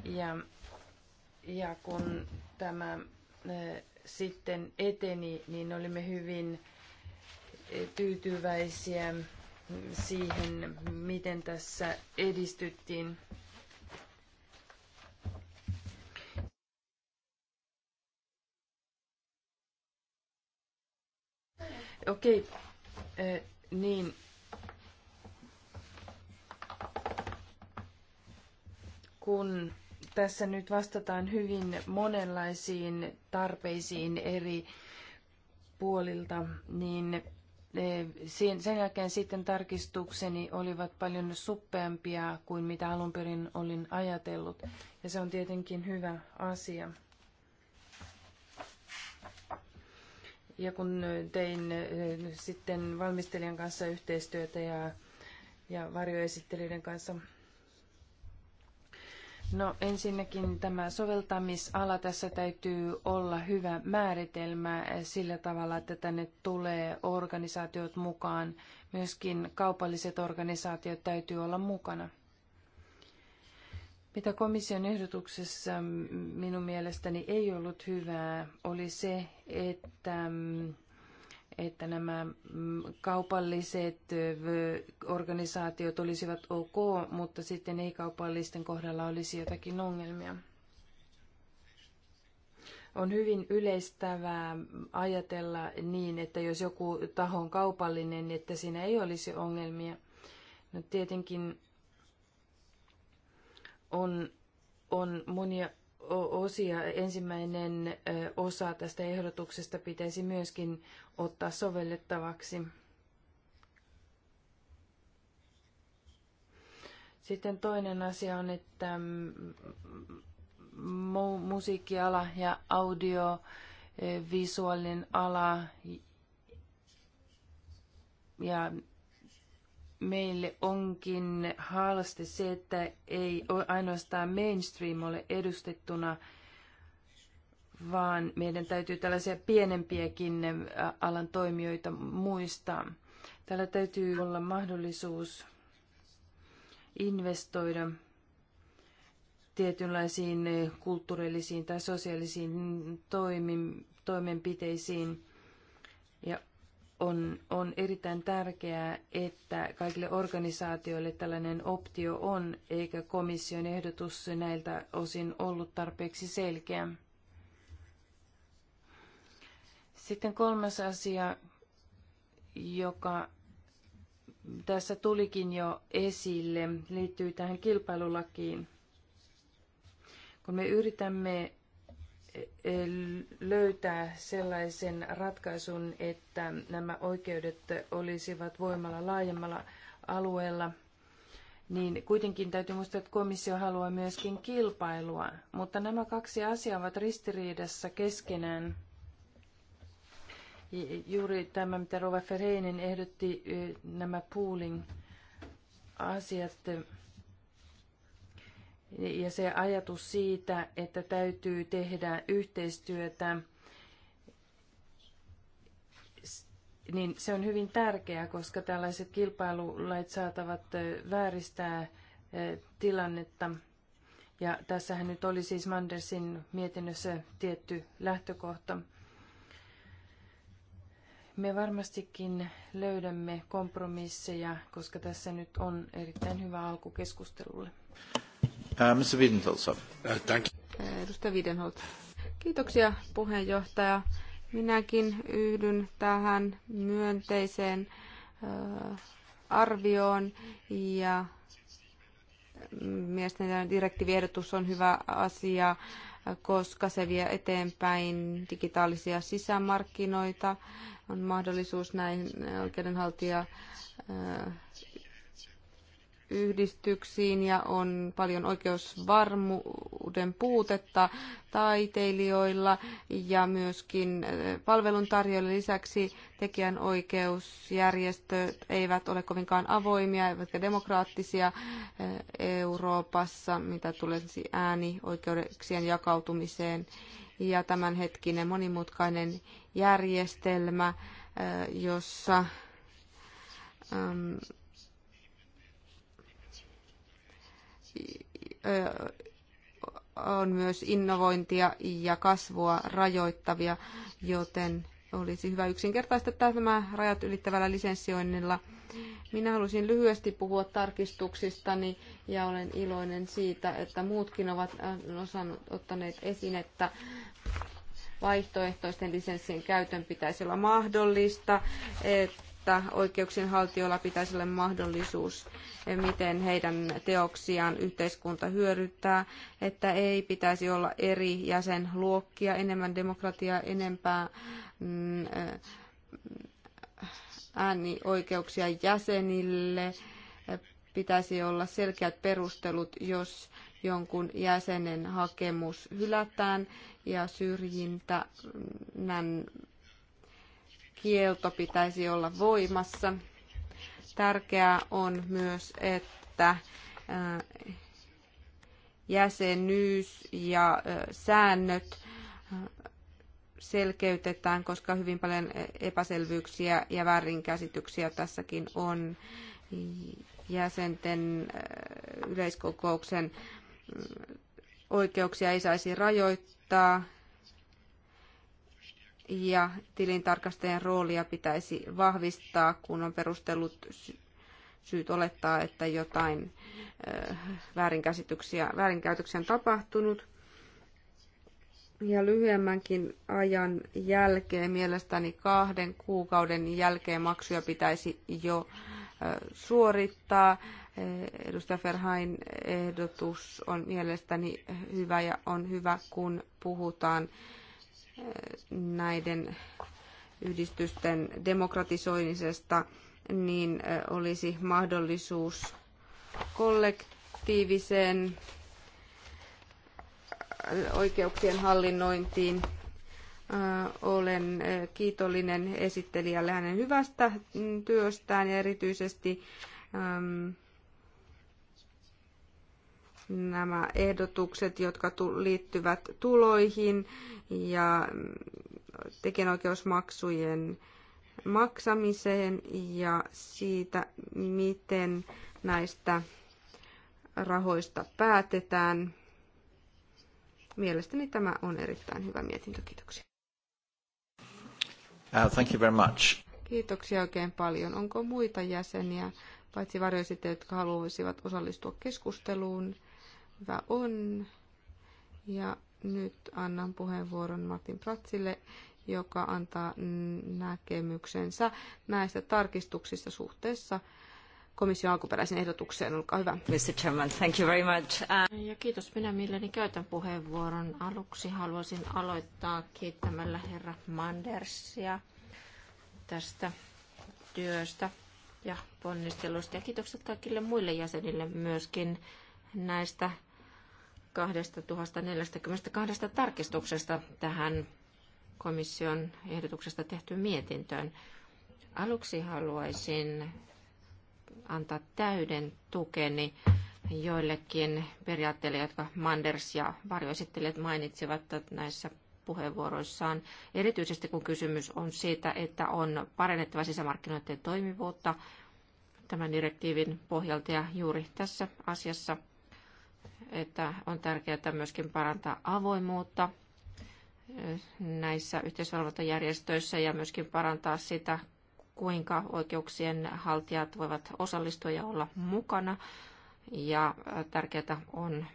Speaker 4: Ja, ja kun tämä sitten eteni, niin olimme hyvin tyytyväisiä siihen, miten tässä edistyttiin. Okei. Okay niin kun tässä nyt vastataan hyvin monenlaisiin tarpeisiin eri puolilta, niin e, sen jälkeen sitten tarkistukseni olivat paljon suppeampia kuin mitä alun perin olin ajatellut. Ja se on tietenkin hyvä asia. Ja kun tein eh, sitten valmistelijan kanssa yhteistyötä ja, ja varjoesittelyiden kanssa. No ensinnäkin tämä soveltamisala, tässä täytyy olla hyvä määritelmä sillä tavalla, että tänne tulee organisaatiot mukaan. Myöskin kaupalliset organisaatiot täytyy olla mukana. Mitä komission ehdotuksessa minun mielestäni ei ollut hyvää, oli se, että, että nämä kaupalliset organisaatiot olisivat ok, mutta sitten ei-kaupallisten kohdalla olisi jotakin ongelmia. On hyvin yleistävää ajatella niin, että jos joku taho on kaupallinen, että siinä ei olisi ongelmia. No tietenkin on, on monia osia. Ensimmäinen osa tästä ehdotuksesta pitäisi myöskin ottaa sovellettavaksi. Sitten toinen asia on, että mu- musiikkiala ja audio, visuaalinen ala ja meille onkin haaste se, että ei ainoastaan mainstream ole edustettuna, vaan meidän täytyy tällaisia pienempiäkin alan toimijoita muistaa. Täällä täytyy olla mahdollisuus investoida tietynlaisiin kulttuurillisiin tai sosiaalisiin toimenpiteisiin on, on erittäin tärkeää, että kaikille organisaatioille tällainen optio on, eikä komission ehdotus näiltä osin ollut tarpeeksi selkeä. Sitten kolmas asia, joka tässä tulikin jo esille, liittyy tähän kilpailulakiin. Kun me yritämme löytää sellaisen ratkaisun, että nämä oikeudet olisivat voimalla laajemmalla alueella, niin kuitenkin täytyy muistaa, että komissio haluaa myöskin kilpailua, mutta nämä kaksi asiaa ovat ristiriidassa keskenään. Juuri tämä, mitä Rova Ferreinen ehdotti, nämä pooling-asiat, ja se ajatus siitä, että täytyy tehdä yhteistyötä, niin se on hyvin tärkeää, koska tällaiset kilpailulait saatavat vääristää tilannetta. Ja tässähän nyt oli siis Mandersin mietinnössä tietty lähtökohta. Me varmastikin löydämme kompromisseja, koska tässä nyt on erittäin hyvä
Speaker 2: alku keskustelulle.
Speaker 1: Uh, Mr. Wiedenholzer. Uh,
Speaker 2: uh, edustaja Wiedenholzer. Kiitoksia puheenjohtaja. Minäkin yhdyn tähän myönteiseen arvioon ja mielestäni tämä direktiiviehdotus on hyvä asia, koska se vie eteenpäin digitaalisia sisämarkkinoita. On mahdollisuus näihin oikeudenhaltija yhdistyksiin ja on paljon oikeusvarmuuden puutetta taiteilijoilla ja myöskin palveluntarjoajille lisäksi tekijänoikeusjärjestöt eivät ole kovinkaan avoimia eivätkä demokraattisia Euroopassa, mitä tulee siis äänioikeuksien jakautumiseen ja tämänhetkinen monimutkainen järjestelmä, jossa on myös innovointia ja kasvua rajoittavia, joten olisi hyvä yksinkertaistaa tämä rajat ylittävällä lisenssioinnilla. Minä halusin lyhyesti puhua tarkistuksistani ja olen iloinen siitä, että muutkin ovat osannut, ottaneet esiin, että vaihtoehtoisten lisenssien käytön pitäisi olla mahdollista, että että oikeuksien haltijoilla pitäisi olla mahdollisuus, miten heidän teoksiaan yhteiskunta hyödyttää, että ei pitäisi olla eri jäsenluokkia, enemmän demokratiaa, enempää mm, äänioikeuksia jäsenille, pitäisi olla selkeät perustelut, jos jonkun jäsenen hakemus hylätään ja syrjintänän mm, kielto pitäisi olla voimassa. Tärkeää on myös, että äh, jäsenyys ja äh, säännöt äh, selkeytetään, koska hyvin paljon epäselvyyksiä ja väärinkäsityksiä tässäkin on jäsenten yleiskokouksen oikeuksia ei saisi rajoittaa ja tilintarkastajan roolia pitäisi vahvistaa, kun on perustellut syyt olettaa, että jotain äh, väärinkäsityksiä, väärinkäytöksiä on tapahtunut. Ja lyhyemmänkin ajan jälkeen, mielestäni kahden kuukauden jälkeen maksuja pitäisi jo äh, suorittaa. Äh, edustaja Ferhain ehdotus on mielestäni hyvä ja on hyvä, kun puhutaan näiden yhdistysten demokratisoimisesta, niin olisi mahdollisuus kollektiiviseen oikeuksien hallinnointiin. Olen kiitollinen esittelijälle hänen hyvästä mm, työstään ja erityisesti nämä ehdotukset, jotka liittyvät tuloihin ja tekijänoikeusmaksujen maksamiseen ja siitä, miten näistä rahoista päätetään. Mielestäni tämä on erittäin hyvä mietintö. Kiitoksia.
Speaker 1: Uh, thank you very much.
Speaker 2: Kiitoksia oikein paljon. Onko muita jäseniä, paitsi varjoesittäjät, jotka haluaisivat osallistua keskusteluun? Hyvä on. Ja nyt annan puheenvuoron Martin Pratsille, joka antaa näkemyksensä näistä tarkistuksista suhteessa komission alkuperäisen ehdotukseen. Olkaa hyvä.
Speaker 3: Mr. Chairman, thank you very much. Uh, ja kiitos. Minä mielelläni käytän puheenvuoron. Aluksi haluaisin aloittaa kiittämällä herra Mandersia tästä työstä ja ponnistelusta. Ja kiitokset kaikille muille jäsenille myöskin näistä 2042 tarkistuksesta tähän komission ehdotuksesta tehtyyn mietintöön. Aluksi haluaisin antaa täyden tukeni joillekin periaatteille, jotka Manders ja varjoesittelijät mainitsivat näissä puheenvuoroissaan, erityisesti kun kysymys on siitä, että on parannettava sisämarkkinoiden toimivuutta tämän direktiivin pohjalta ja juuri tässä asiassa – että on tärkeää myöskin parantaa avoimuutta näissä yhteisvalvontajärjestöissä ja myöskin parantaa sitä, kuinka oikeuksien haltijat voivat osallistua ja olla mukana. Ja tärkeää on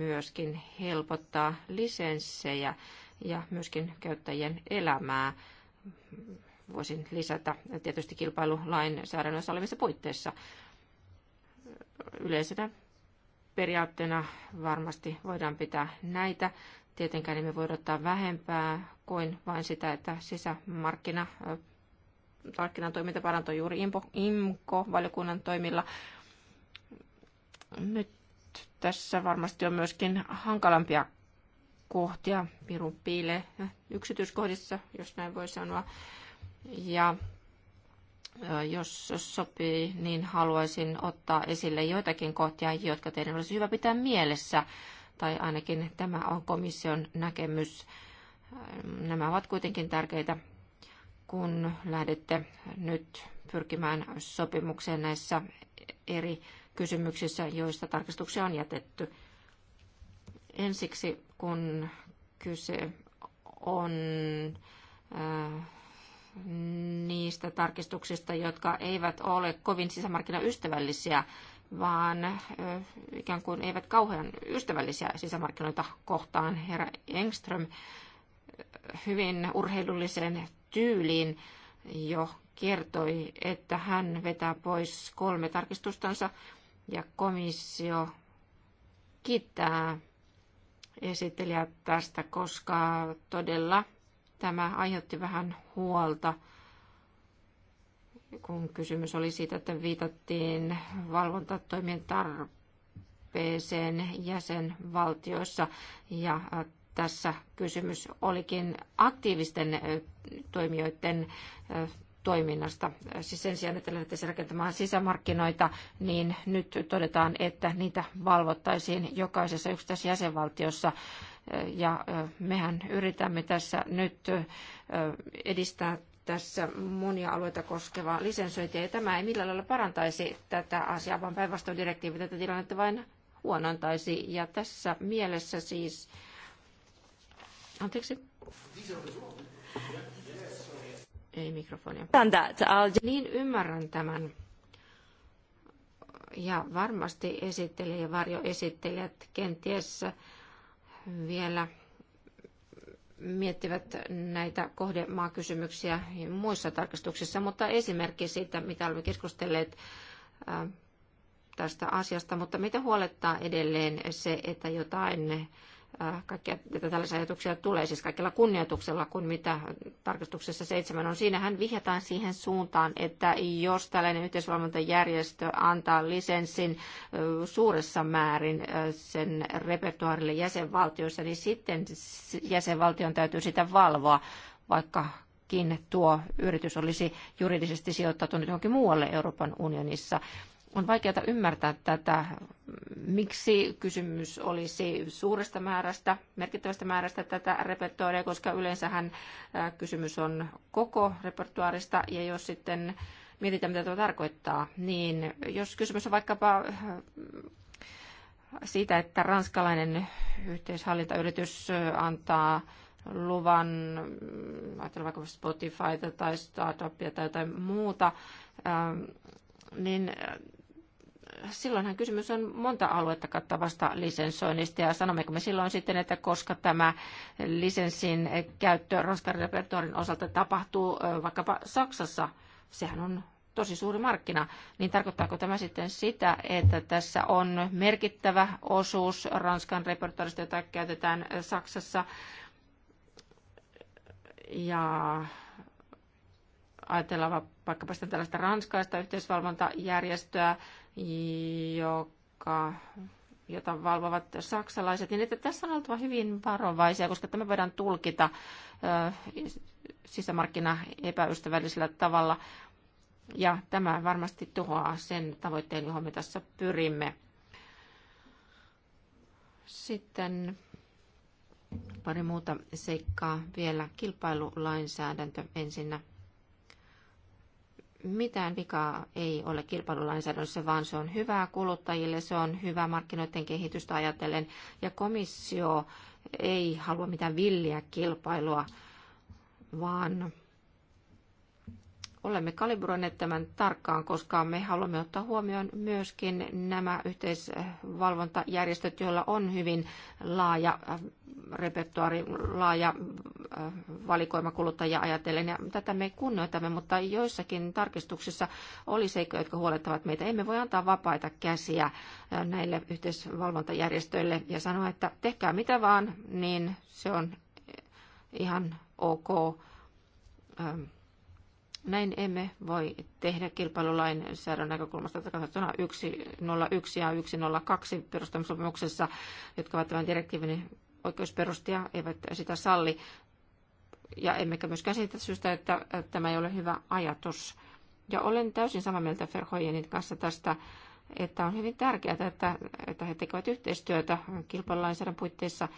Speaker 3: myöskin helpottaa lisenssejä ja myöskin käyttäjien elämää. Voisin lisätä tietysti kilpailulainsäädännössä olevissa puitteissa yleisenä periaatteena varmasti voidaan pitää näitä. Tietenkään emme voi odottaa vähempää kuin vain sitä, että sisämarkkina markkinan toiminta parantoi juuri IMKO-valiokunnan toimilla. Nyt tässä varmasti on myöskin hankalampia kohtia, pirun piile yksityiskohdissa, jos näin voi sanoa. Ja jos sopii, niin haluaisin ottaa esille joitakin kohtia, jotka teidän olisi hyvä pitää mielessä, tai ainakin tämä on komission näkemys. Nämä ovat kuitenkin tärkeitä, kun lähdette nyt pyrkimään sopimukseen näissä eri kysymyksissä, joista tarkastuksia on jätetty. Ensiksi, kun kyse on niistä tarkistuksista, jotka eivät ole kovin sisämarkkinaystävällisiä, vaan ikään kuin eivät kauhean ystävällisiä sisämarkkinoita kohtaan. Herra Engström hyvin urheilulliseen tyyliin jo kertoi, että hän vetää pois kolme tarkistustansa ja komissio kiittää esittelijä tästä, koska todella – tämä aiheutti vähän huolta, kun kysymys oli siitä, että viitattiin valvontatoimien tarpeeseen jäsenvaltioissa ja tässä kysymys olikin aktiivisten toimijoiden toiminnasta. Siis sen sijaan, että lähdettäisiin rakentamaan sisämarkkinoita, niin nyt todetaan, että niitä valvottaisiin jokaisessa yksittäisessä jäsenvaltiossa. Ja mehän yritämme tässä nyt edistää tässä monia alueita koskevaa lisensöintiä, ja tämä ei millään lailla parantaisi tätä asiaa, vaan päinvastoin direktiivi tätä tilannetta vain huonontaisi. Ja tässä mielessä siis... Anteeksi? Ei mikrofonia. Niin ymmärrän tämän. Ja varmasti esittelijä ja varjoesittelijät kenties vielä miettivät näitä kohdemaakysymyksiä muissa tarkastuksissa, mutta esimerkki siitä, mitä olemme keskustelleet tästä asiasta, mutta mitä huolettaa edelleen se, että jotain Äh, kaikkia että tällaisia ajatuksia tulee, siis kaikilla kunnioituksella, kun mitä tarkistuksessa seitsemän on. Siinähän vihjataan siihen suuntaan, että jos tällainen yhteisvalvontajärjestö antaa lisenssin äh, suuressa määrin äh, sen repertuaarille jäsenvaltioissa, niin sitten jäsenvaltion täytyy sitä valvoa, vaikka tuo yritys olisi juridisesti sijoittautunut johonkin muualle Euroopan unionissa on vaikeaa ymmärtää tätä, miksi kysymys olisi suuresta määrästä, merkittävästä määrästä tätä repertuaaria, koska yleensähän kysymys on koko repertuaarista ja jos sitten mietitään, mitä tuo tarkoittaa, niin jos kysymys on vaikkapa siitä, että ranskalainen yhteishallintayritys antaa luvan, ajatellaan vaikka Spotifyta tai Startupia tai jotain muuta, niin silloinhan kysymys on monta aluetta kattavasta lisensoinnista ja sanommeko me silloin sitten, että koska tämä lisenssin käyttö roskarirepertoarin osalta tapahtuu vaikkapa Saksassa, sehän on tosi suuri markkina, niin tarkoittaako tämä sitten sitä, että tässä on merkittävä osuus Ranskan repertoarista, jota käytetään Saksassa, ja ajatellaan vaikkapa sitä tällaista ranskaista yhteisvalvontajärjestöä, joka, jota valvovat saksalaiset, niin että tässä on oltava hyvin varovaisia, koska tämä voidaan tulkita sisämarkkina epäystävällisellä tavalla. Ja tämä varmasti tuhoaa sen tavoitteen, johon me tässä pyrimme. Sitten pari muuta seikkaa vielä. Kilpailulainsäädäntö ensinnä mitään vikaa ei ole kilpailulainsäädännössä, vaan se on hyvää kuluttajille, se on hyvää markkinoiden kehitystä ajatellen. Ja komissio ei halua mitään villiä kilpailua, vaan olemme kalibroineet tämän tarkkaan, koska me haluamme ottaa huomioon myöskin nämä yhteisvalvontajärjestöt, joilla on hyvin laaja äh, repertuaari, laaja äh, valikoima kuluttajia ajatellen, ja tätä me kunnioitamme, mutta joissakin tarkistuksissa oli seikkoja, jotka huolettavat meitä. Emme voi antaa vapaita käsiä äh, näille yhteisvalvontajärjestöille ja sanoa, että tehkää mitä vaan, niin se on ihan ok ähm, näin emme voi tehdä kilpailulainsäädännön näkökulmasta katsottuna 101 ja 102 perustamisopimuksessa, jotka ovat tämän direktiivin oikeusperustia, eivät sitä salli. Ja emmekä myöskään siitä syystä, että tämä ei ole hyvä ajatus. Ja olen täysin samaa mieltä Ferhojenin kanssa tästä, että on hyvin tärkeää, että, että he tekevät yhteistyötä kilpailulainsäädännön puitteissa.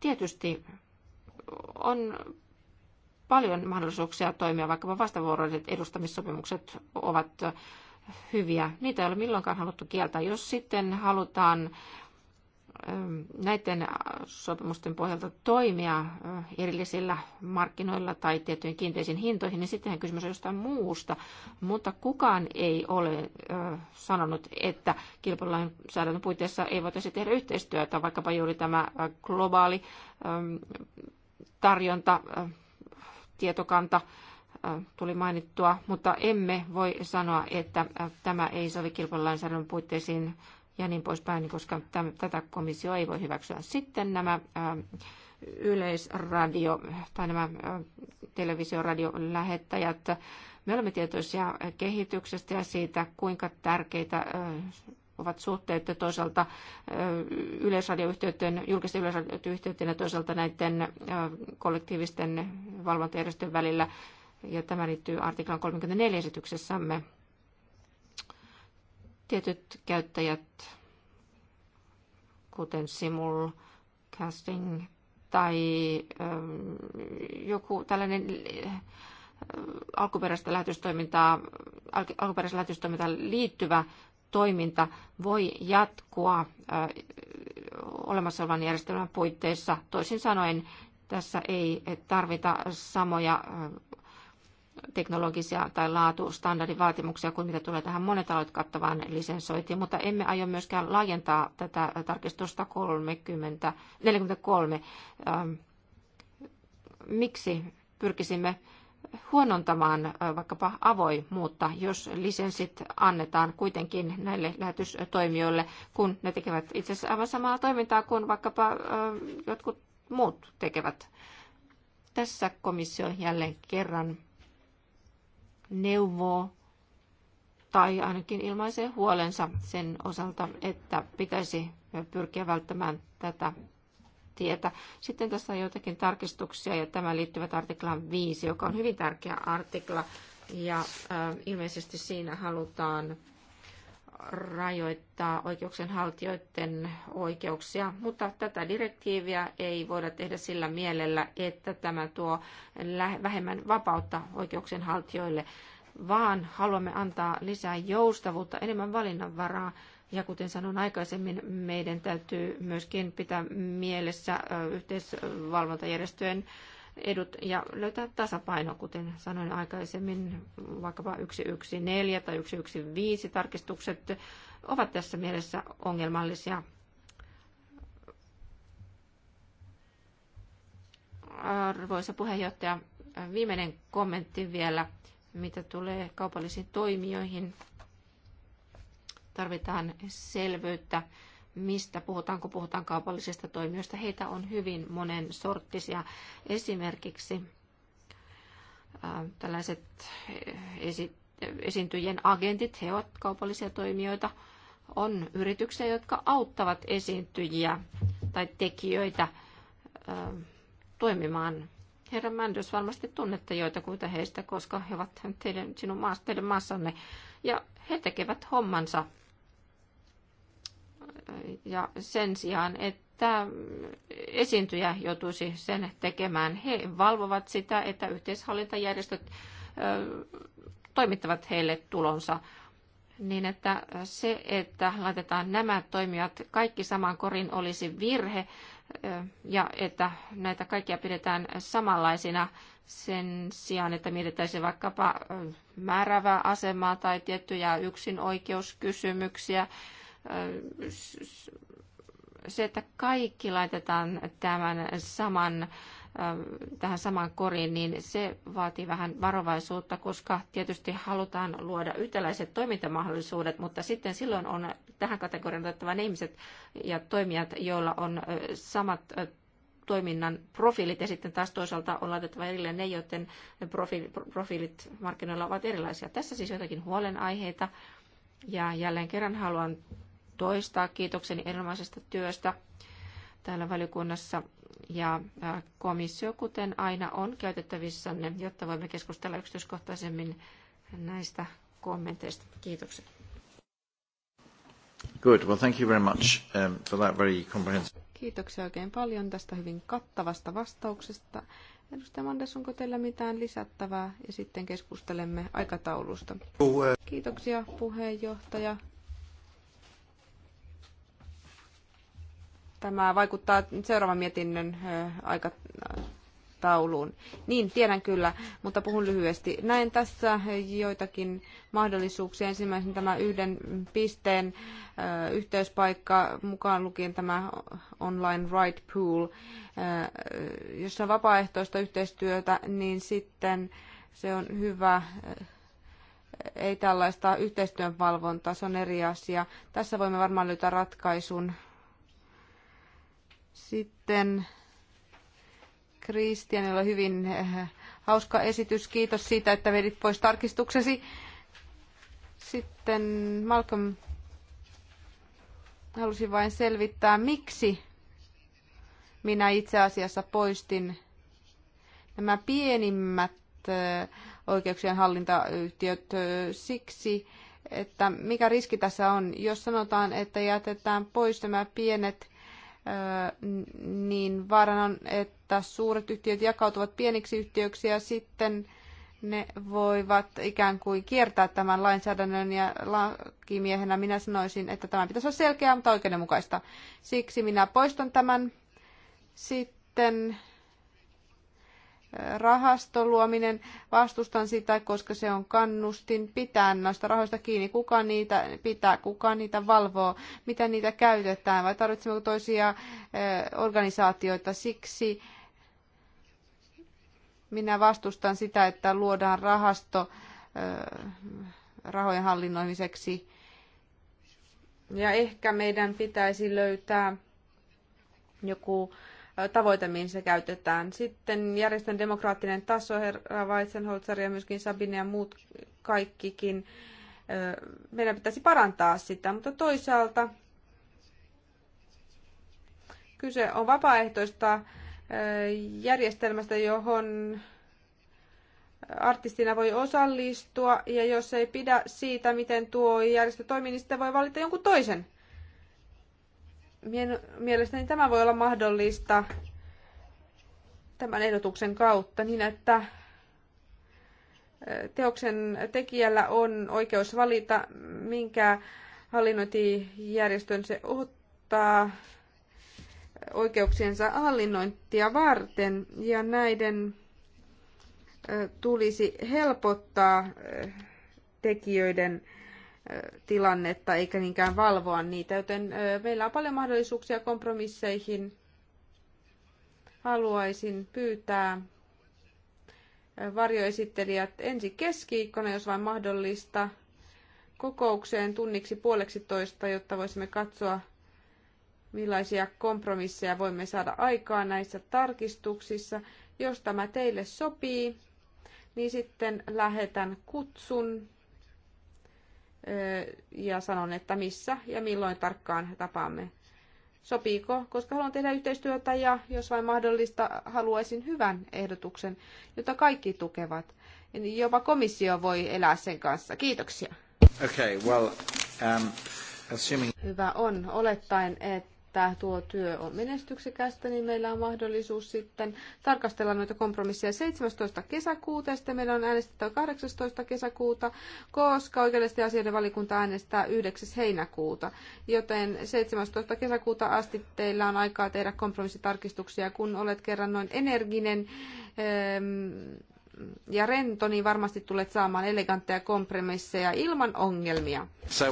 Speaker 3: Tietysti on paljon mahdollisuuksia toimia, vaikkapa vastavuoroiset edustamissopimukset ovat hyviä. Niitä ei ole milloinkaan haluttu kieltää. Jos sitten halutaan ähm, näiden sopimusten pohjalta toimia äh, erillisillä markkinoilla tai tiettyjen kiinteisiin hintoihin, niin sittenhän kysymys on jostain muusta. Mutta kukaan ei ole äh, sanonut, että kilpailulainsäädännön puitteissa ei voitaisi tehdä yhteistyötä, vaikkapa juuri tämä äh, globaali ähm, tarjonta tietokanta tuli mainittua, mutta emme voi sanoa, että tämä ei sovi kilpailulainsäädännön puitteisiin ja niin poispäin, koska tätä komissio ei voi hyväksyä. Sitten nämä yleisradio tai nämä televisioradiolähettäjät. Me olemme tietoisia kehityksestä ja siitä, kuinka tärkeitä ovat suhteet toisaalta yleisradioyhtiöiden, julkisten yleisradioyhtiöiden ja toisaalta näiden kollektiivisten valvontajärjestöjen välillä. Ja tämä liittyy artiklan 34 esityksessämme. Tietyt käyttäjät, kuten Simul, Casting tai joku tällainen alkuperäistä lähetystoimintaa, alkuperäistä lähetystoimintaa liittyvä toiminta voi jatkua olemassa olevan järjestelmän puitteissa. Toisin sanoen tässä ei tarvita samoja teknologisia tai laatustandardivaatimuksia kuin mitä tulee tähän monetalot kattavaan lisensointiin, mutta emme aio myöskään laajentaa tätä tarkistusta 30, 43. Miksi pyrkisimme huonontamaan vaikkapa avoimuutta, jos lisenssit annetaan kuitenkin näille lähetystoimijoille, kun ne tekevät itse asiassa aivan samaa toimintaa kuin vaikkapa jotkut muut tekevät. Tässä komissio jälleen kerran neuvoo tai ainakin ilmaisee huolensa sen osalta, että pitäisi pyrkiä välttämään tätä tietä. Sitten tässä on joitakin tarkistuksia ja tämä liittyvät artiklaan 5, joka on hyvin tärkeä artikla ja äh, ilmeisesti siinä halutaan rajoittaa haltijoiden oikeuksia, mutta tätä direktiiviä ei voida tehdä sillä mielellä, että tämä tuo vähemmän vapautta haltijoille, vaan haluamme antaa lisää joustavuutta, enemmän valinnanvaraa ja kuten sanoin aikaisemmin, meidän täytyy myöskin pitää mielessä yhteisvalvontajärjestöjen edut ja löytää tasapaino, kuten sanoin aikaisemmin, vaikkapa 114 tai 115 tarkistukset ovat tässä mielessä ongelmallisia. Arvoisa puheenjohtaja, viimeinen kommentti vielä, mitä tulee kaupallisiin toimijoihin – tarvitaan selvyyttä, mistä puhutaan, kun puhutaan kaupallisista toimijoista. Heitä on hyvin monen sorttisia. Esimerkiksi tällaiset esi- esiintyjien agentit, he ovat kaupallisia toimijoita, on yrityksiä, jotka auttavat esiintyjiä tai tekijöitä toimimaan. Herra Mändys, varmasti tunnette kuita heistä, koska he ovat teidän, sinun maassa, teidän maassanne. Ja he tekevät hommansa ja sen sijaan, että esiintyjä joutuisi sen tekemään. He valvovat sitä, että yhteishallintajärjestöt toimittavat heille tulonsa niin että se, että laitetaan nämä toimijat kaikki saman korin, olisi virhe ja että näitä kaikkia pidetään samanlaisina sen sijaan, että mietitäisiin vaikkapa määrävää asemaa tai tiettyjä yksinoikeuskysymyksiä se, että kaikki laitetaan tämän saman, tähän samaan koriin, niin se vaatii vähän varovaisuutta, koska tietysti halutaan luoda yhtäläiset toimintamahdollisuudet, mutta sitten silloin on tähän kategoriaan otettava ne ihmiset ja toimijat, joilla on samat toiminnan profiilit ja sitten taas toisaalta on laitettava erilleen ne, joiden profiilit, profiilit markkinoilla ovat erilaisia. Tässä siis jotakin huolenaiheita. Ja jälleen kerran haluan toistaa kiitokseni erinomaisesta työstä täällä valiokunnassa. Ja komissio, kuten aina, on käytettävissänne, jotta voimme keskustella yksityiskohtaisemmin näistä kommenteista. Kiitokset.
Speaker 1: Good. Well, thank you very much um, for that very comprehensive...
Speaker 2: Kiitoksia oikein paljon tästä hyvin kattavasta vastauksesta. Edustaja Mandas, onko teillä mitään lisättävää? Ja sitten keskustelemme aikataulusta. Kiitoksia puheenjohtaja. Tämä vaikuttaa seuraavan mietinnön aikatauluun. Niin, tiedän kyllä, mutta puhun lyhyesti. Näen tässä joitakin mahdollisuuksia. ensimmäisen tämä yhden pisteen yhteyspaikka, mukaan lukien tämä online right pool. jossa on vapaaehtoista yhteistyötä, niin sitten se on hyvä ei tällaista yhteistyön valvontaa, se on eri asia. Tässä voimme varmaan löytää ratkaisun sitten Kristianilla hyvin eh, hauska esitys. Kiitos siitä, että vedit pois tarkistuksesi. Sitten Malcolm halusi vain selvittää, miksi minä itse asiassa poistin nämä pienimmät eh, oikeuksien hallintayhtiöt eh, siksi, että mikä riski tässä on, jos sanotaan, että jätetään pois nämä pienet niin vaarana on, että suuret yhtiöt jakautuvat pieniksi yhtiöiksi ja sitten ne voivat ikään kuin kiertää tämän lainsäädännön ja lakimiehenä minä sanoisin, että tämä pitäisi olla selkeää, mutta oikeudenmukaista. Siksi minä poistan tämän. Sitten rahaston Vastustan sitä, koska se on kannustin pitää noista rahoista kiinni. Kuka niitä pitää, kuka niitä valvoo, mitä niitä käytetään vai tarvitsemmeko toisia organisaatioita siksi. Minä vastustan sitä, että luodaan rahasto rahojen hallinnoimiseksi. Ja ehkä meidän pitäisi löytää joku äh, tavoite, mihin se käytetään. Sitten järjestön demokraattinen taso, herra Weizenholzer ja myöskin Sabine ja muut kaikkikin. Meidän pitäisi parantaa sitä, mutta toisaalta kyse on vapaaehtoista järjestelmästä, johon artistina voi osallistua, ja jos ei pidä siitä, miten tuo järjestö toimii, niin sitten voi valita jonkun toisen Mielestäni tämä voi olla mahdollista tämän ehdotuksen kautta niin, että eh, teoksen tekijällä on oikeus valita, minkä hallinnointijärjestön se ottaa eh, oikeuksiensa hallinnointia varten. Ja näiden eh, tulisi helpottaa tekijöiden tilannetta eikä niinkään valvoa niitä, joten meillä on paljon mahdollisuuksia kompromisseihin. Haluaisin pyytää varjoesittelijät ensi keskiviikkona, jos vain mahdollista, kokoukseen tunniksi puoleksi toista, jotta voisimme katsoa, millaisia kompromisseja voimme saada aikaa näissä tarkistuksissa. Jos tämä teille sopii, niin sitten lähetän kutsun ja sanon, että missä ja milloin tarkkaan tapaamme. Sopiiko, koska haluan tehdä yhteistyötä ja jos vain mahdollista, haluaisin hyvän ehdotuksen, jota kaikki tukevat. Jopa komissio voi elää sen kanssa. Kiitoksia.
Speaker 1: Okay, well, um, assuming...
Speaker 2: Hyvä on, olettaen, että että tuo työ on menestyksekästä, niin meillä on mahdollisuus sitten tarkastella noita kompromisseja 17. kesäkuuta, ja sitten meillä on äänestettävä 18. kesäkuuta, koska oikeudellisten asioiden valikunta äänestää 9. heinäkuuta. Joten 17. kesäkuuta asti teillä on aikaa tehdä kompromissitarkistuksia, kun olet kerran noin energinen, ehm, ja rento, niin varmasti tulet saamaan elegantteja kompromisseja ilman ongelmia. So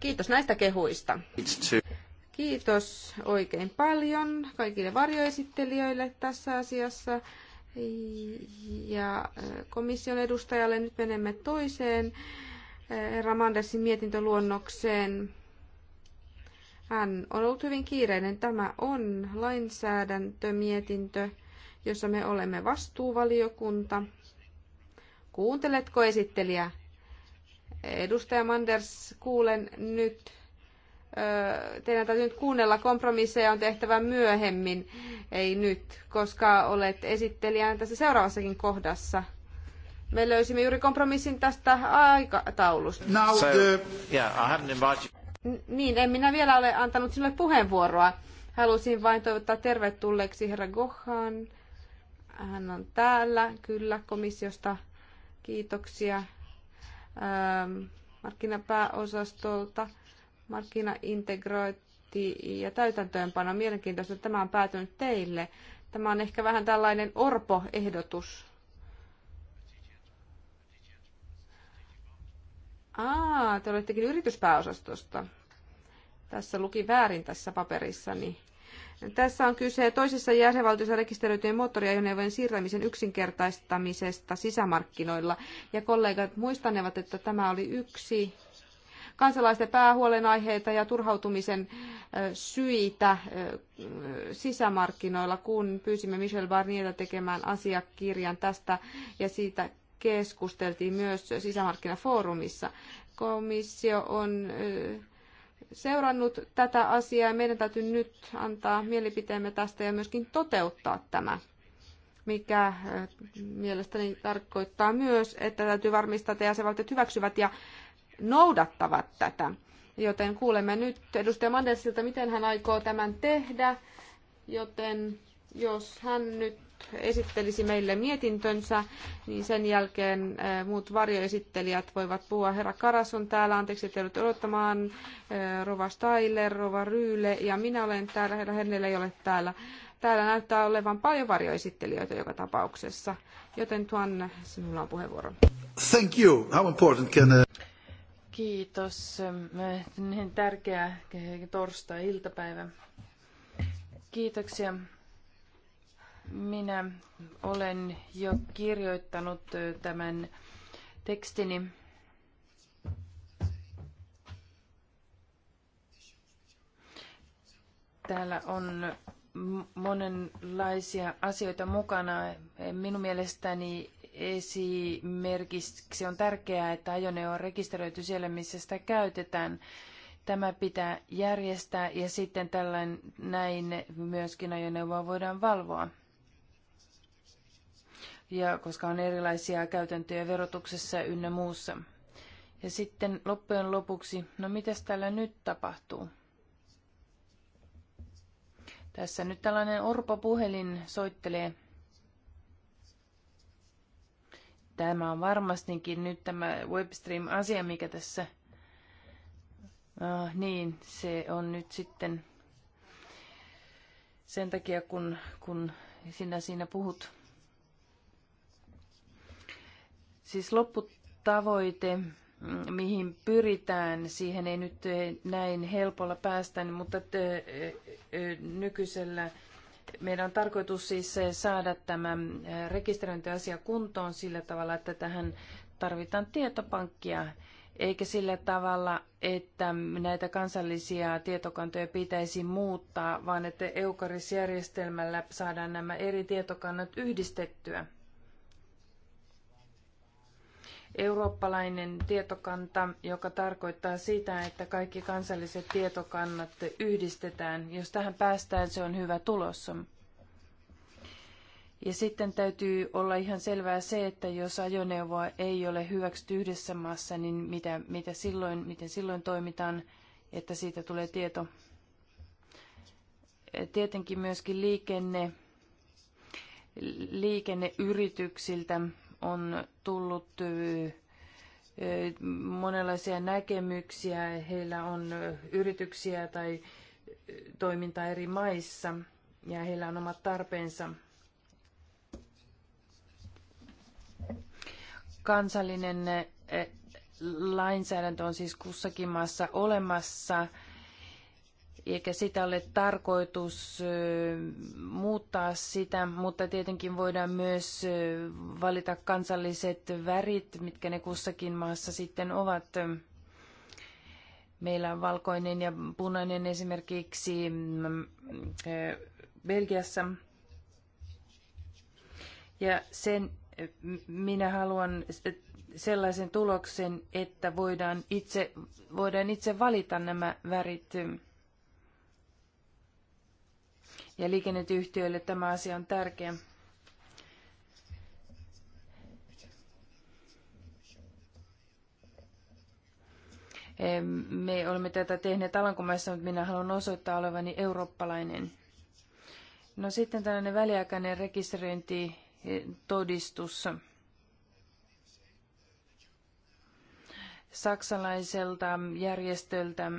Speaker 2: Kiitos näistä kehuista. Kiitos oikein paljon kaikille varjoesittelijöille tässä asiassa ja e, komission edustajalle. Nyt menemme toiseen e, Ramandersin mietintöluonnokseen. Hän on ollut hyvin kiireinen. Tämä on lainsäädäntömietintö, jossa me olemme vastuuvaliokunta. Kuunteletko esittelijä? Edustaja Manders, kuulen nyt teidän täytyy nyt kuunnella, kompromisseja on tehtävä myöhemmin, ei nyt, koska olet esittelijänä tässä seuraavassakin kohdassa. Me löysimme juuri kompromissin tästä aikataulusta. Now so,
Speaker 1: yeah, I
Speaker 2: Niin, en minä vielä ole antanut sinulle puheenvuoroa. Halusin vain toivottaa tervetulleeksi herra Gohan. Hän on täällä, kyllä, komissiosta. Kiitoksia ähm, markkinapääosastolta markkinaintegrointi ja täytäntöönpano. Mielenkiintoista, että tämä on päätynyt teille. Tämä on ehkä vähän tällainen orpo-ehdotus. Aa, te olettekin yrityspääosastosta. Tässä luki väärin tässä paperissani. Tässä on kyse toisessa jäsenvaltiossa rekisteröityjen moottoriajoneuvojen siirtämisen yksinkertaistamisesta sisämarkkinoilla. Ja kollegat muistanevat, että tämä oli yksi kansalaisten päähuolenaiheita ja turhautumisen syitä sisämarkkinoilla, kun pyysimme Michel Barnierta tekemään asiakirjan tästä ja siitä keskusteltiin myös sisämarkkinafoorumissa. Komissio on seurannut tätä asiaa ja meidän täytyy nyt antaa mielipiteemme tästä ja myöskin toteuttaa tämä mikä mielestäni tarkoittaa myös, että täytyy varmistaa, että jäsenvaltiot hyväksyvät ja noudattavat tätä. Joten kuulemme nyt edustaja Mandelsilta, miten hän aikoo tämän tehdä. Joten jos hän nyt esittelisi meille mietintönsä, niin sen jälkeen eh, muut varjoesittelijät voivat puhua. Herra Karas on täällä, anteeksi, että joudut odottamaan. Eh, Rova Steiler, Rova Ryyle ja minä olen täällä, herra Hennellä ei ole täällä. Täällä näyttää olevan paljon varjoesittelijöitä joka tapauksessa, joten tuon sinulla on puheenvuoro.
Speaker 1: Thank you. How important can...
Speaker 4: Kiitos. Niin tärkeä torstai-iltapäivä. Kiitoksia. Minä olen jo kirjoittanut tämän tekstini. Täällä on monenlaisia asioita mukana. Minun mielestäni esimerkiksi on tärkeää, että ajoneuvo on rekisteröity siellä, missä sitä käytetään. Tämä pitää järjestää ja sitten tällainen näin myöskin ajoneuvoa voidaan valvoa. Ja koska on erilaisia käytäntöjä verotuksessa ynnä muussa. Ja sitten loppujen lopuksi, no mitäs täällä nyt tapahtuu? Tässä nyt tällainen orpopuhelin soittelee Tämä on varmastikin nyt tämä Webstream-asia, mikä tässä... Ah, niin, se on nyt sitten sen takia, kun, kun sinä siinä puhut. Siis lopputavoite, mm, mihin pyritään, siihen ei nyt näin helpolla päästä, mutta nykyisellä meidän on tarkoitus siis eh, saada tämä eh, rekisteröintiasia kuntoon sillä tavalla, että tähän tarvitaan tietopankkia, eikä sillä tavalla, että näitä kansallisia tietokantoja pitäisi muuttaa, vaan että eucaris järjestelmällä saadaan nämä eri tietokannat yhdistettyä eurooppalainen tietokanta, joka tarkoittaa sitä, että kaikki kansalliset tietokannat yhdistetään. Jos tähän päästään, se on hyvä tulos. Ja sitten täytyy olla ihan selvää se, että jos ajoneuvoa ei ole hyväksytty yhdessä maassa, niin mitä, mitä silloin, miten silloin toimitaan, että siitä tulee tieto. Tietenkin myöskin liikenne, liikenneyrityksiltä on tullut monenlaisia näkemyksiä. Heillä on yrityksiä tai toimintaa eri maissa ja heillä on omat tarpeensa. Kansallinen lainsäädäntö on siis kussakin maassa olemassa eikä sitä ole tarkoitus muuttaa sitä, mutta tietenkin voidaan myös valita kansalliset värit, mitkä ne kussakin maassa sitten ovat. Meillä on valkoinen ja punainen esimerkiksi mm, Belgiassa. Ja sen minä haluan sellaisen tuloksen, että voidaan itse, voidaan itse valita nämä värit ja liikenneyhtiöille tämä asia on tärkeä. Me olemme tätä tehneet Alankomaissa, mutta minä haluan osoittaa olevani eurooppalainen. No sitten tällainen väliaikainen rekisteröintitodistus. Saksalaiselta järjestöltä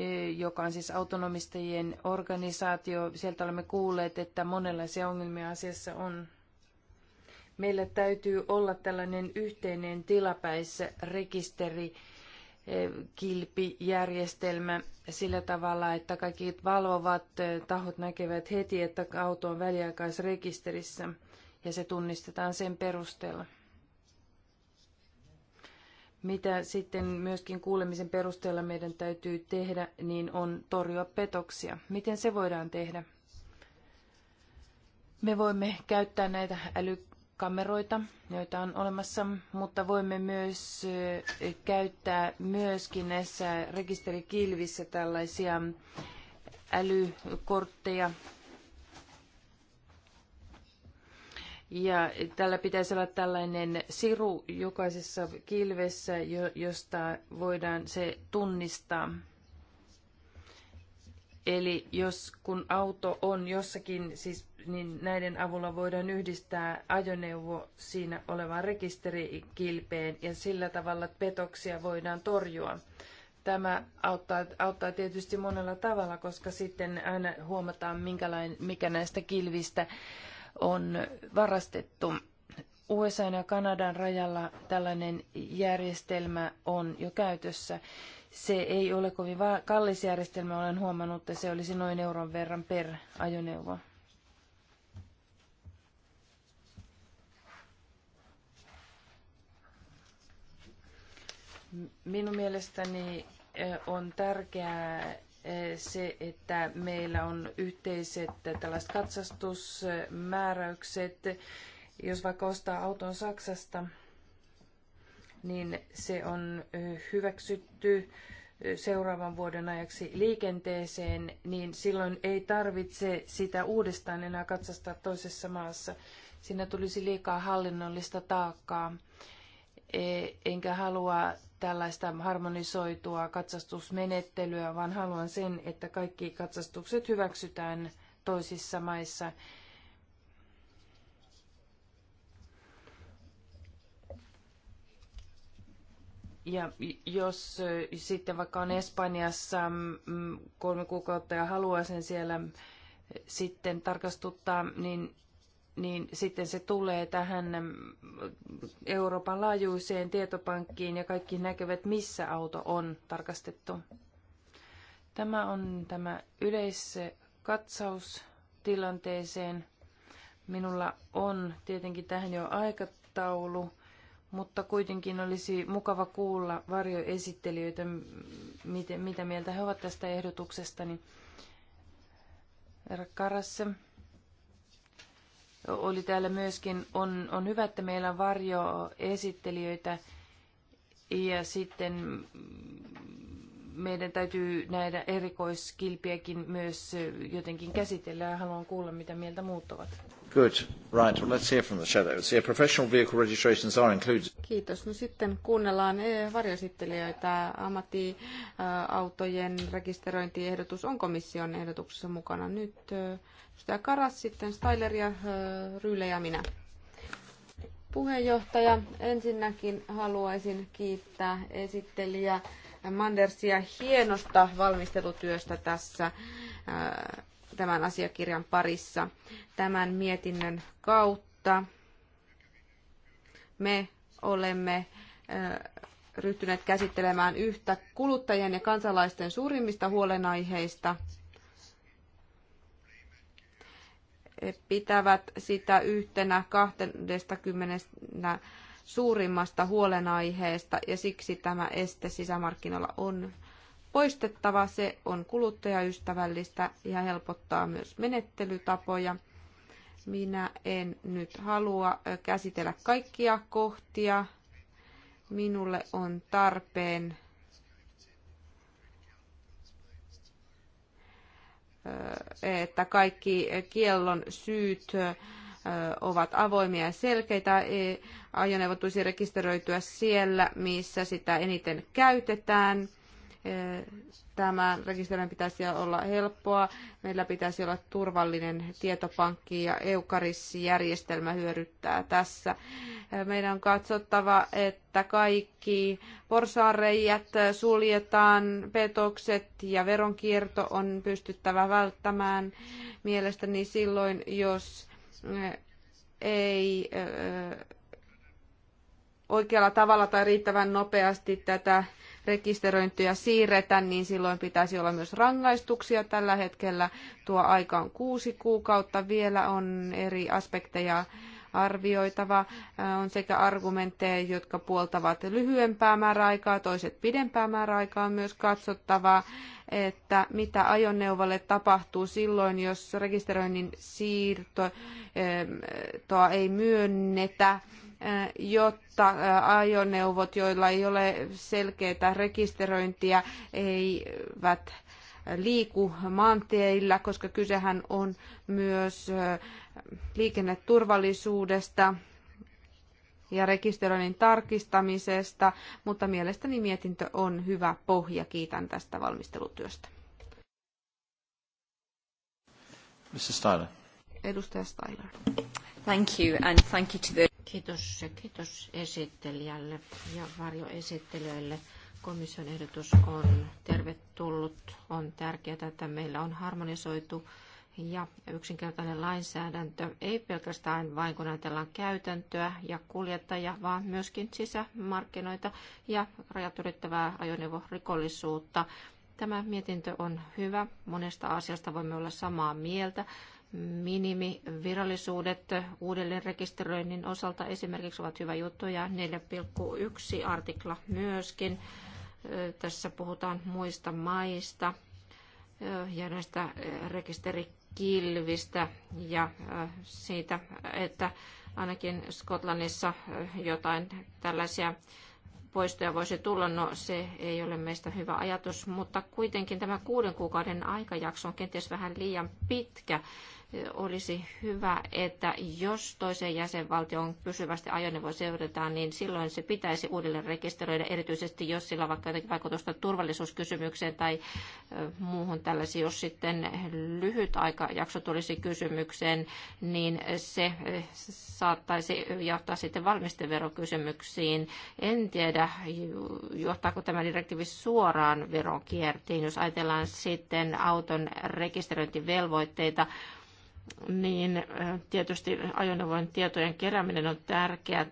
Speaker 4: E, joka on siis autonomistajien organisaatio. Sieltä olemme kuulleet, että monenlaisia ongelmia asiassa on. Meillä täytyy olla tällainen yhteinen tilapäisrekisteri, e, kilpijärjestelmä sillä tavalla, että kaikki valvovat e, tahot näkevät heti, että auto on väliaikaisrekisterissä ja se tunnistetaan sen perusteella. Mitä sitten myöskin kuulemisen perusteella meidän täytyy tehdä, niin on torjua petoksia. Miten se voidaan tehdä? Me voimme käyttää näitä älykameroita, joita on olemassa, mutta voimme myös eh, käyttää myöskin näissä rekisterikilvissä tällaisia älykortteja, Ja tällä pitäisi olla tällainen siru jokaisessa kilvessä, josta voidaan se tunnistaa. Eli jos kun auto on jossakin, siis, niin näiden avulla voidaan yhdistää ajoneuvo siinä olevaan rekisterikilpeen ja sillä tavalla petoksia voidaan torjua. Tämä auttaa, auttaa tietysti monella tavalla, koska sitten aina huomataan, minkälainen, mikä näistä kilvistä on varastettu. USA ja Kanadan rajalla tällainen järjestelmä on jo käytössä. Se ei ole kovin kallis järjestelmä, olen huomannut, että se olisi noin euron verran per ajoneuvo. Minun mielestäni on tärkeää se, että meillä on yhteiset tällaiset katsastusmääräykset. Jos vaikka ostaa auton Saksasta, niin se on hyväksytty seuraavan vuoden ajaksi liikenteeseen, niin silloin ei tarvitse sitä uudestaan enää katsastaa toisessa maassa. Siinä tulisi liikaa hallinnollista taakkaa e, enkä halua tällaista harmonisoitua katsastusmenettelyä, vaan haluan sen, että kaikki katsastukset hyväksytään toisissa maissa. Ja jos sitten vaikka on Espanjassa mm, kolme kuukautta ja haluaa sen siellä sitten tarkastuttaa, niin niin sitten se tulee tähän Euroopan laajuiseen tietopankkiin ja kaikki näkevät, missä auto on tarkastettu. Tämä on tämä yleiskatsaus tilanteeseen. Minulla on tietenkin tähän jo aikataulu, mutta kuitenkin olisi mukava kuulla varjoesittelijöitä, mitä mieltä he ovat tästä ehdotuksesta. Niin Karasse oli täällä myöskin. On, on hyvä, että meillä on varjoesittelijöitä ja sitten meidän täytyy näitä erikoiskilpiäkin myös jotenkin käsitellä ja haluan kuulla, mitä mieltä muut ovat.
Speaker 1: Good. Right. Well, let's hear from the shadows. Yeah, professional vehicle registrations are included.
Speaker 2: Kiitos. No sitten kuunnellaan eh, varjosittelijöitä. Ammattiautojen eh, rekisteröintiehdotus on komission ehdotuksessa mukana. Nyt eh, Sitä Karas, sitten Styler ja Ryyle ja minä puheenjohtaja. Ensinnäkin haluaisin kiittää esittelijä Mandersia hienosta valmistelutyöstä tässä äh, tämän asiakirjan parissa. Tämän mietinnön kautta me olemme äh, ryhtyneet käsittelemään yhtä kuluttajien ja kansalaisten suurimmista huolenaiheista pitävät sitä yhtenä 20 suurimmasta huolenaiheesta ja siksi tämä este sisämarkkinoilla on poistettava. Se on kuluttajaystävällistä ja helpottaa myös menettelytapoja. Minä en nyt halua käsitellä kaikkia kohtia. Minulle on tarpeen että kaikki kiellon syyt ovat avoimia ja selkeitä. E, Ajoneuvo tulisi rekisteröityä siellä, missä sitä eniten käytetään. E, Tämän rekisteröinnin pitäisi olla helppoa. Meillä pitäisi olla turvallinen tietopankki ja Eukaris-järjestelmä hyödyttää tässä. E, meidän on katsottava, että kaikki porsaanreijät suljetaan, petokset ja veronkierto on pystyttävä välttämään. Mielestäni silloin, jos ei oikealla tavalla tai riittävän nopeasti tätä rekisteröintiä siirretä, niin silloin pitäisi olla myös rangaistuksia. Tällä hetkellä tuo aika on kuusi kuukautta. Vielä on eri aspekteja arvioitava. On sekä argumentteja, jotka puoltavat lyhyempää määräaikaa, toiset pidempää määräaikaa on myös katsottava, että mitä ajoneuvolle tapahtuu silloin, jos rekisteröinnin siirtoa ei myönnetä jotta ajoneuvot, joilla ei ole selkeää rekisteröintiä, eivät liiku maanteillä, koska kysehän on myös liikenneturvallisuudesta ja rekisteröinnin tarkistamisesta, mutta mielestäni mietintö on hyvä pohja. Kiitän tästä valmistelutyöstä.
Speaker 3: Mr. Styler. Edustaja Styler. Thank you and thank you to the... Kiitos kiitos esittelijälle ja varjoesittelijöille. Komission ehdotus on tervetullut. On tärkeää, että meillä on harmonisoitu ja yksinkertainen lainsäädäntö ei pelkästään vain kun ajatellaan käytäntöä ja kuljettajia, vaan myöskin sisämarkkinoita ja rajat ylittävää ajoneuvorikollisuutta. Tämä mietintö on hyvä. Monesta asiasta voimme olla samaa mieltä minimivirallisuudet uudelleenrekisteröinnin osalta esimerkiksi ovat hyvä juttu ja 4,1 artikla myöskin. Tässä puhutaan muista maista ja näistä rekisteri kilvistä ja siitä, että ainakin Skotlannissa jotain tällaisia poistoja voisi tulla. No se ei ole meistä hyvä ajatus, mutta kuitenkin tämä kuuden kuukauden aikajakso on kenties vähän liian pitkä olisi hyvä, että jos toiseen jäsenvaltioon pysyvästi ajoneuvo seurataan, niin silloin se pitäisi uudelleen rekisteröidä, erityisesti jos sillä on vaikka jotakin vaikutusta turvallisuuskysymykseen tai muuhun tällaisiin, jos sitten lyhyt aikajakso tulisi kysymykseen, niin se saattaisi johtaa sitten valmisteverokysymyksiin. En tiedä, johtaako tämä direktiivi suoraan veronkiertiin, jos ajatellaan sitten auton rekisteröintivelvoitteita, niin tietysti ajoneuvojen tietojen kerääminen on tärkeää.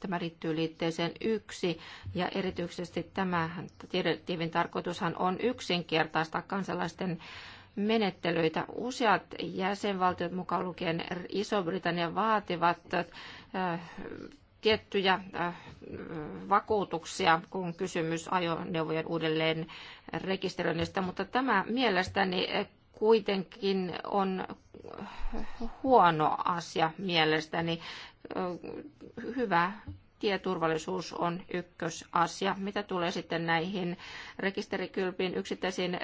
Speaker 3: Tämä liittyy liitteeseen yksi ja erityisesti tämä direktiivin tarkoitushan on yksinkertaistaa kansalaisten menettelyitä. Useat jäsenvaltiot mukaan lukien Iso-Britannia vaativat tiettyjä vakuutuksia, kun kysymys ajoneuvojen uudelleen rekisteröinnistä, mutta tämä mielestäni kuitenkin on huono asia mielestäni. Hyvä tieturvallisuus on ykkösasia. Mitä tulee sitten näihin rekisterikylpiin, yksittäisiin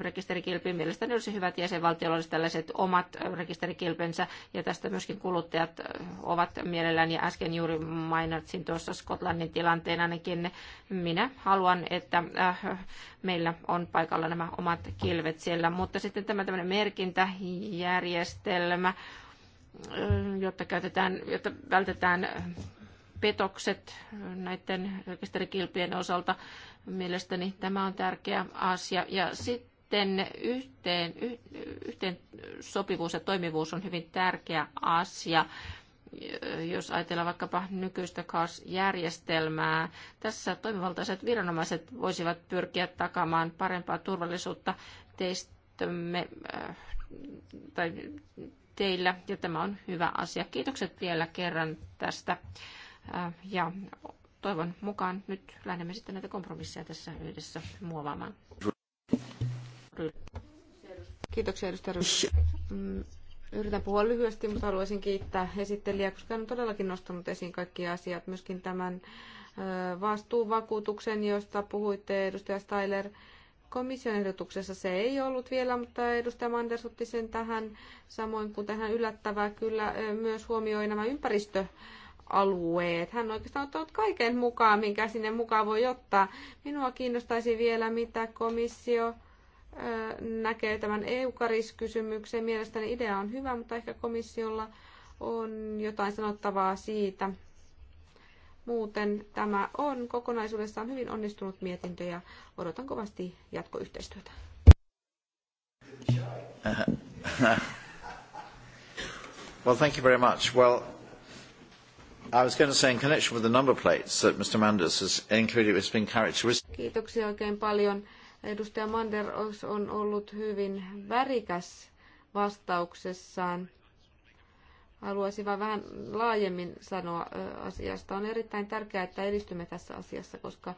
Speaker 3: rekisterikilpiin, mielestäni olisi hyvä, että jäsenvaltiolla olisi tällaiset omat rekisterikilpensä, ja tästä myöskin kuluttajat ovat mielellään, ja äsken juuri mainitsin tuossa Skotlannin tilanteen ainakin, minä haluan, että äh, meillä on paikalla nämä omat kilvet siellä, mutta sitten tämä tämmöinen merkintäjärjestelmä, jotta, käytetään, jotta vältetään petokset näiden rekisterikilpien osalta. Mielestäni tämä on tärkeä asia. Ja sitten yhteen, yhteen sopivuus ja toimivuus on hyvin tärkeä asia jos ajatellaan vaikkapa nykyistä CARS-järjestelmää, tässä toimivaltaiset viranomaiset voisivat pyrkiä takaamaan parempaa turvallisuutta teistämme äh, tai teillä, ja tämä on hyvä asia. Kiitokset vielä kerran tästä Äh, ja toivon mukaan nyt lähdemme sitten näitä kompromisseja tässä yhdessä muovaamaan.
Speaker 2: Kiitoksia edustaja Rys. Mm, yritän puhua lyhyesti, mutta haluaisin kiittää esittelijää, koska hän on todellakin nostanut esiin kaikki asiat, myöskin tämän vastuuvakuutuksen, josta puhuitte edustaja Steiler. Komission ehdotuksessa se ei ollut vielä, mutta edustaja Manders otti sen tähän, samoin kuin tähän yllättävää kyllä myös huomioi nämä ympäristö alueet. Hän oikeastaan ottaa kaiken mukaan, minkä sinne mukaan voi ottaa. Minua kiinnostaisi vielä, mitä komissio näkee tämän EU-kariskysymyksen Mielestäni idea on hyvä, mutta ehkä komissiolla on jotain sanottavaa siitä. Muuten tämä on kokonaisuudessaan hyvin onnistunut mietintö ja odotan kovasti jatkoyhteistyötä.
Speaker 1: well, thank you very much. Well, I was going to say in connection with the number plates that Mr. Manders has included, it's been characteristic.
Speaker 2: Kiitoksia oikein paljon. Edustaja Manders on ollut hyvin värikäs vastauksessaan. Haluaisin vain vähän laajemmin sanoa asiasta. On erittäin tärkeää, että edistymme tässä asiassa, koska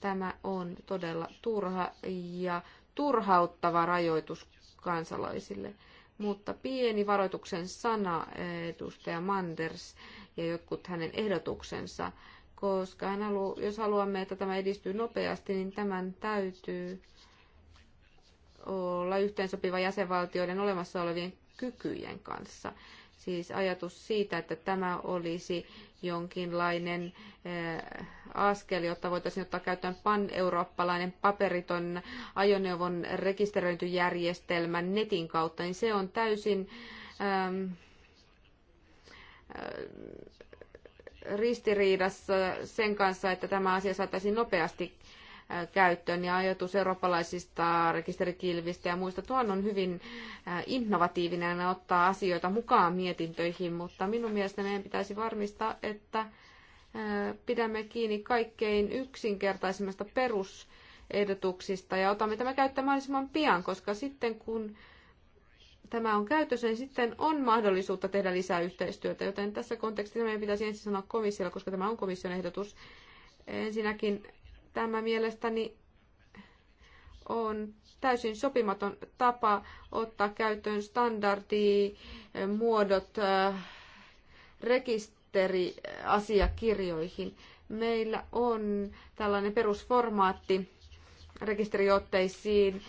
Speaker 2: tämä on todella turha ja turhauttava rajoitus kansalaisille. Mutta pieni varoituksen sana, edustaja Manders ja jotkut hänen ehdotuksensa, koska hän halu, jos haluamme, että tämä edistyy nopeasti, niin tämän täytyy olla yhteensopiva jäsenvaltioiden olemassa olevien kykyjen kanssa. Siis ajatus siitä, että tämä olisi jonkinlainen eh, askel, jotta voitaisiin ottaa käyttöön pan-eurooppalainen paperiton ajoneuvon rekisteröintijärjestelmän netin kautta, niin se on täysin ehm, Äh, ristiriidassa sen kanssa, että tämä asia saataisiin nopeasti äh, käyttöön ja ajatus eurooppalaisista rekisterikilvistä ja muista. Tuon on hyvin äh, innovatiivinen ja ottaa asioita mukaan mietintöihin, mutta minun mielestäni meidän pitäisi varmistaa, että pidämme kiinni kaikkein yksinkertaisimmista perusehdotuksista ja otamme tämä käyttöön mahdollisimman pian, koska sitten kun tämä on käytössä, niin sitten on mahdollisuutta tehdä lisää yhteistyötä. Joten tässä kontekstissa meidän pitäisi ensin sanoa komissiolla, koska tämä on komission ehdotus. Ensinnäkin tämä mielestäni on täysin sopimaton tapa ottaa käyttöön standardimuodot äh, rekisteriasiakirjoihin. Meillä on tällainen perusformaatti rekisteriotteisiin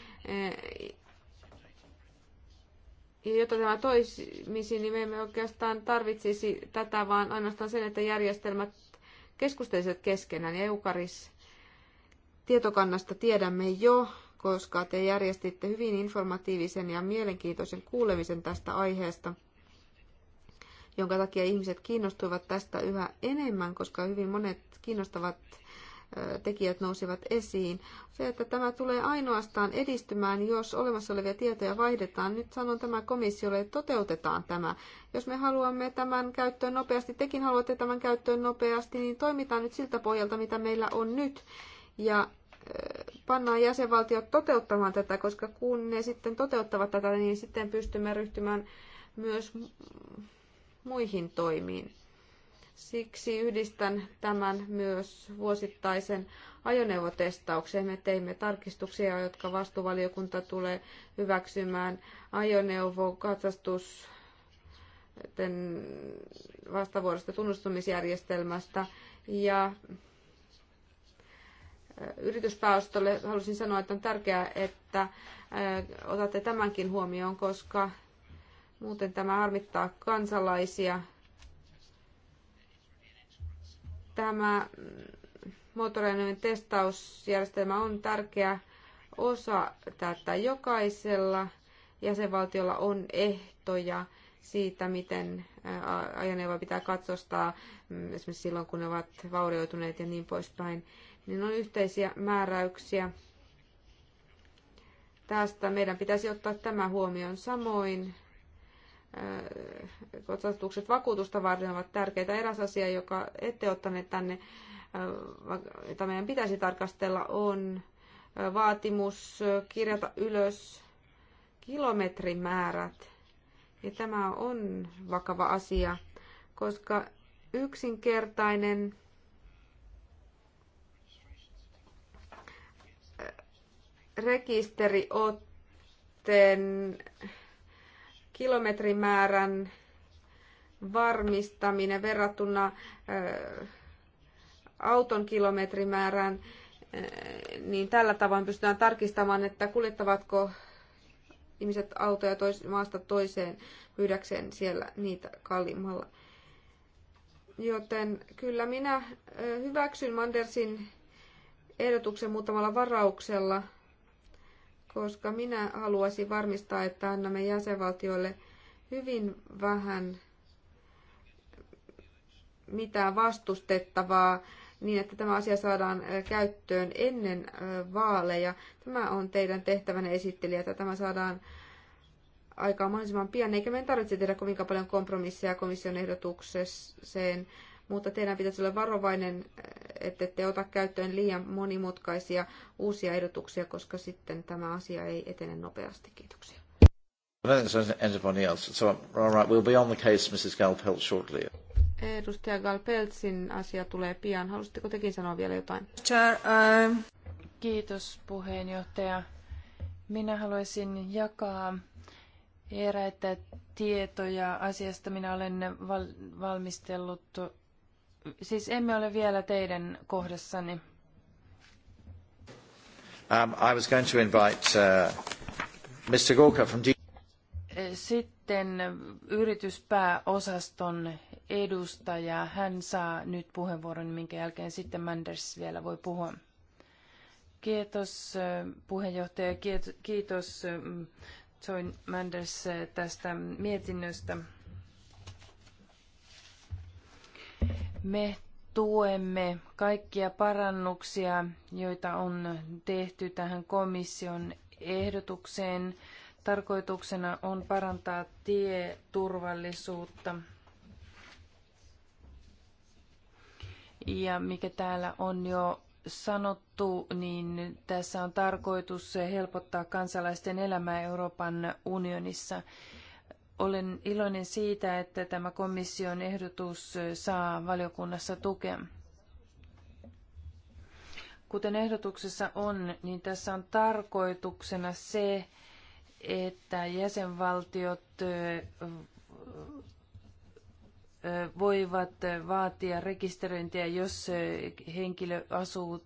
Speaker 2: jotta tämä toimisi, niin me emme oikeastaan tarvitsisi tätä, vaan ainoastaan sen, että järjestelmät keskustelisivat keskenään. Ja Eukaris tietokannasta tiedämme jo, koska te järjestitte hyvin informatiivisen ja mielenkiintoisen kuulemisen tästä aiheesta, jonka takia ihmiset kiinnostuivat tästä yhä enemmän, koska hyvin monet kiinnostavat tekijät nousivat esiin. Se, että tämä tulee ainoastaan edistymään, jos olemassa olevia tietoja vaihdetaan, nyt sanon tämä komissiolle, että toteutetaan tämä. Jos me haluamme tämän käyttöön nopeasti, tekin haluatte tämän käyttöön nopeasti, niin toimitaan nyt siltä pohjalta, mitä meillä on nyt. Ja pannaan jäsenvaltiot toteuttamaan tätä, koska kun ne sitten toteuttavat tätä, niin sitten pystymme ryhtymään myös muihin toimiin. Siksi yhdistän tämän myös vuosittaisen ajoneuvotestaukseen. Me teimme tarkistuksia, jotka vastuvaliokunta tulee hyväksymään ajoneuvokatsastus vastavuorosta tunnustumisjärjestelmästä. Ja yrityspääostolle halusin sanoa, että on tärkeää, että otatte tämänkin huomioon, koska muuten tämä harmittaa kansalaisia – Tämä moottoriajoneen testausjärjestelmä on tärkeä osa tätä jokaisella jäsenvaltiolla on ehtoja siitä, miten ajoneuvoa pitää katsostaa, mm, esimerkiksi silloin, kun ne ovat vaurioituneet ja niin poispäin, niin on yhteisiä määräyksiä. Tästä meidän pitäisi ottaa tämä huomioon samoin katsatukset vakuutusta varten ovat tärkeitä. Eräs asia, joka ette ottaneet tänne, jota meidän pitäisi tarkastella, on vaatimus kirjata ylös kilometrimäärät. Ja tämä on vakava asia, koska yksinkertainen rekisteriotteen kilometrimäärän varmistaminen verrattuna auton kilometrimäärään, niin tällä tavoin pystytään tarkistamaan, että kuljettavatko ihmiset autoja tois, maasta toiseen myydäkseen siellä niitä kalliimmalla. Joten kyllä minä hyväksyn Mandersin ehdotuksen muutamalla varauksella – koska minä haluaisin varmistaa, että annamme jäsenvaltioille hyvin vähän mitään vastustettavaa niin, että tämä asia saadaan käyttöön ennen vaaleja. Tämä on teidän tehtävänne esittelijä, että tämä saadaan aikaa mahdollisimman pian, eikä meidän tarvitse tehdä kovinkaan paljon kompromisseja komission ehdotukseen mutta teidän pitäisi olla varovainen, että te ota käyttöön liian monimutkaisia uusia ehdotuksia, koska sitten tämä asia ei etene nopeasti. Kiitoksia.
Speaker 1: else? So, all right, we'll be on the case, Mrs. Galpelt, shortly.
Speaker 2: Edustaja Galpeltsin asia tulee pian. Halusitteko tekin sanoa vielä jotain? Chair, um... Kiitos puheenjohtaja. Minä haluaisin
Speaker 4: jakaa eräitä tietoja asiasta. Minä olen valmistellut Siis emme ole vielä teidän kohdassanne.
Speaker 1: Um, I was going to invite uh, Mr. Gorka from D-
Speaker 4: Sitten yrityspääosaston edustaja, hän saa nyt puheenvuoron, minkä jälkeen sitten Manders vielä voi puhua. Kiitos uh, puheenjohtaja, kiitos um, Join Manders uh, tästä mietinnöstä. Me tuemme kaikkia parannuksia, joita on tehty tähän komission ehdotukseen. Tarkoituksena on parantaa tieturvallisuutta. Ja mikä täällä on jo sanottu, niin tässä on tarkoitus helpottaa kansalaisten elämää Euroopan unionissa. Olen iloinen siitä, että tämä komission ehdotus saa valiokunnassa tukea. Kuten ehdotuksessa on, niin tässä on tarkoituksena se, että jäsenvaltiot voivat vaatia rekisteröintiä, jos henkilö asuu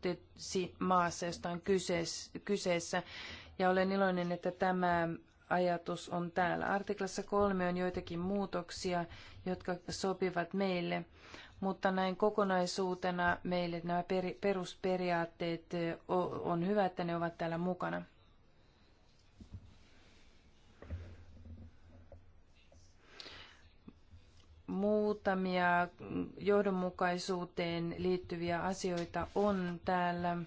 Speaker 4: maassa, josta on kyseessä. Ja olen iloinen, että tämä ajatus on täällä. Artiklassa kolme on joitakin muutoksia, jotka sopivat meille, mutta näin kokonaisuutena meille nämä perusperiaatteet on hyvä, että ne ovat täällä mukana. Muutamia johdonmukaisuuteen liittyviä asioita on täällä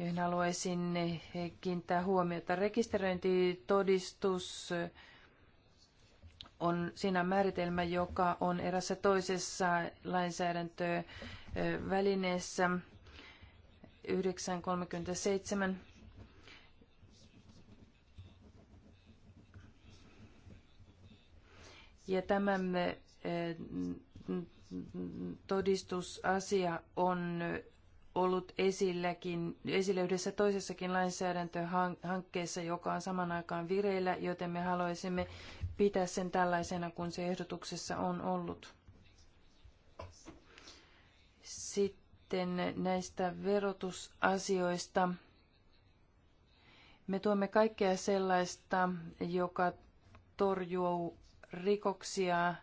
Speaker 4: joihin haluaisin kiinnittää huomiota. Rekisteröintitodistus on siinä määritelmä, joka on erässä toisessa lainsäädäntövälineessä 937 Ja tämä todistusasia on ollut esilläkin, esillä yhdessä toisessakin lainsäädäntöhankkeessa, joka on saman aikaan vireillä, joten me haluaisimme pitää sen tällaisena kuin se ehdotuksessa on ollut. Sitten näistä verotusasioista. Me tuomme kaikkea sellaista, joka torjuu rikoksia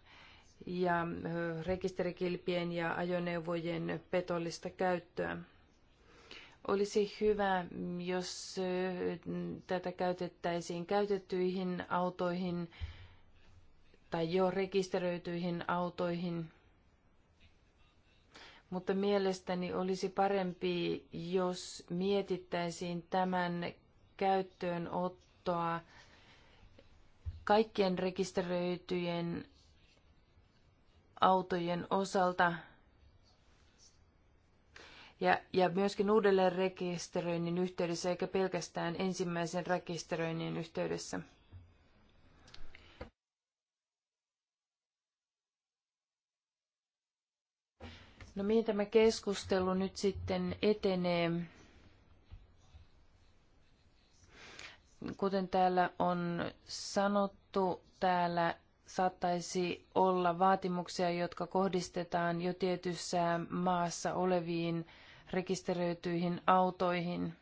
Speaker 4: ja rekisterikilpien ja ajoneuvojen petollista käyttöä. Olisi hyvä, jos tätä käytettäisiin käytettyihin autoihin tai jo rekisteröityihin autoihin, mutta mielestäni olisi parempi, jos mietittäisiin tämän käyttöönottoa kaikkien rekisteröityjen autojen osalta. Ja, ja myöskin uudelleen rekisteröinnin yhteydessä, eikä pelkästään ensimmäisen rekisteröinnin yhteydessä. No mihin tämä keskustelu nyt sitten etenee? Kuten täällä on sanottu, täällä saattaisi olla vaatimuksia, jotka kohdistetaan jo tietyssä maassa oleviin rekisteröityihin autoihin.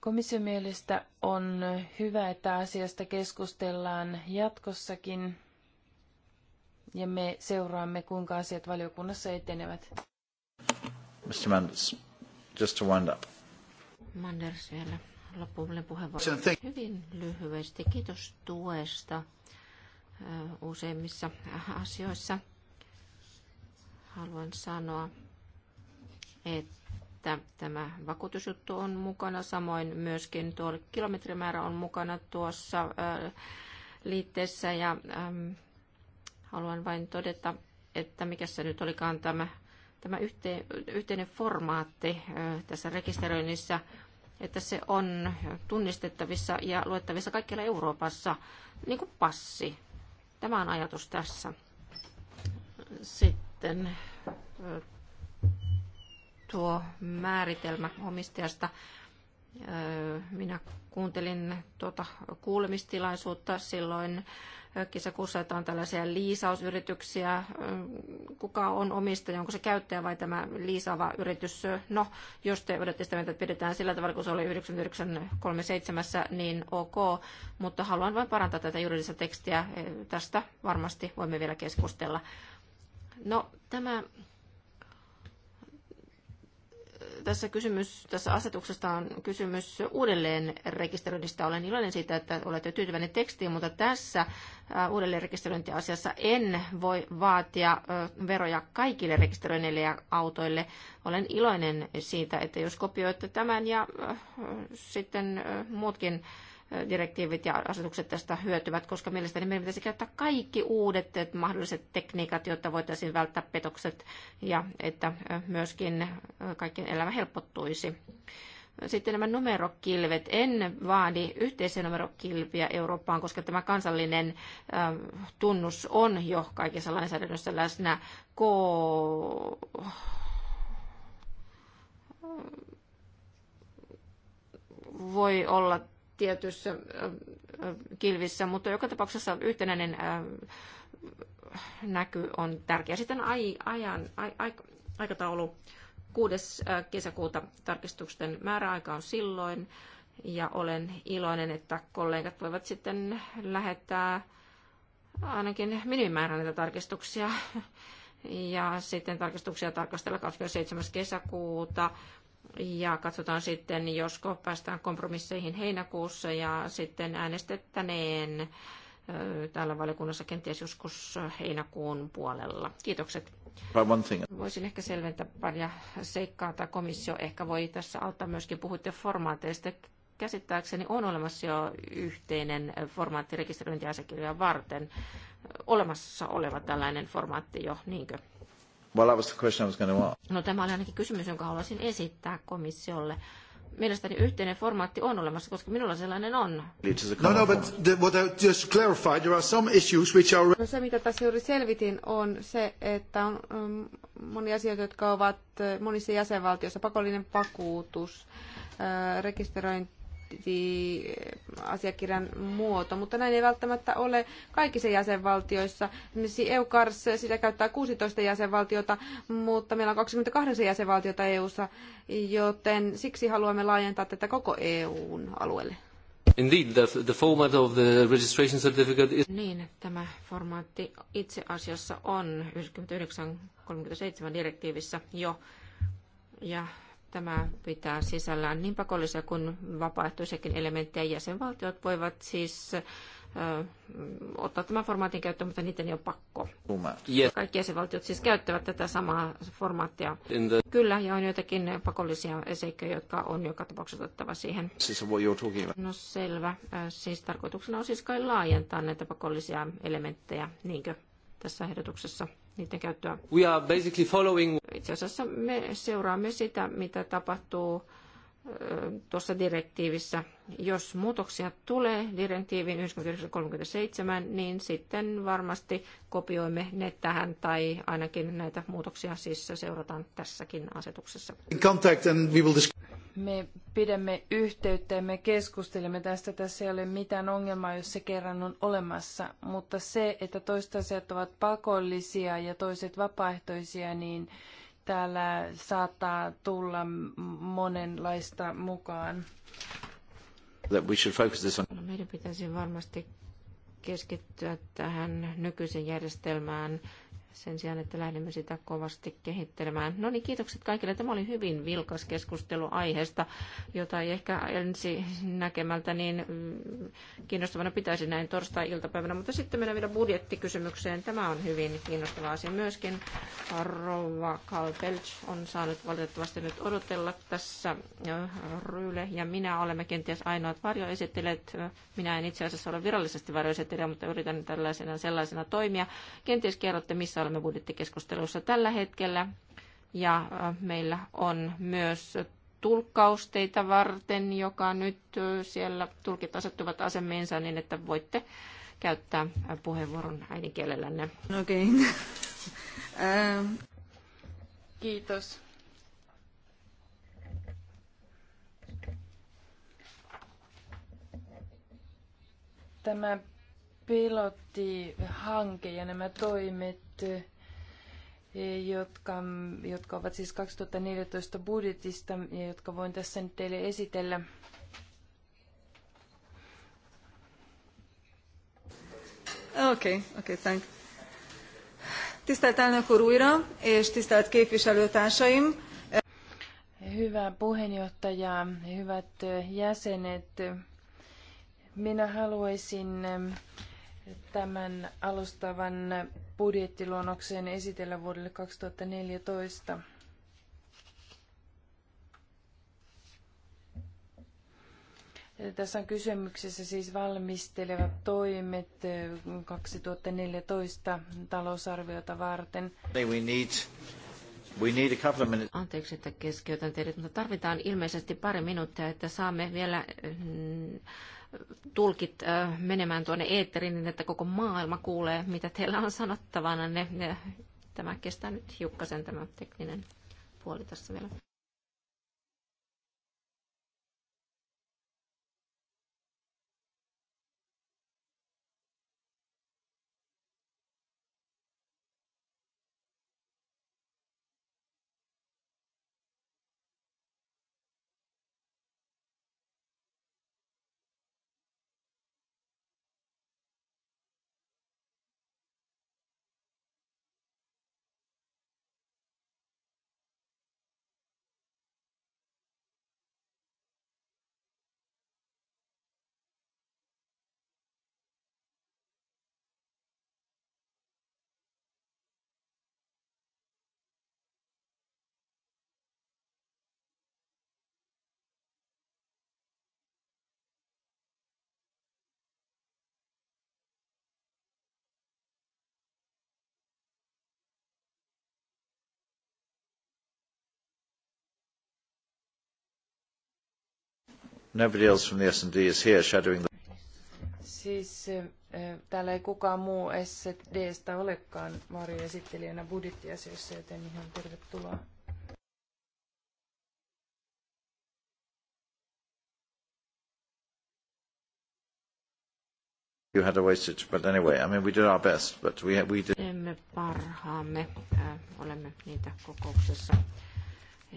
Speaker 4: Komission mielestä on hyvä, että asiasta keskustellaan jatkossakin ja me seuraamme, kuinka asiat valiokunnassa etenevät.
Speaker 1: Mr. Manders, just to wind up.
Speaker 3: Manders vielä loppuun Hyvin lyhyesti. Kiitos tuesta useimmissa asioissa. Haluan sanoa, että tämä vakuutusjuttu on mukana. Samoin myöskin tuo kilometrimäärä on mukana tuossa liitteessä. Ja haluan vain todeta, että mikä se nyt olikaan tämä tämä yhteinen formaatti tässä rekisteröinnissä että se on tunnistettavissa ja luettavissa kaikkialla Euroopassa, niin kuin passi. Tämä on ajatus tässä. Sitten tuo määritelmä omistajasta. Minä kuuntelin tuota kuulemistilaisuutta silloin kesäkuussa, että on tällaisia liisausyrityksiä. Mm, kuka on omistaja, onko se käyttäjä vai tämä liisaava yritys? No, jos te odotte sitä, että pidetään sillä tavalla, kun se oli 9937, niin ok, mutta haluan vain parantaa tätä juridista tekstiä. Eh, tästä varmasti voimme vielä keskustella. No, tämä tässä kysymys, tässä asetuksesta on kysymys uudelleen rekisteröinnistä. Olen iloinen siitä, että olette tyytyväinen tekstiin, mutta tässä äh, uudelleen en voi vaatia veroja kaikille rekisteröinneille ja autoille. Olen iloinen siitä, että jos kopioitte tämän ja sitten muutkin direktiivit ja asetukset tästä hyötyvät, koska mielestäni meidän pitäisi käyttää kaikki uudet mahdolliset tekniikat, jotta voitaisiin välttää petokset ja että myöskin kaikkien elämä helpottuisi. Sitten nämä numerokilvet. En vaadi yhteisiä numerokilviä Eurooppaan, koska tämä kansallinen tunnus on jo kaikessa lainsäädännössä läsnä. K voi olla tietyissä kilvissä, mutta joka tapauksessa yhtenäinen näky on tärkeä. Sitten ai, ajan, ai, ai, aikataulu 6. kesäkuuta tarkistusten määräaika on silloin ja olen iloinen, että kollegat voivat sitten lähettää ainakin minimimäärän näitä tarkistuksia. Ja sitten tarkistuksia tarkastella 27. kesäkuuta ja katsotaan sitten, josko päästään kompromisseihin heinäkuussa ja sitten äänestettäneen täällä valiokunnassa kenties joskus heinäkuun puolella. Kiitokset. Voisin ehkä selventää paria seikkaa, tai komissio ehkä voi tässä auttaa myöskin. puhutte formaateista. Käsittääkseni on olemassa jo yhteinen formaatti rekisteröintiasiakirjaa varten. Olemassa oleva tällainen formaatti jo, niinkö?
Speaker 1: Well, that was the question I was going to ask.
Speaker 3: No tämä oli ainakin kysymys, jonka haluaisin esittää komissiolle. Mielestäni yhteinen formaatti on olemassa, koska minulla sellainen on.
Speaker 1: No, no, but the, what I just clarified, there are some issues which are...
Speaker 2: No se, mitä tässä juuri selvitin, on se, että on um, monia asioita, jotka ovat uh, monissa jäsenvaltioissa pakollinen pakuutus, uh, rekisteröinti, Eh, asiakirjan muoto, mutta näin ei välttämättä ole kaikissa jäsenvaltioissa. Esimerkiksi EUCARS, sitä käyttää 16 jäsenvaltiota, mutta meillä on 28 jäsenvaltiota EUssa, joten siksi haluamme laajentaa tätä koko EUn alueelle. Indeed, the, the format of the registration certificate is...
Speaker 3: Niin, tämä formaatti itse asiassa on 1937 direktiivissä jo, ja Tämä pitää sisällään niin pakollisia kuin vapaaehtoisiakin elementtejä. Jäsenvaltiot voivat siis ottaa tämän formaatin käyttöön, mutta niiden ei ole pakko. Yes. Kaikki jäsenvaltiot siis käyttävät tätä samaa formaattia. The... Kyllä, ja on joitakin pakollisia seikkoja, jotka on joka tapauksessa otettava siihen. No selvä. Siis tarkoituksena on siis kai laajentaa näitä pakollisia elementtejä, niinkö tässä ehdotuksessa? niiden käyttöä. We are basically following... Itse asiassa me seuraamme sitä, mitä tapahtuu tuossa direktiivissä. Jos muutoksia tulee direktiiviin 1937, niin sitten varmasti kopioimme ne tähän tai ainakin näitä muutoksia siis seurataan tässäkin asetuksessa. Me pidämme yhteyttä ja me keskustelemme
Speaker 4: tästä. Tässä ei ole mitään ongelmaa, jos se kerran on olemassa, mutta se, että toiset asiat ovat pakollisia ja toiset vapaaehtoisia, niin täällä saattaa tulla monenlaista mukaan.
Speaker 3: Meidän pitäisi varmasti keskittyä tähän nykyisen järjestelmään sen sijaan, että lähdemme sitä kovasti kehittelemään. No niin, kiitokset kaikille. Tämä oli hyvin vilkas keskustelu aiheesta, jota ei ehkä ensi näkemältä niin mm, kiinnostavana pitäisi näin torstai-iltapäivänä, mutta sitten mennään vielä budjettikysymykseen. Tämä on hyvin kiinnostava asia myöskin. Rova Kalpelch on saanut valitettavasti nyt odotella tässä. Ryyle ja minä olemme kenties ainoat varjoesittelijät. Minä en itse asiassa ole virallisesti varjoesittelijä, mutta yritän tällaisena sellaisena toimia. Kenties kerrotte, missä olemme budjettikeskusteluissa tällä hetkellä. Ja meillä on myös tulkkausteita varten, joka nyt siellä tulkit asettuvat asemiinsa niin, että voitte käyttää puheenvuoron äidinkielellänne. No okei. Okay. <laughs> Ähm. Kiitos.
Speaker 4: Tämä pilottihanke ja nämä toimet, jotka, jotka ovat siis 2014 budjetista ja jotka voin tässä nyt teille esitellä.
Speaker 2: Okei, okay, okei, okay, thank. Tisztelt elnök úr újra, és tisztelt képviselőtársaim!
Speaker 4: Hyvä puheenjohtaja, hyvät jäsenet, minä haluaisin tämän alustavan budjettiluonnokseen esitellä vuodelle 2014. Tässä on kysymyksessä siis valmistelevat toimet 2014
Speaker 3: talousarviota varten.
Speaker 1: We need, we need a couple of minutes.
Speaker 3: Anteeksi, että keskeytän teidät, mutta tarvitaan ilmeisesti pari minuuttia, että saamme vielä tulkit äh, menemään tuonne eetteriin, niin että koko maailma kuulee, mitä teillä on sanottavana. Ne, ne, tämä kestää nyt hiukkasen tämä tekninen puoli tässä vielä.
Speaker 1: Nobody else from the S&D is here shadowing the...
Speaker 4: Siis eh, eh, täällä ei kukaan muu SDstä olekaan varjoesittelijänä budjettiasioissa, joten ihan tervetuloa.
Speaker 1: You had a wasted, but anyway, I mean, we did our best, but we, we did...
Speaker 3: Teemme parhaamme, olemme niitä kokouksessa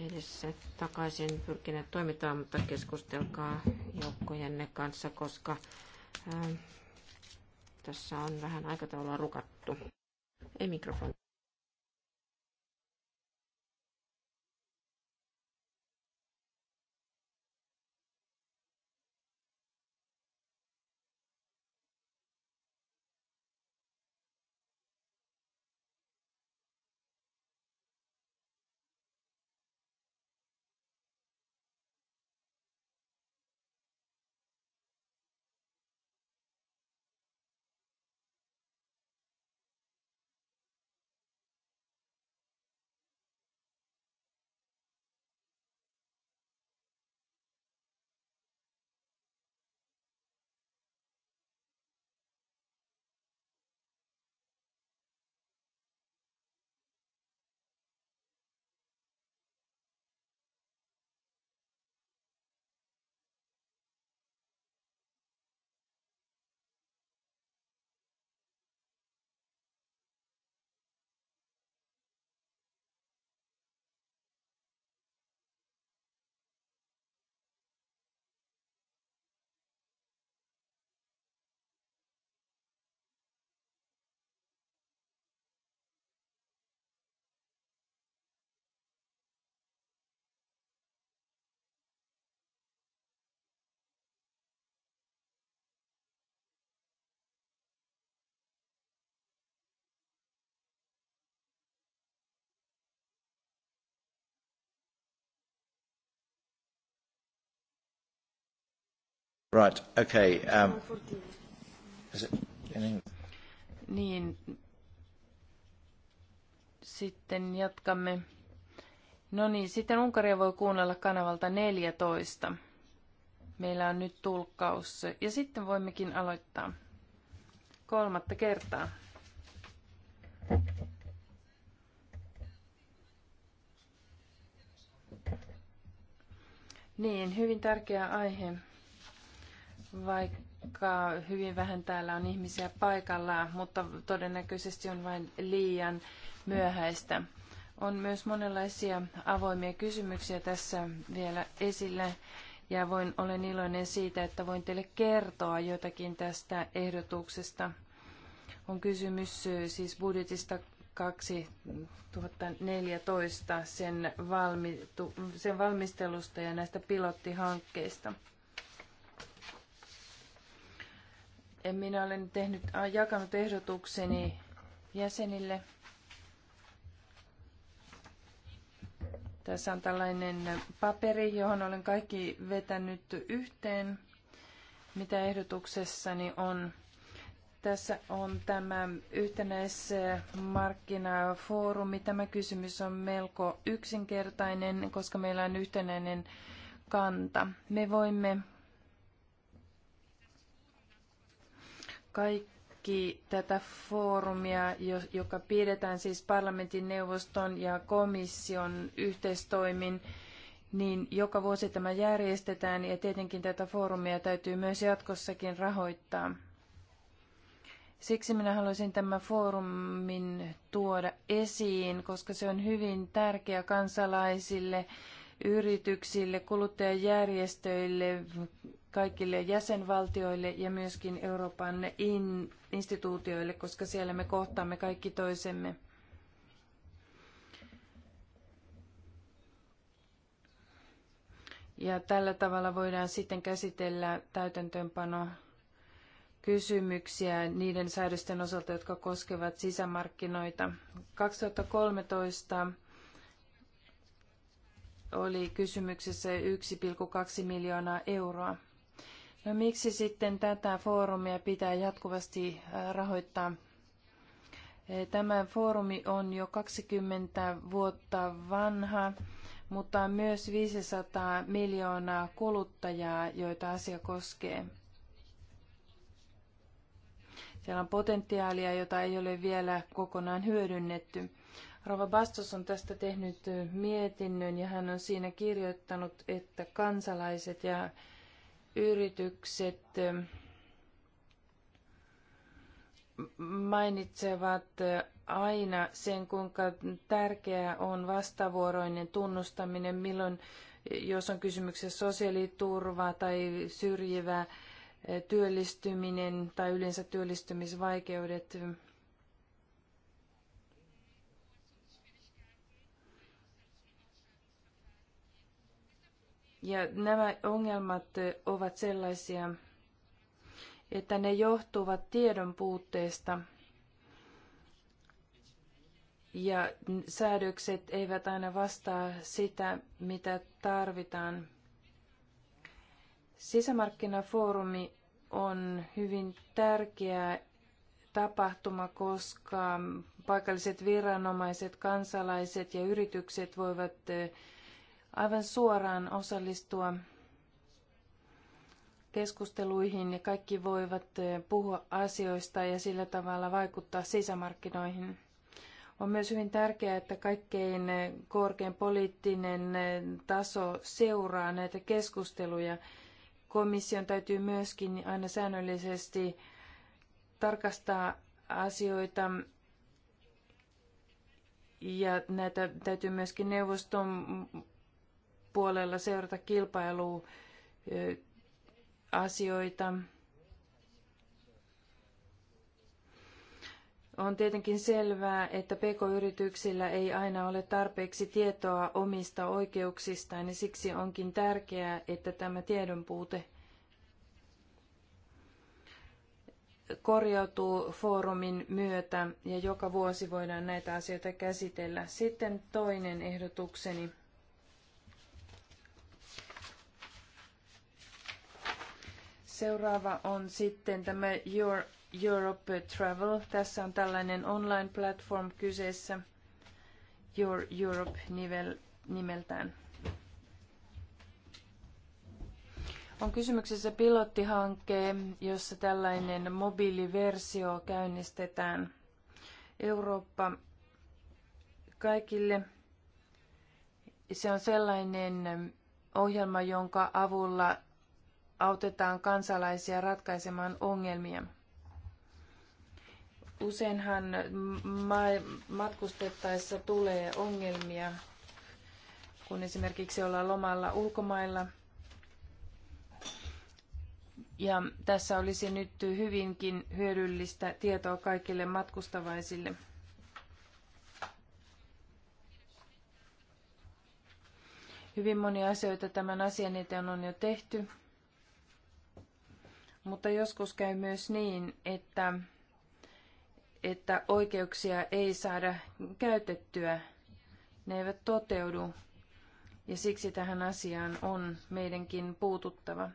Speaker 3: edessä takaisin pyrkineet toimitaan, mutta keskustelkaa joukkojenne kanssa, koska ää, ähm, tässä on vähän aikataulua rukattu. Ei mikrofoni.
Speaker 1: Right, okay. Um, is it in
Speaker 4: niin, sitten jatkamme. No niin, sitten Unkaria voi kuunnella kanavalta 14. Meillä on nyt tulkkaus. Ja sitten voimmekin aloittaa kolmatta kertaa. Niin, hyvin tärkeä aihe vaikka hyvin vähän täällä on ihmisiä paikalla, mutta todennäköisesti on vain liian myöhäistä. On myös monenlaisia avoimia kysymyksiä tässä vielä esillä ja voin, olen iloinen siitä, että voin teille kertoa jotakin tästä ehdotuksesta. On kysymys siis budjetista 2014 sen, valmi, sen valmistelusta ja näistä pilottihankkeista. Minä olen tehnyt, äh, jakanut ehdotukseni jäsenille. Tässä on tällainen paperi, johon olen kaikki vetänyt yhteen, mitä ehdotuksessani on. Tässä on tämä yhtenäismarkkinafoorumi. Tämä kysymys on melko yksinkertainen, koska meillä on yhtenäinen kanta. Me voimme kaikki tätä foorumia, joka pidetään siis parlamentin, neuvoston ja komission yhteistoimin, niin joka vuosi tämä järjestetään ja tietenkin tätä foorumia täytyy myös jatkossakin rahoittaa. Siksi minä haluaisin tämän foorumin tuoda esiin, koska se on hyvin tärkeä kansalaisille, yrityksille, kuluttajajärjestöille, kaikille jäsenvaltioille ja myöskin Euroopan in, instituutioille, koska siellä me kohtaamme kaikki toisemme. Ja tällä tavalla voidaan sitten käsitellä täytäntöönpano kysymyksiä niiden säädösten osalta, jotka koskevat sisämarkkinoita. 2013 oli kysymyksessä 1,2 miljoonaa euroa. No miksi sitten tätä foorumia pitää jatkuvasti rahoittaa? E, tämä foorumi on jo 20 vuotta vanha, mutta on myös 500 miljoonaa kuluttajaa, joita asia koskee. Siellä on potentiaalia, jota ei ole vielä kokonaan hyödynnetty. Rova Bastos on tästä tehnyt mietinnön ja hän on siinä kirjoittanut, että kansalaiset ja yritykset mainitsevat aina sen, kuinka tärkeää on vastavuoroinen tunnustaminen, milloin jos on kysymyksessä sosiaaliturva tai syrjivä työllistyminen tai yleensä työllistymisvaikeudet, Ja nämä ongelmat ovat sellaisia, että ne johtuvat tiedon puutteesta ja säädökset eivät aina vastaa sitä, mitä tarvitaan. Sisämarkkinafoorumi on hyvin tärkeä tapahtuma, koska paikalliset viranomaiset, kansalaiset ja yritykset voivat aivan suoraan osallistua keskusteluihin ja kaikki voivat eh, puhua asioista ja sillä tavalla vaikuttaa sisämarkkinoihin. On myös hyvin tärkeää, että kaikkein eh, korkein poliittinen eh, taso seuraa näitä keskusteluja. Komission täytyy myöskin aina säännöllisesti tarkastaa asioita ja näitä täytyy myöskin neuvoston puolella seurata kilpailuasioita. On tietenkin selvää, että pk-yrityksillä ei aina ole tarpeeksi tietoa omista oikeuksistaan ja siksi onkin tärkeää, että tämä tiedonpuute korjautuu foorumin myötä ja joka vuosi voidaan näitä asioita käsitellä. Sitten toinen ehdotukseni. Seuraava on sitten tämä Your Europe Travel. Tässä on tällainen online-platform kyseessä Your Europe nimeltään. On kysymyksessä pilottihanke, jossa tällainen mobiiliversio käynnistetään Eurooppa kaikille. Se on sellainen ohjelma, jonka avulla autetaan kansalaisia ratkaisemaan ongelmia. Useinhan matkustettaessa tulee ongelmia, kun esimerkiksi ollaan lomalla ulkomailla. Ja tässä olisi nyt hyvinkin hyödyllistä tietoa kaikille matkustavaisille. Hyvin monia asioita tämän asian eteen on jo tehty. Mutta joskus käy myös niin, että, että oikeuksia ei saada käytettyä, ne eivät toteudu ja siksi tähän asiaan on meidänkin puututtava.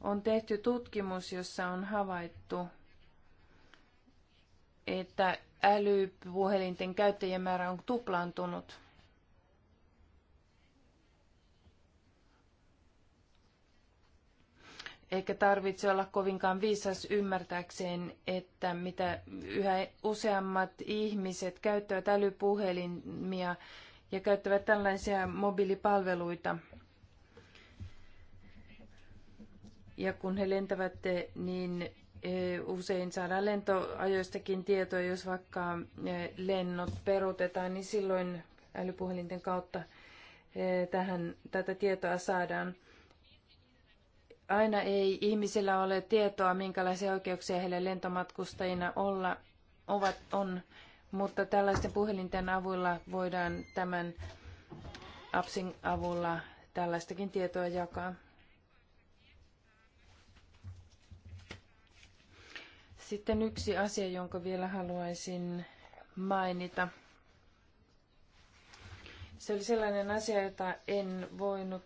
Speaker 4: On tehty tutkimus, jossa on havaittu, että älypuhelinten käyttäjien määrä on tuplaantunut. eikä tarvitse olla kovinkaan viisas ymmärtääkseen, että mitä yhä useammat ihmiset käyttävät älypuhelimia ja käyttävät tällaisia mobiilipalveluita. Ja kun he lentävät, niin e, usein saadaan lentoajoistakin tietoa, jos vaikka e, lennot peruutetaan, niin silloin älypuhelinten kautta e, tähän, tätä tietoa saadaan. Aina ei ihmisillä ole tietoa, minkälaisia oikeuksia heille lentomatkustajina olla ovat, on, mutta tällaisten puhelinten avulla voidaan tämän appsin avulla tällaistakin tietoa jakaa. Sitten yksi asia, jonka vielä haluaisin mainita. Se oli sellainen asia, jota en voinut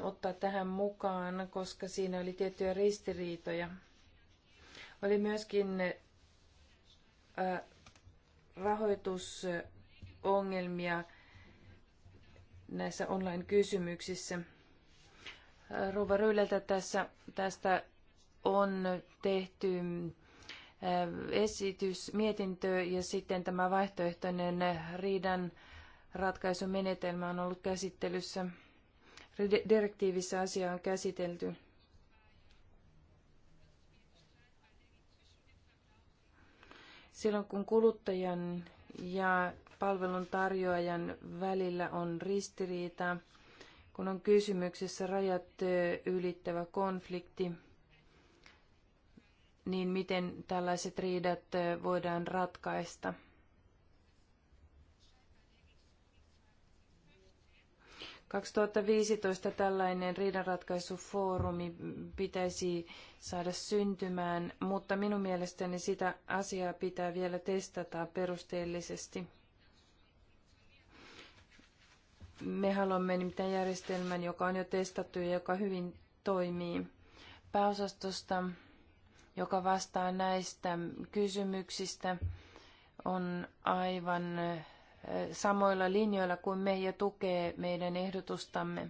Speaker 4: ottaa tähän mukaan, koska siinä oli tiettyjä ristiriitoja. Oli myöskin rahoitusongelmia näissä online-kysymyksissä. Rouva Ryyleltä tässä, tästä on tehty esitys, mietintö ja sitten tämä vaihtoehtoinen riidan ratkaisumenetelmä on ollut käsittelyssä direktiivissä asia on käsitelty. Silloin kun kuluttajan ja palvelun tarjoajan välillä on ristiriita, kun on kysymyksessä rajat ylittävä konflikti, niin miten tällaiset riidat voidaan ratkaista. 2015 tällainen riidanratkaisufoorumi pitäisi saada syntymään, mutta minun mielestäni sitä asiaa pitää vielä testata perusteellisesti. Me haluamme nimittäin järjestelmän, joka on jo testattu ja joka hyvin toimii. Pääosastosta, joka vastaa näistä kysymyksistä, on aivan samoilla linjoilla kuin me ja tukee meidän ehdotustamme.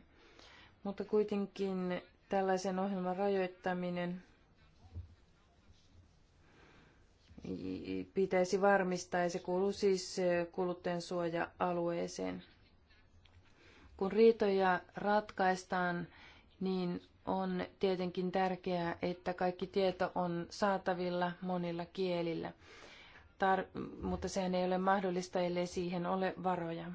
Speaker 4: Mutta kuitenkin tällaisen ohjelman rajoittaminen pitäisi varmistaa ja se kuuluu siis kuluttajansuoja-alueeseen. Kun riitoja ratkaistaan, niin on tietenkin tärkeää, että kaikki tieto on saatavilla monilla kielillä mutta sehän ei ole mahdollista, ellei siihen ole varoja.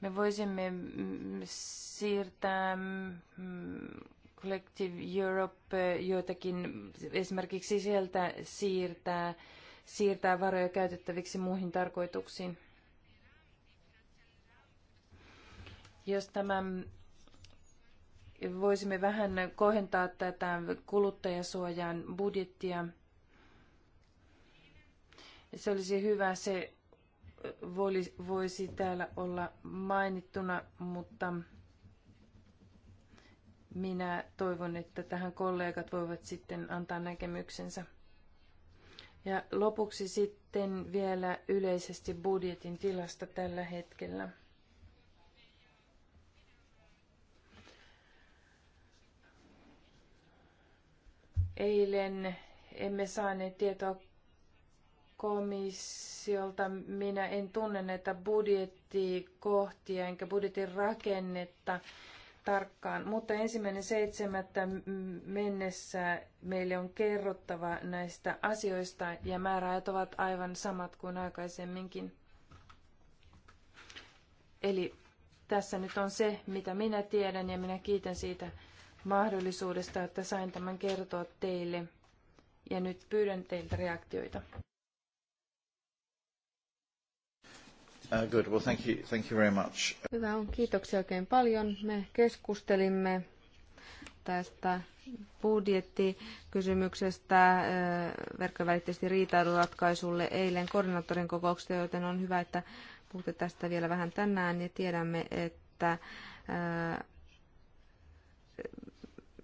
Speaker 4: Me voisimme mm, siirtää mm, Collective Europe joitakin, esimerkiksi sieltä siirtää, siirtää varoja käytettäviksi muihin tarkoituksiin. Jos tämä voisimme vähän kohentaa tätä kuluttajasuojan budjettia. Se olisi hyvä, se voisi täällä olla mainittuna, mutta minä toivon, että tähän kollegat voivat sitten antaa näkemyksensä. Ja lopuksi sitten vielä yleisesti budjetin tilasta tällä hetkellä. Eilen emme saaneet tietoa komissiolta. Minä en tunne näitä budjettikohtia enkä budjetin rakennetta tarkkaan, mutta ensimmäinen seitsemättä mennessä meille on kerrottava näistä asioista ja määräajat ovat aivan samat kuin aikaisemminkin. Eli tässä nyt on se, mitä minä tiedän ja minä kiitän siitä mahdollisuudesta, että sain tämän kertoa teille.
Speaker 2: Ja nyt pyydän teiltä reaktioita.
Speaker 1: Uh, good. Well, thank you. Thank you very much.
Speaker 2: Hyvä on. Kiitoksia oikein paljon. Me keskustelimme tästä budjettikysymyksestä uh, verkkovälitteisesti riitailuratkaisulle eilen koordinaattorin kokouksesta, joten on hyvä, että puhutte tästä vielä vähän tänään ja tiedämme, että uh,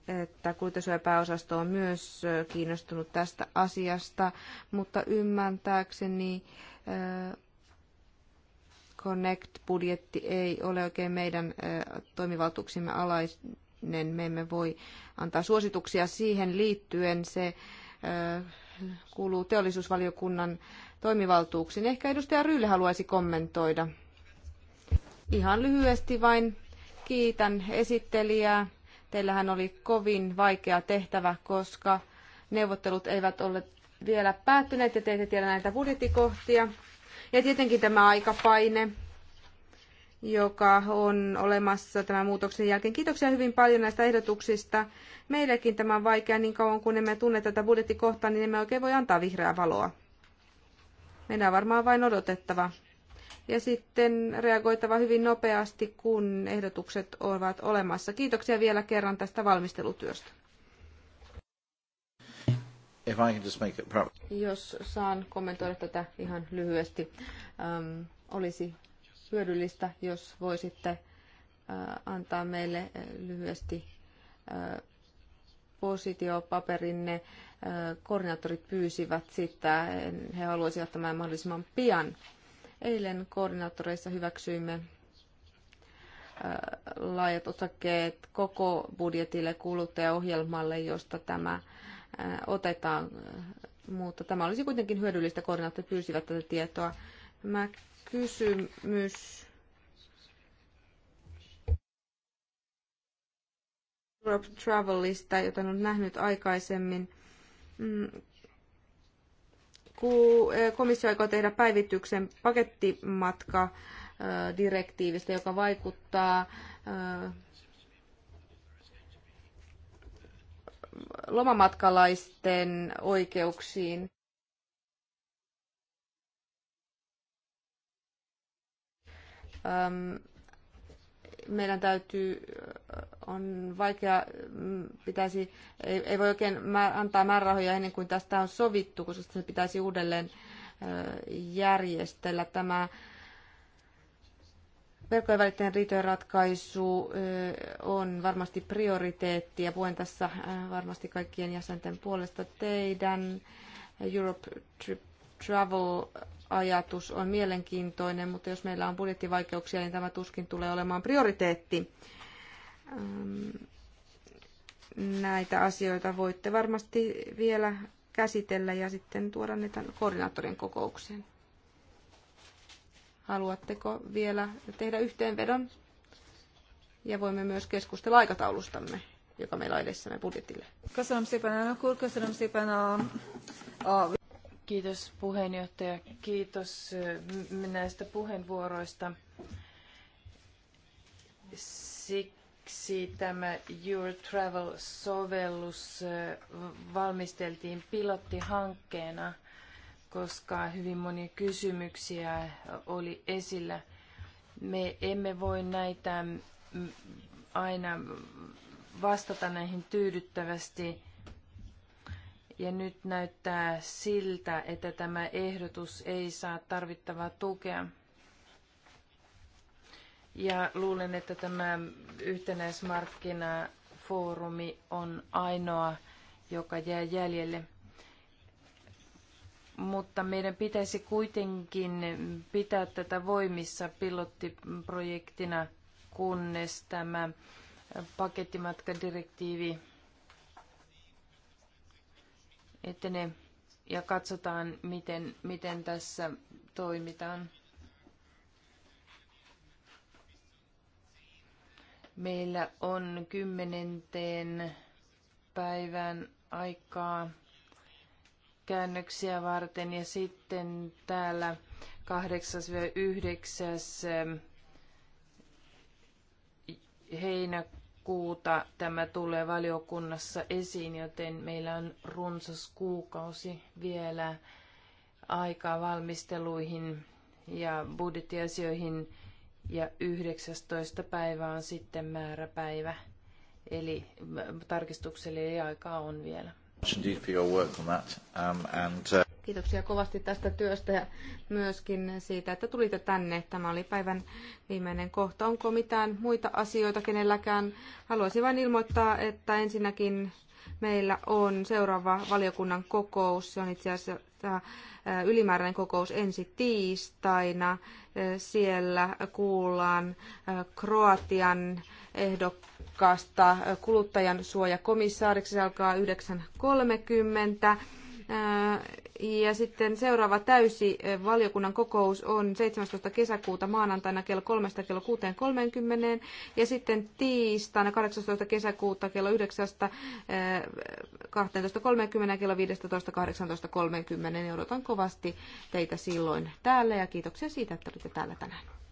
Speaker 2: että kultasuojapääosasto on myös kiinnostunut tästä asiasta, mutta ymmärtääkseni Connect-budjetti ei ole oikein meidän toimivaltuuksimme alainen. Me emme voi antaa suosituksia siihen liittyen. Se kuuluu teollisuusvaliokunnan toimivaltuuksiin. Ehkä edustaja Ryyle haluaisi kommentoida. Ihan lyhyesti vain kiitän esittelijää Teillähän oli kovin vaikea tehtävä, koska neuvottelut eivät ole vielä päättyneet ja te ette tiedä näitä budjettikohtia. Ja tietenkin tämä aikapaine, joka on olemassa tämän muutoksen jälkeen. Kiitoksia hyvin paljon näistä ehdotuksista. Meillekin tämä on vaikea niin kauan, kun emme tunne tätä budjettikohtaa, niin emme oikein voi antaa vihreää valoa. Meidän on varmaan vain odotettava ja sitten reagoitava hyvin nopeasti, kun ehdotukset ovat olemassa. Kiitoksia vielä kerran tästä valmistelutyöstä. Jos saan kommentoida tätä ihan lyhyesti, ähm, olisi hyödyllistä, jos voisitte äh, antaa meille äh, lyhyesti äh, positiopaperinne. Äh, koordinaattorit pyysivät sitä, he haluaisivat tämän mahdollisimman pian Eilen koordinaattoreissa hyväksyimme äh, laajat osakkeet koko budjetille kuluttajaohjelmalle, josta tämä äh, otetaan. Mutta tämä olisi kuitenkin hyödyllistä, koordinaattorit pyysivät tätä tietoa. Mä kysymys. Europe Travelista, jota olen nähnyt aikaisemmin. Mm, komissio aikoo tehdä päivityksen pakettimatka direktiivistä, joka vaikuttaa lomamatkalaisten oikeuksiin meidän täytyy, on vaikea, mm, pitäisi, ei, ei voi oikein antaa määrärahoja ennen kuin tästä on sovittu, koska se pitäisi uudelleen järjestellä. Tämä verkkojen välitteen riitojen ratkaisu on varmasti prioriteetti ja puhun tässä varmasti kaikkien jäsenten puolesta teidän Europe Trip travel-ajatus on mielenkiintoinen, mutta jos meillä on budjettivaikeuksia, niin tämä tuskin tulee olemaan prioriteetti. Näitä asioita voitte varmasti vielä käsitellä ja sitten tuoda ne tämän koordinaattorin kokoukseen. Haluatteko vielä tehdä yhteenvedon? Ja voimme myös keskustella aikataulustamme, joka meillä on edessämme budjetille. Köszönöm szépen,
Speaker 4: Kiitos puheenjohtaja, kiitos näistä puheenvuoroista. Siksi tämä Your Travel-sovellus valmisteltiin pilottihankkeena, koska hyvin monia kysymyksiä oli esillä. Me emme voi näitä aina vastata näihin tyydyttävästi ja nyt näyttää siltä, että tämä ehdotus ei saa tarvittavaa tukea. Ja luulen, että tämä yhtenäismarkkinafoorumi on ainoa, joka jää jäljelle. Mutta meidän pitäisi kuitenkin pitää tätä voimissa pilottiprojektina, kunnes tämä pakettimatkadirektiivi etene ja katsotaan, miten, miten tässä toimitaan. Meillä on kymmenenteen päivän aikaa käännöksiä varten ja sitten täällä 8.9. 9 eh, heinäkuuta kuuta tämä tulee valiokunnassa esiin, joten meillä on runsas kuukausi vielä aikaa valmisteluihin ja budjettiasioihin ja 19. päivä on sitten määräpäivä. Eli äh, tarkistukselle ei aikaa on vielä.
Speaker 1: for your work on that. Um,
Speaker 2: and, uh, Kiitoksia kovasti tästä työstä ja myöskin siitä, että tulitte tänne. Tämä oli päivän viimeinen kohta. Onko mitään muita asioita kenelläkään? Haluaisin vain ilmoittaa, että ensinnäkin meillä on seuraava valiokunnan kokous. Se on itse asiassa äh, ylimääräinen kokous ensi tiistaina. Äh, siellä kuullaan äh, Kroatian ehdokkaasta kuluttajan suojakomissaariksi. Se alkaa 9.30 ja sitten seuraava täysi eh, valiokunnan kokous on 17. kesäkuuta maanantaina kello 3 kello 6.30 ja sitten tiistaina 18. kesäkuuta kello 9.12.30 eh, kello 15.18.30. Odotan kovasti teitä silloin täällä ja kiitoksia siitä, että olitte täällä tänään.